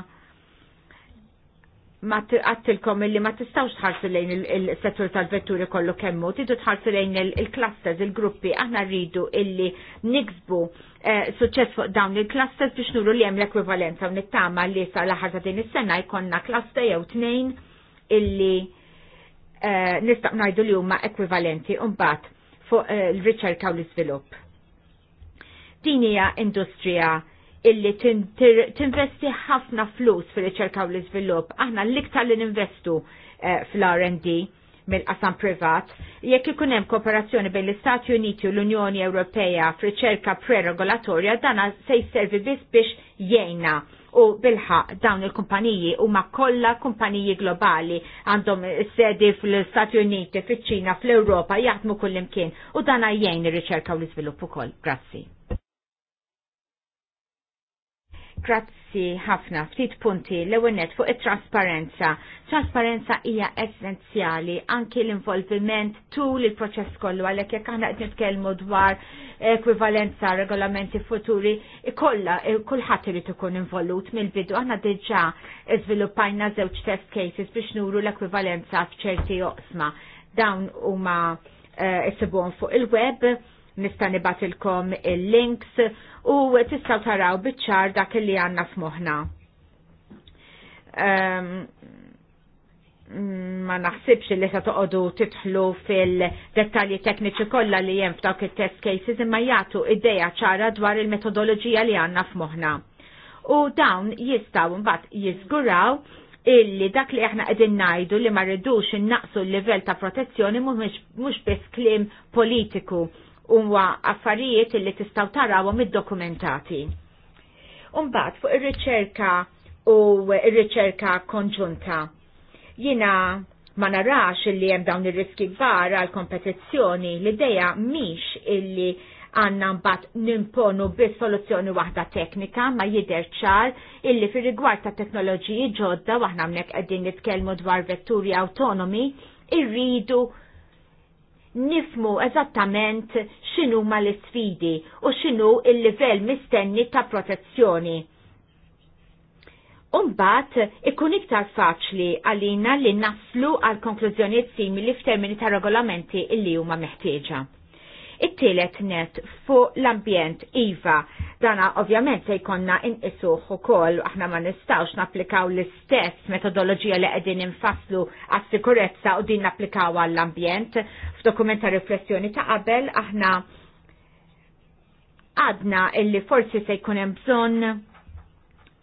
ma tqattilkom illi ma tistgħux tħarsu lejn il-settur tal-vetturi kollu kemmu, tidu tħarsu lejn il-clusters, il-gruppi, aħna rridu illi niksbu eh, suċċess fuq dawn il-clusters biex nuru li hemm l-ekwivalenza u nittama li sa l-aħħar ta' din is-sena jkollna cluster jew tnejn illi eh, nistaqnajdu ngħidu li huma ekwivalenti u mbagħad fuq il eh, riċerka u l-iżvilupp. Din hija industrija illi tinvesti ħafna flus fir-riċerka u l-iżvilupp. Aħna l-iktar li ninvestu eh, fl-R&D mill-qasam privat, jekk ikun hemm kooperazzjoni bejn l-Istati Uniti u l-Unjoni Ewropea f'riċerka preregolatorja, dan se jservi biss biex jgħinna u bilħa dawn il-kumpaniji huma kollha kumpaniji globali għandhom sedi fl-Stati Uniti, fiċ-Ċina, fl-Ewropa jaħdmu kullimkien u dan jgħin ir-riċerka u l-iżvilupp ukoll. Grazzi. Grazzi ħafna, ftit punti l ewwelnet fuq it-trasparenza. Trasparenza hija essenzjali anki l-involviment tul il-proċess kollu għalhekk jekk aħna qed nitkellmu dwar ekwivalenza regolamenti futuri kollha eh, kulħadd irid ikun involut mill-bidu aħna diġà żviluppajna żewġ test cases biex nuru l-ekwivalenza f'ċerti oqsma. Dawn huma eh, isibuhom fuq il-web nista' nibatilkom il-links u tistgħu taraw biċ-ċar dak li għandna f'moħħna. Um, ehm, mm, ma naħsibx li se toqgħodu titħlu fil-dettalji tekniċi kollha li hemm f'dawk it-test cases imma jagħtu idea ċara dwar il-metodoloġija li għandna f'moħħna. U dawn jistgħu mbagħad jiżguraw illi dak li aħna qegħdin ngħidu li ma rridux innaqsu l-livell ta' protezzjoni mhux biss kliem politiku huwa affarijiet li tistgħu tarawhom id-dokumentati. Umbagħad fuq ir-riċerka u r riċerka konġunta. Jiena ma narax illi hemm dawn ir-riski kbar għal kompetizzjoni li dejja mhix illi għanna mbagħad nimponu biss soluzzjoni waħda teknika ma jidher ċar illi fir rigward ta' teknoloġiji ġodda waħna m'nek qegħdin nitkellmu dwar vetturi autonomi irridu nifmu eżattament xinu ma l-sfidi u xinu il-livell mistenni ta' protezzjoni. Umbat, ikun iktar faċli għalina li naslu għal konklużjoniet simili f'termini ta' regolamenti illi huma meħtieġa it telet net fuq l-ambjent IVA. Dana ovvjament se jkonna inqisuh ukoll aħna ma nistawx napplikaw l-istess metodologija li qegħdin infasslu għas-sikurezza u din napplikaw għall-ambjent. F'dokumenta riflessjoni ta' qabel aħna għadna illi forsi se jkun hemm bżonn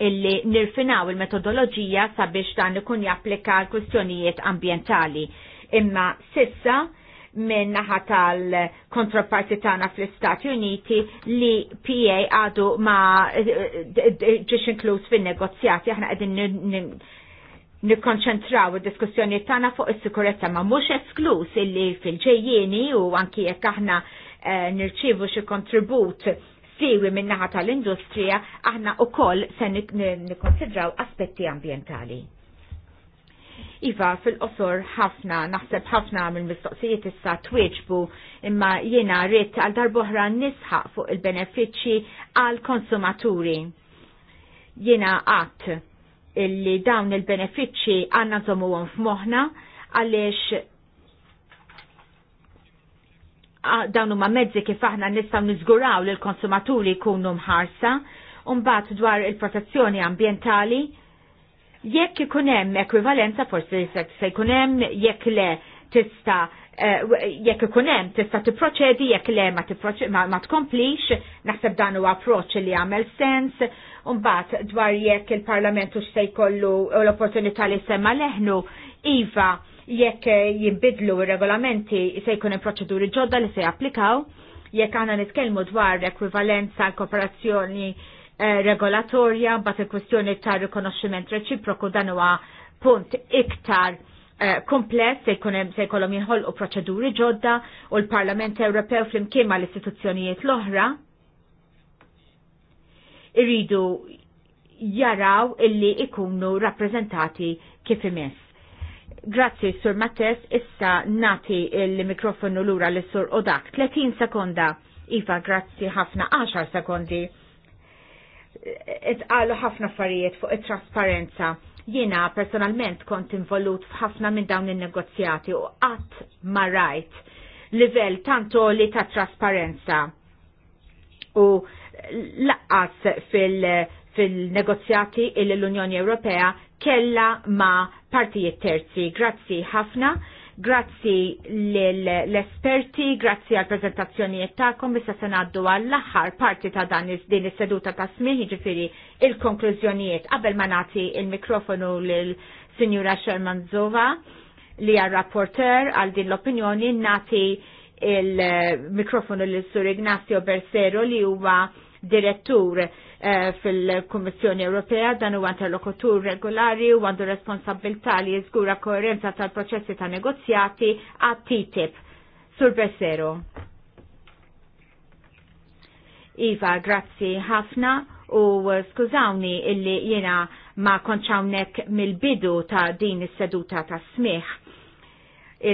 illi nirfinaw il-metodoloġija sabiex dan ikun japplika l-kwistjonijiet ambjentali. Imma sissa minn naħa tal-kontraparti tagħna fl-Istati Uniti li PA għadu ma eh, eh, eh, ġiex inkluż fin-negozjati aħna qegħdin nikkonċentraw id-diskussjoni tagħna fuq is-sikurezza ma mhux esklus illi fil-ġejjieni u anki jekk aħna nirċievu xi kontribut siwi min-naħa tal-industrija aħna wkoll se nikkonsidraw aspetti ambjentali. Iva, fil-qosor ħafna, naħseb ħafna mill-mistoqsijiet issa twieġbu imma jiena rrit għal darboħra nisħaq fuq il-benefiċċji għal konsumaturi. Jiena għat illi dawn il-benefiċċji għanna zomuhom f'moħħna għaliex dawn huma mezzi kif aħna nistgħu niżguraw li l-konsumaturi jkunu mħarsa, u mbagħad dwar il-protezzjoni ambjentali Jekk ikun hemm ekwivalenza forsi se jkun hemm jekk le tista' eh, jekk ikun hemm tista' tipproċedi jekk le ma tkomplix, naħseb dan huwa approċċ li għamel sens, mbagħad dwar jekk il-parlamentu x'se jkollu l-opportunità li semma leħnu, iva jekk jibbidlu regolamenti se jkun hemm proċeduri ġodda li se japplikaw, jekk għandna nitkellmu dwar ekwivalenza kooperazzjoni Eh, regolatorja bat il-kwestjoni ta' rikonoxximent reċiproku dan huwa punt iktar eh, kompless se jkunem se jkollhom jinħolqu proċeduri ġodda u l-Parlament Ewropew flimkien mal istituzzjonijiet l-oħra Iridu jaraw illi ikunu rappreżentati kif imess. Grazzi, Sur Mattes. Issa nati il-mikrofonu l-ura l-Sur Odak. 30 sekonda. Iva, grazzi ħafna 10 sekondi itqalu ħafna affarijiet fuq it-trasparenza. Jiena personalment kont involut f'ħafna minn dawn in-negozjati u qatt ma rajt livell tant li ta' trasparenza. U laqqas fil-negozjati fil, fil l-Unjoni Ewropea kella ma' partijiet terzi. Grazzi ħafna Grazzi l-esperti, grazzi għal prezentazzjonijiet ta'kom, issa se ngħaddu għall-aħħar parti ta' dan din is-seduta ta' smieħ, ġifiri il-konklużjonijiet. Qabel ma nagħti il-mikrofonu lill Sinjura Sherman Zova li għal rapporter għal din l-opinjoni nati il-mikrofonu l-Sur Ignazio Bersero li huwa direttur Eh, fil-Kummissjoni Ewropea dan huwa interlokutur regolari u għandu responsabilità li jizgura koerenza tal-proċessi ta' negozjati għat TTIP. Sur Bessero. Iva, grazzi ħafna u skużawni illi jena ma konċawnek mill-bidu ta' din is-seduta ta' smiħ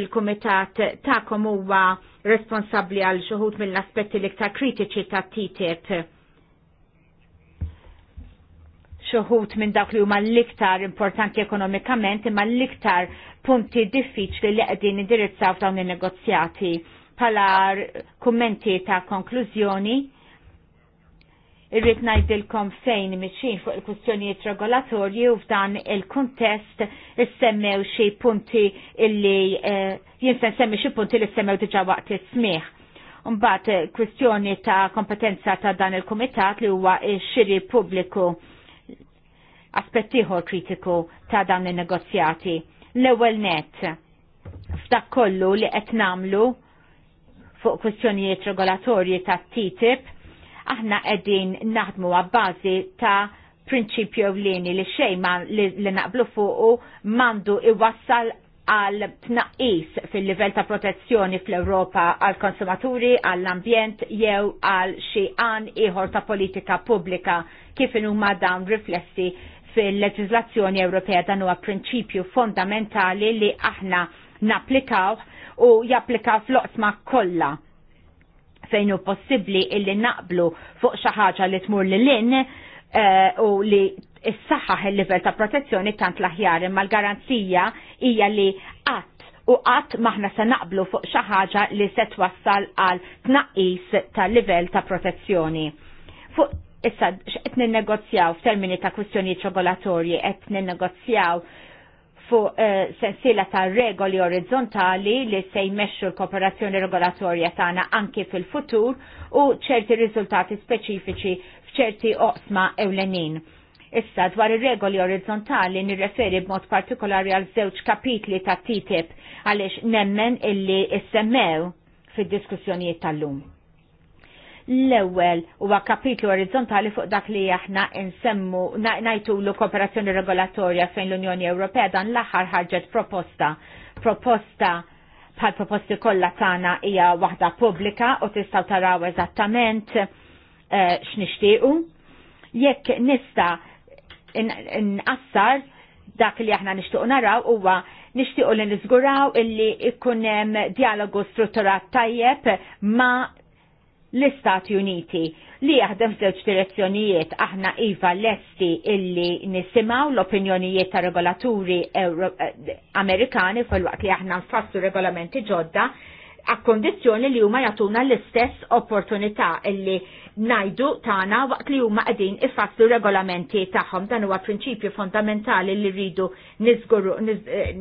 il-komitat ta' huwa responsabli għal xuħut mill-aspetti l-iktar kritiċi ta' TTIP xoħut minn dak li huma l-iktar importanti ekonomikament imma l-iktar punti diffiċli li qegħdin indirizzaw dawn in-negozjati. Pala kummenti ta' konklużjoni, irrid ngħidilkom fejn mixin fuq il-kwistjonijiet regolatorji u f'dan il-kuntest issemmew xi punti illi eh, jinsen semmi xi punti li semmew diġà waqt is-smieħ. Mbagħad eh, kwistjoni ta' kompetenza ta' dan il-kumitat li huwa x-xiri pubbliku aspettiħor kritiku ta' dawn il-negozjati. L-ewel net, f'dak kollu li qed namlu fuq kwistjonijiet regolatorji ta' TTIP, aħna qegħdin naħdmu għabbażi ta' prinċipju ewlieni li xejma li naqblu fuqu mandu iwassal għal tnaqqis fil-livell ta' protezzjoni fl-Europa għal konsumaturi, għall ambjent jew għal xi għan ieħor ta' politika pubblika kif huma dawn riflessi fil-leġizlazzjoni Ewropea dan huwa prinċipju fondamentali li aħna napplikaw u japplikaw fl-oqsma kollha fejn hu possibbli illi naqblu fuq xi ħaġa li tmur lil lin eh, u li s-saħħaħ il-livell ta' protezzjoni tant l-aħjar imma l-garanzija hija li qatt u qatt maħna se naqblu fuq xi ħaġa li se twassal għal tnaqqis tal-livell ta' protezzjoni. Fuq issa x'qed negozjaw f'termini ta' kwistjonijiet regolatorji qed ninnegozjaw fuq uh, sensiela ta' regoli orizzontali li se jmexxu l-kooperazzjoni regolatorja tagħna anki fil-futur u ċerti riżultati speċifiċi f'ċerti oqsma ewlenin. Issa dwar ir-regoli orizzontali nirreferi b'mod partikolari għal żewġ kapitli ta' TTIP għaliex nemmen illi issemmew fid-diskussjonijiet tal-lum l-ewwel huwa kapitlu orizzontali fuq dak li aħna nsemmu najtu l kooperazzjoni regolatorja fejn l-Unjoni Ewropea dan l-aħħar ħarġet proposta. Proposta bħal proposti kollha tagħna hija waħda pubblika u tistgħu taraw eżattament eh, x'nixtiequ. Jekk nista' inqassar dak li aħna nixtiequ naraw huwa nixtiequ li niżguraw illi ikun hemm dialogu strutturat tajjeb ma' l-Istati Uniti li jaħdem f'żewġ direzzjonijiet aħna iva lesti illi nisimaw l-opinjonijiet ta' regolaturi eh, Amerikani fil-waqt li aħna nfassu regolamenti ġodda għakkondizjoni li huma jagħtuna l-istess opportunità illi najdu tagħna waqt li huma qegħdin ifassu regolamenti tagħhom dan huwa prinċipju fondamentali li rridu nizguru eh,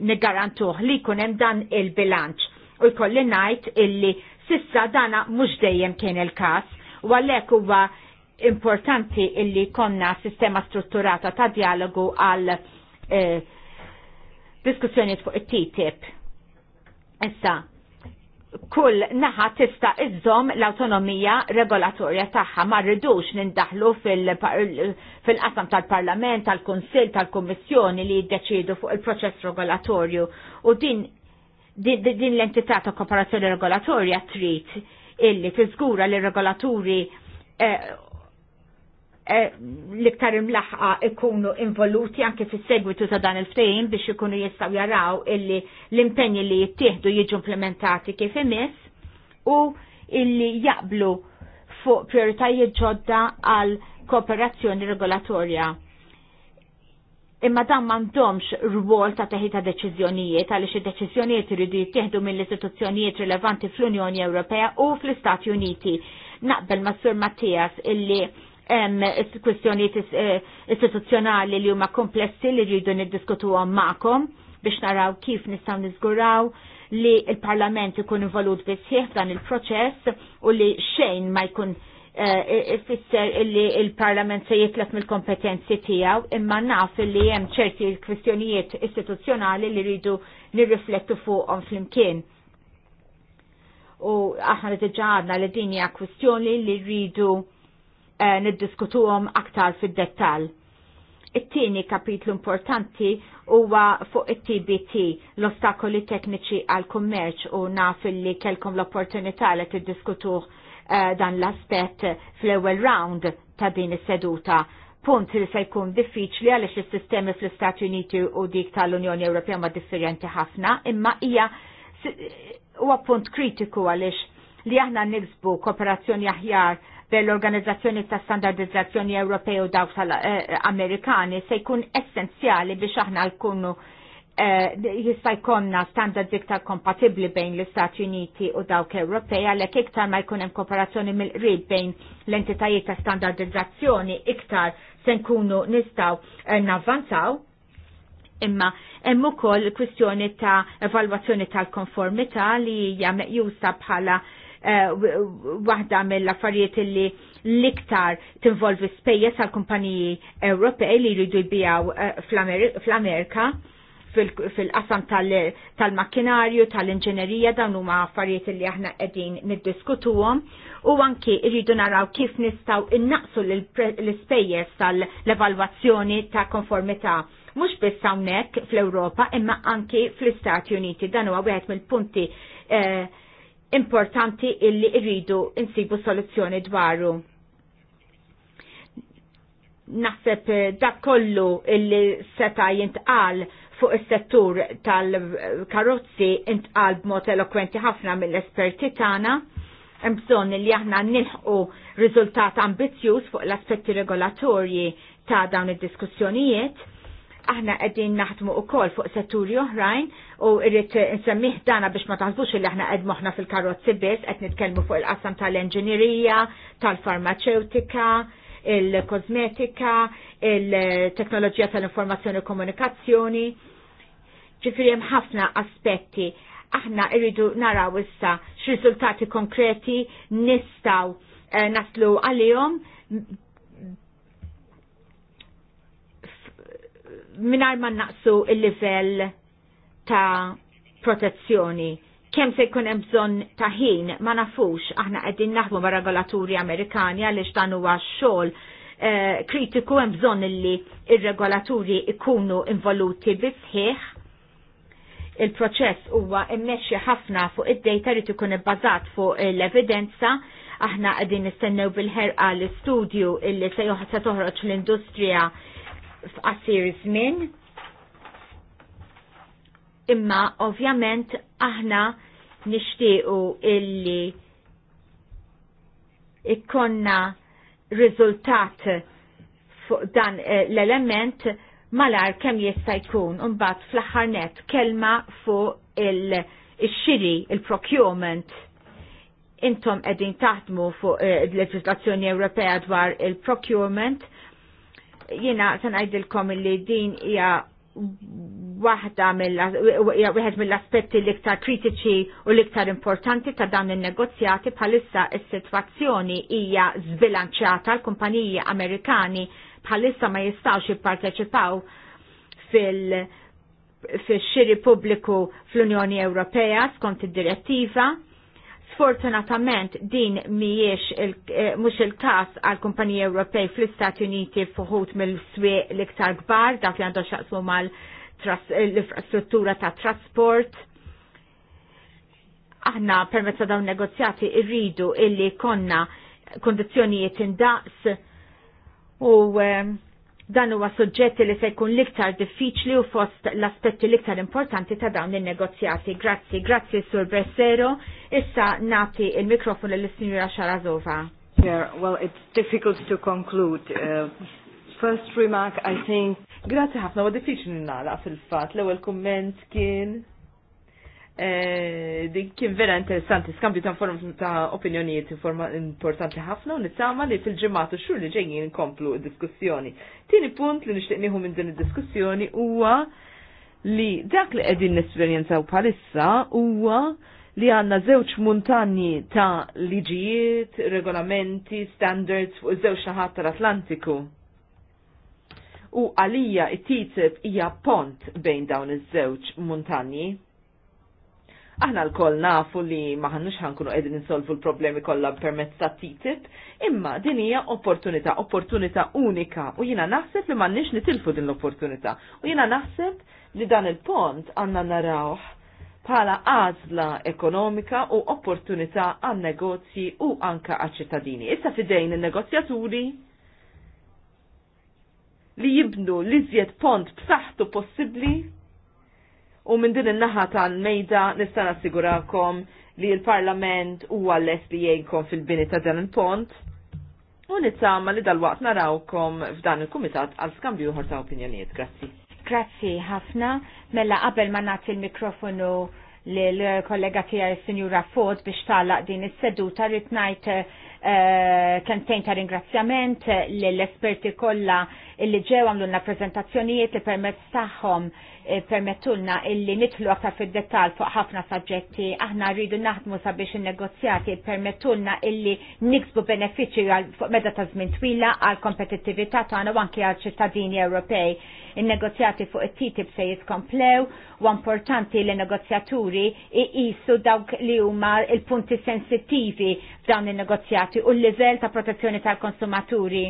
niggarantuh li jkun hemm dan il-bilanċ u jkolli najt illi Sissa dana mhux dejjem kien il-każ u għalhekk huwa importanti illi konna sistema strutturata ta' dialogu għal eh, diskussjoni fuq it-TTIP. Issa, kull naħa tista' iżżomm l-autonomija regolatorja tagħha ma rridux nindaħlu fil-qasam tal-Parlament, tal-Kunsill, tal-Kummissjoni li jiddeċidu fuq il-proċess regolatorju u din din l-entità ta' kooperazzjoni regolatorja trid illi tiżgura li regolaturi eh, eh, l-iktar imlaħqa ikunu involuti anke fis segwitu ta' dan il-ftehim biex ikunu jistaw jaraw illi l impegni li jittieħdu jiġu implementati kif imiss u illi jaqblu fuq prioritajiet ġodda għal kooperazzjoni regolatorja imma dan m'għandhomx rwol ta' teħita deċiżjonijiet għaliex id-deċiżjonijiet iridu jittieħdu mill-istituzzjonijiet rilevanti fl-Unjoni Ewropea u fl-Istati Uniti. Naqbel ma' Sur Mattias illi hemm kwistjonijiet eh, istituzzjonali li huma komplessi li rridu niddiskutuhom magħkom biex naraw kif nistgħu niżguraw li il-Parlament ikun involut bisħieħ f'dan il-proċess u li xejn ma jkun Eh, ifisser illi il-Parlament se jitlef mill-kompetenzi tiegħu imma naf illi hemm ċerti kwistjonijiet istituzzjonali li rridu nirriflettu fuqhom flimkien. U aħna li diġà li din hija kwistjoni li rridu eh, niddiskutuhom aktar fid-dettall. It-tieni kapitlu importanti huwa fuq it-TBT, l-ostakoli tekniċi għal kummerċ u naf illi kelkom l-opportunità li tiddiskutuh Eh, dan l-aspett fl-ewwel round ta' din is-seduta punt li se jkun diffiċli għaliex is-sistemi fl-Istati Uniti u dik tal-Unjoni Ewropea ma differenti ħafna, imma hija huwa punt kritiku għaliex li aħna niksbu kooperazzjoni aħjar bel l-Organizzazzjoni ta' Standardizzazzjoni Ewropea u daw tal-Amerikani eh, se jkun essenzjali biex aħna l-kunnu Eh, jista' jkollna standards iktar kompatibbli bejn l-Istati Uniti u dawk Ewropej għalhekk iktar ma jkun hemm kooperazzjoni mill-qrib bejn l-entitajiet ta' standardizzazzjoni iktar se nkunu nistgħu eh, navvanzaw. Imma hemm ukoll kwistjoni ta' evalwazzjoni tal-konformità li hija meqjusa bħala eh, waħda mill-affarijiet li l-iktar tinvolvi spejjeż tal kumpaniji Ewropej li jridu jbijaw fl-Amerika fil-qasam tal-makkinarju, tal-inġenerija, dawn huma affarijiet li aħna qegħdin niddiskutuhom u anki rridu naraw kif nistgħu innaqsu l-ispejjeż tal-evalwazzjoni ta' konformità mhux biss hawnhekk fl-Ewropa imma anki fl-Istati Uniti. Dan huwa wieħed mill-punti eh, importanti illi rridu insibu soluzzjoni dwaru naħseb eh, dak kollu illi seta jintqal fuq is-settur tal-karozzi intqal b'mod elokwenti ħafna mill-esperti tagħna hemm bżonn li aħna nilħqu riżultat ambizzjuż fuq l-aspetti regolatorji ta' dawn id-diskussjonijiet. Aħna qegħdin naħdmu wkoll fuq setturi oħrajn u irrid insemmih dana biex ma taħsbux li aħna qed moħħna fil-karozzi biss qed nitkellmu fuq il-qasam tal-enġinerija, tal-farmaceutika, il-kosmetika, il-teknoloġija tal-informazzjoni u komunikazzjoni Ġifiri hemm ħafna aspetti. Aħna irridu naraw issa x'riżultati konkreti nistgħu eh, naslu għalihom minar ma naqsu il-livell ta' protezzjoni. Kem se jkun hemm bżonn ta' ħin ma nafux aħna qegħdin naħdmu ma' regolaturi Amerikani għaliex dan huwa xogħol eh, kritiku hemm bżonn illi ir-regolaturi ikunu involuti bisħiħ il-proċess huwa immexxi ħafna fuq id-data li ikun ibbażat fuq l-evidenza aħna qegħdin nistennew bil-ħerqa l-istudju illi se se toħroġ l-industrija f'qasir żmien. Imma ovvjament aħna nixtiequ illi ikkonna riżultat fuq dan eh, l-element malar kem jista' jkun mbagħad fl-aħħar kelma fuq il-xiri, il xiri il procurement Intom qegħdin taħdmu fuq il-leġislazzjoni eh, Ewropea dwar il-procurement. Jiena se ngħidilkom li din hija waħda wieħed mill-aspetti l-iktar kritiċi u l-iktar importanti ta' dan in-negozjati bħalissa is-sitwazzjoni hija zbilanċjata l-kumpaniji Amerikani bħalissa ma jistax jipparteċipaw fil fil-xiri pubbliku fl-Unjoni Ewropea skont id-direttiva. Sfortunatament din miex il, eh, mux il-kas għal kumpaniji Ewropej fl-Istati Uniti fuħut mill-swieq l-iktar gbar dak li għandu xaqsmu mal l-infrastruttura ta' trasport. Aħna permezz dawn negozjati irridu illi konna kondizjonijiet indaqs u ehm, dan huwa suġġetti li se jkun liktar diffiċli u fost l-aspetti liktar importanti ta' dawn il-negozjati. Grazzi, grazzi Sur Bressero. Issa nati il-mikrofon l-Sinjura Sharazova. Yeah, well, it's difficult to conclude. Uh, first remark, I think... Grazzi ħafna, u diffiċli nara fil-fat. L-ewel komment kien Eh, dik kien vera interessanti, skambju ta' form ta' opinjonijiet importanti ħafna u nittama li fil-ġimgħat u xhur li ġejjin nkomplu d-diskussjoni. Tieni punt li nixtieq nieħu minn din id-diskussjoni huwa li dak li qegħdin u bħalissa huwa li għanna zewċ muntanji ta' liġijiet, regolamenti, standards fuq żewġ naħat tal-Atlantiku. U għalija it-titib hija pont bejn dawn iż-żewġ muntanji. Aħna l-koll nafu li maħannux ħankunu edin insolvu l-problemi kollha permezz ta' TTIP, imma din hija opportunità, opportunità unika u jiena naħseb li m'għandniex nitilfu din l-opportunità. U jiena naħseb li dan il-pont għandna narawh bħala għażla ekonomika u opportunità għan negozji u anka għal ċittadini. Issa fidejn il-negozjaturi li jibnu l-iżjed pont b'saħħtu possibbli U minn din il naħa tal-mejda nista' nassigurakom li l-Parlament huwa lest li jgħinkom fil-bini ta' dan il-pont. U nittama li dal-waqt narawkom f'dan il-Kumitat għal skambju ħor ta' opinjonijiet. Grazzi. Grazzi ħafna. Mela qabel ma nagħti il-mikrofonu l-kollega tiegħi sinjura Fod biex talaq din is-seduta rrid ngħid eh, kentejn ta' ringrazzjament l-esperti kollha illi ġew għamlunna prezentazzjonijiet li permezz tagħhom eh, permettulna illi nitlu aktar fid-dettall fuq ħafna saġġetti, aħna rridu naħdmu sabiex in-negozjati permettulna illi niksbu benefiċċju fuq meta ta' żmien twila għal kompetittività tagħna u anke għal ċittadini Ewropej. In-negozjati fuq it-TTIP se jitkomplew u importanti li negozjaturi iqisu dawk li huma il-punti sensittivi f'dawn in-negozjati u l-livell ta' protezzjoni tal-konsumaturi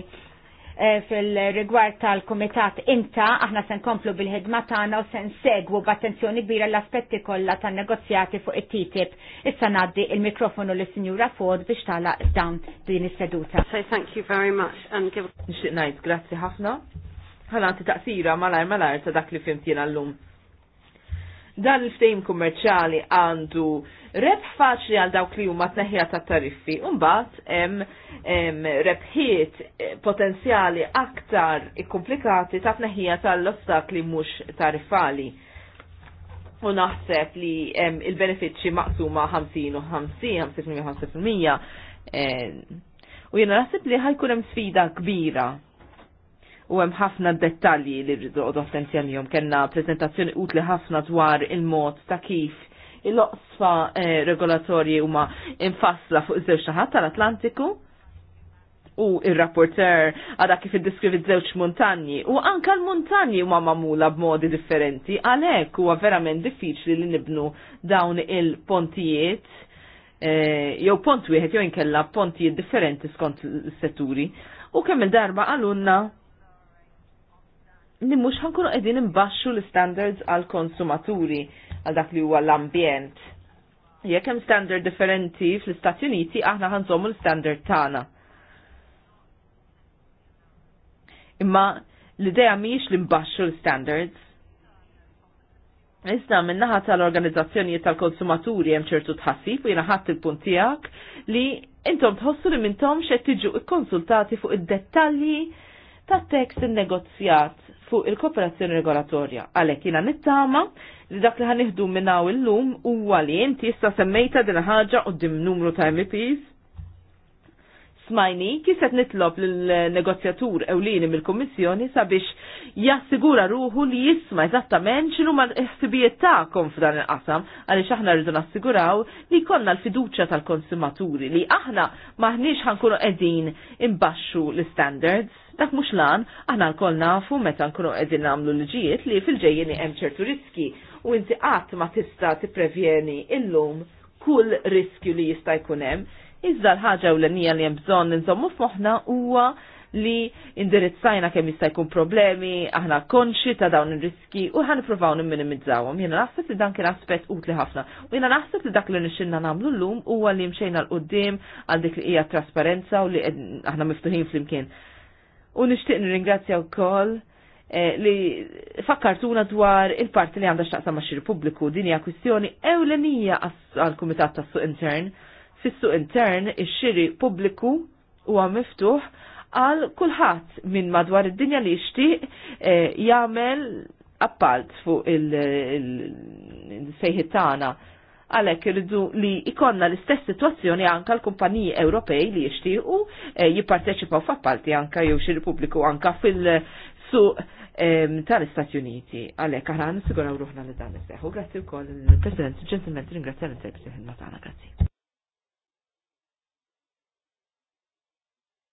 Eh, fil-rigward tal-Kumitat Inta, aħna se nkomplu bil-ħidma tagħna u se segwu b'attenzjoni kbira l-aspetti kollha tan-negozjati fuq it-TTIP. Issa ngħaddi il-mikrofonu lis sinjura Ford biex tagħlaq dawn din is-seduta. So thank you very much and give Nixtieq ngħid grazzi ħafna. Ħala taqsira malajr malajr ta' dak li fimt llum. Dan il-ftejm kummerċali għandu reb faċli għal dawk li huma tneħħija ta' tariffi, mbagħad hemm rebħiet potenzjali aktar ikkomplikati ta' tneħħija tal-ostakli mhux tariffali. U naħseb li il-benefiċċji maqsuma 50 u 50, 50% eh, u jiena naħseb li ħajkun hemm sfida kbira u hemm ħafna dettalji li rridu għodu attenzjonijom. Kenna prezentazzjoni utli ħafna dwar il-mod ta' kif il-oqsfa eh, regolatorji huma infassla fuq iż-żewġ tal-Atlantiku u il-rapporter għada kif id deskrivi żewġ montanji u anka l-montanji huma mamula b'modi differenti għalhekk huwa verament diffiċli li nibnu dawn il-pontijiet eh, jew pont wieħed jew inkella pontijiet differenti skont setturi u kemm il-darba għalunna li mhux ħankunu qegħdin imbaxxu l-standards għal konsumaturi għal dak li huwa l-ambjent. Jekk hemm standard differenti fl-Istati Uniti aħna ħanżommu l-standard tagħna. Imma l-idea mhijiex li mbaxxu l-standards, Iżda naħat tal-organizzazzjonijiet tal-konsumaturi hemm ċertu tħassib u jiena ħadd il-punt tiegħek li intom tħossu li minnhomx xed tiġu kkonsultati fuq id-dettalji tat-tekst negozjat fuq il-kooperazzjoni regolatorja. Għalhekk jiena nittama li dak li ħaniħdu minnaw illum huwa li inti issa semmejta din ħaġa dim numru ta' MPs. Smajni kif nitlob lill-negozjatur ewlieni mill-Kummissjoni sabiex jassigura ruħu li jisma' eżattament ma l-ħsibijiet tagħkom f'dan il-qasam għaliex aħna rridu nassiguraw li jkollna l-fiduċja tal-konsumaturi li aħna maħniex ħankunu qegħdin imbaxxu l-standards Dak mhux lan, aħna koll nafu meta nkunu qegħdin nagħmlu liġijiet li fil-ġejjeni hemm ċertu riski u inti qatt ma tista' tipprevjeni illum kull riskju li jista' jkun hemm. Iżda l-ħaġa nija li hemm bżonn f f'moħħna huwa li indirizzajna kemm jista' jkun problemi, aħna konxi ta' dawn ir-riski u ħanipruvaw nimminimizzawhom. Jiena naħseb li dan kien aspett utli ħafna. U jiena naħseb li dak li nixxilna nagħmlu llum huwa li mxejna l qudiem għal dik li hija trasparenza u li aħna miftuħin flimkien u nixtieq nirringrazzja wkoll eh, li fakkartuna dwar il-parti li għandha xtaqsam ma' xir pubbliku din hija kwistjoni ewlenija għall-Kumitat tas-Suq Intern. Fis-Suq Intern ix-xiri pubbliku huwa miftuħ għal kulħadd minn madwar id-dinja li jixtieq eh, jagħmel appalt fuq il-sejħitana għalek irridu li ikonna l-istess situazzjoni anka l-kumpaniji Ewropej li jishtiqu e, eh, jipparteċipaw f'appalti anka jew xi Repubbliku anka fil-suq e, tal-Istati Uniti. Għalek aħna nissiguraw ruħna li dan seħu Grazzi wkoll il-President, ġentilment ringrazzja s interpreti ħinna tagħna, grazie.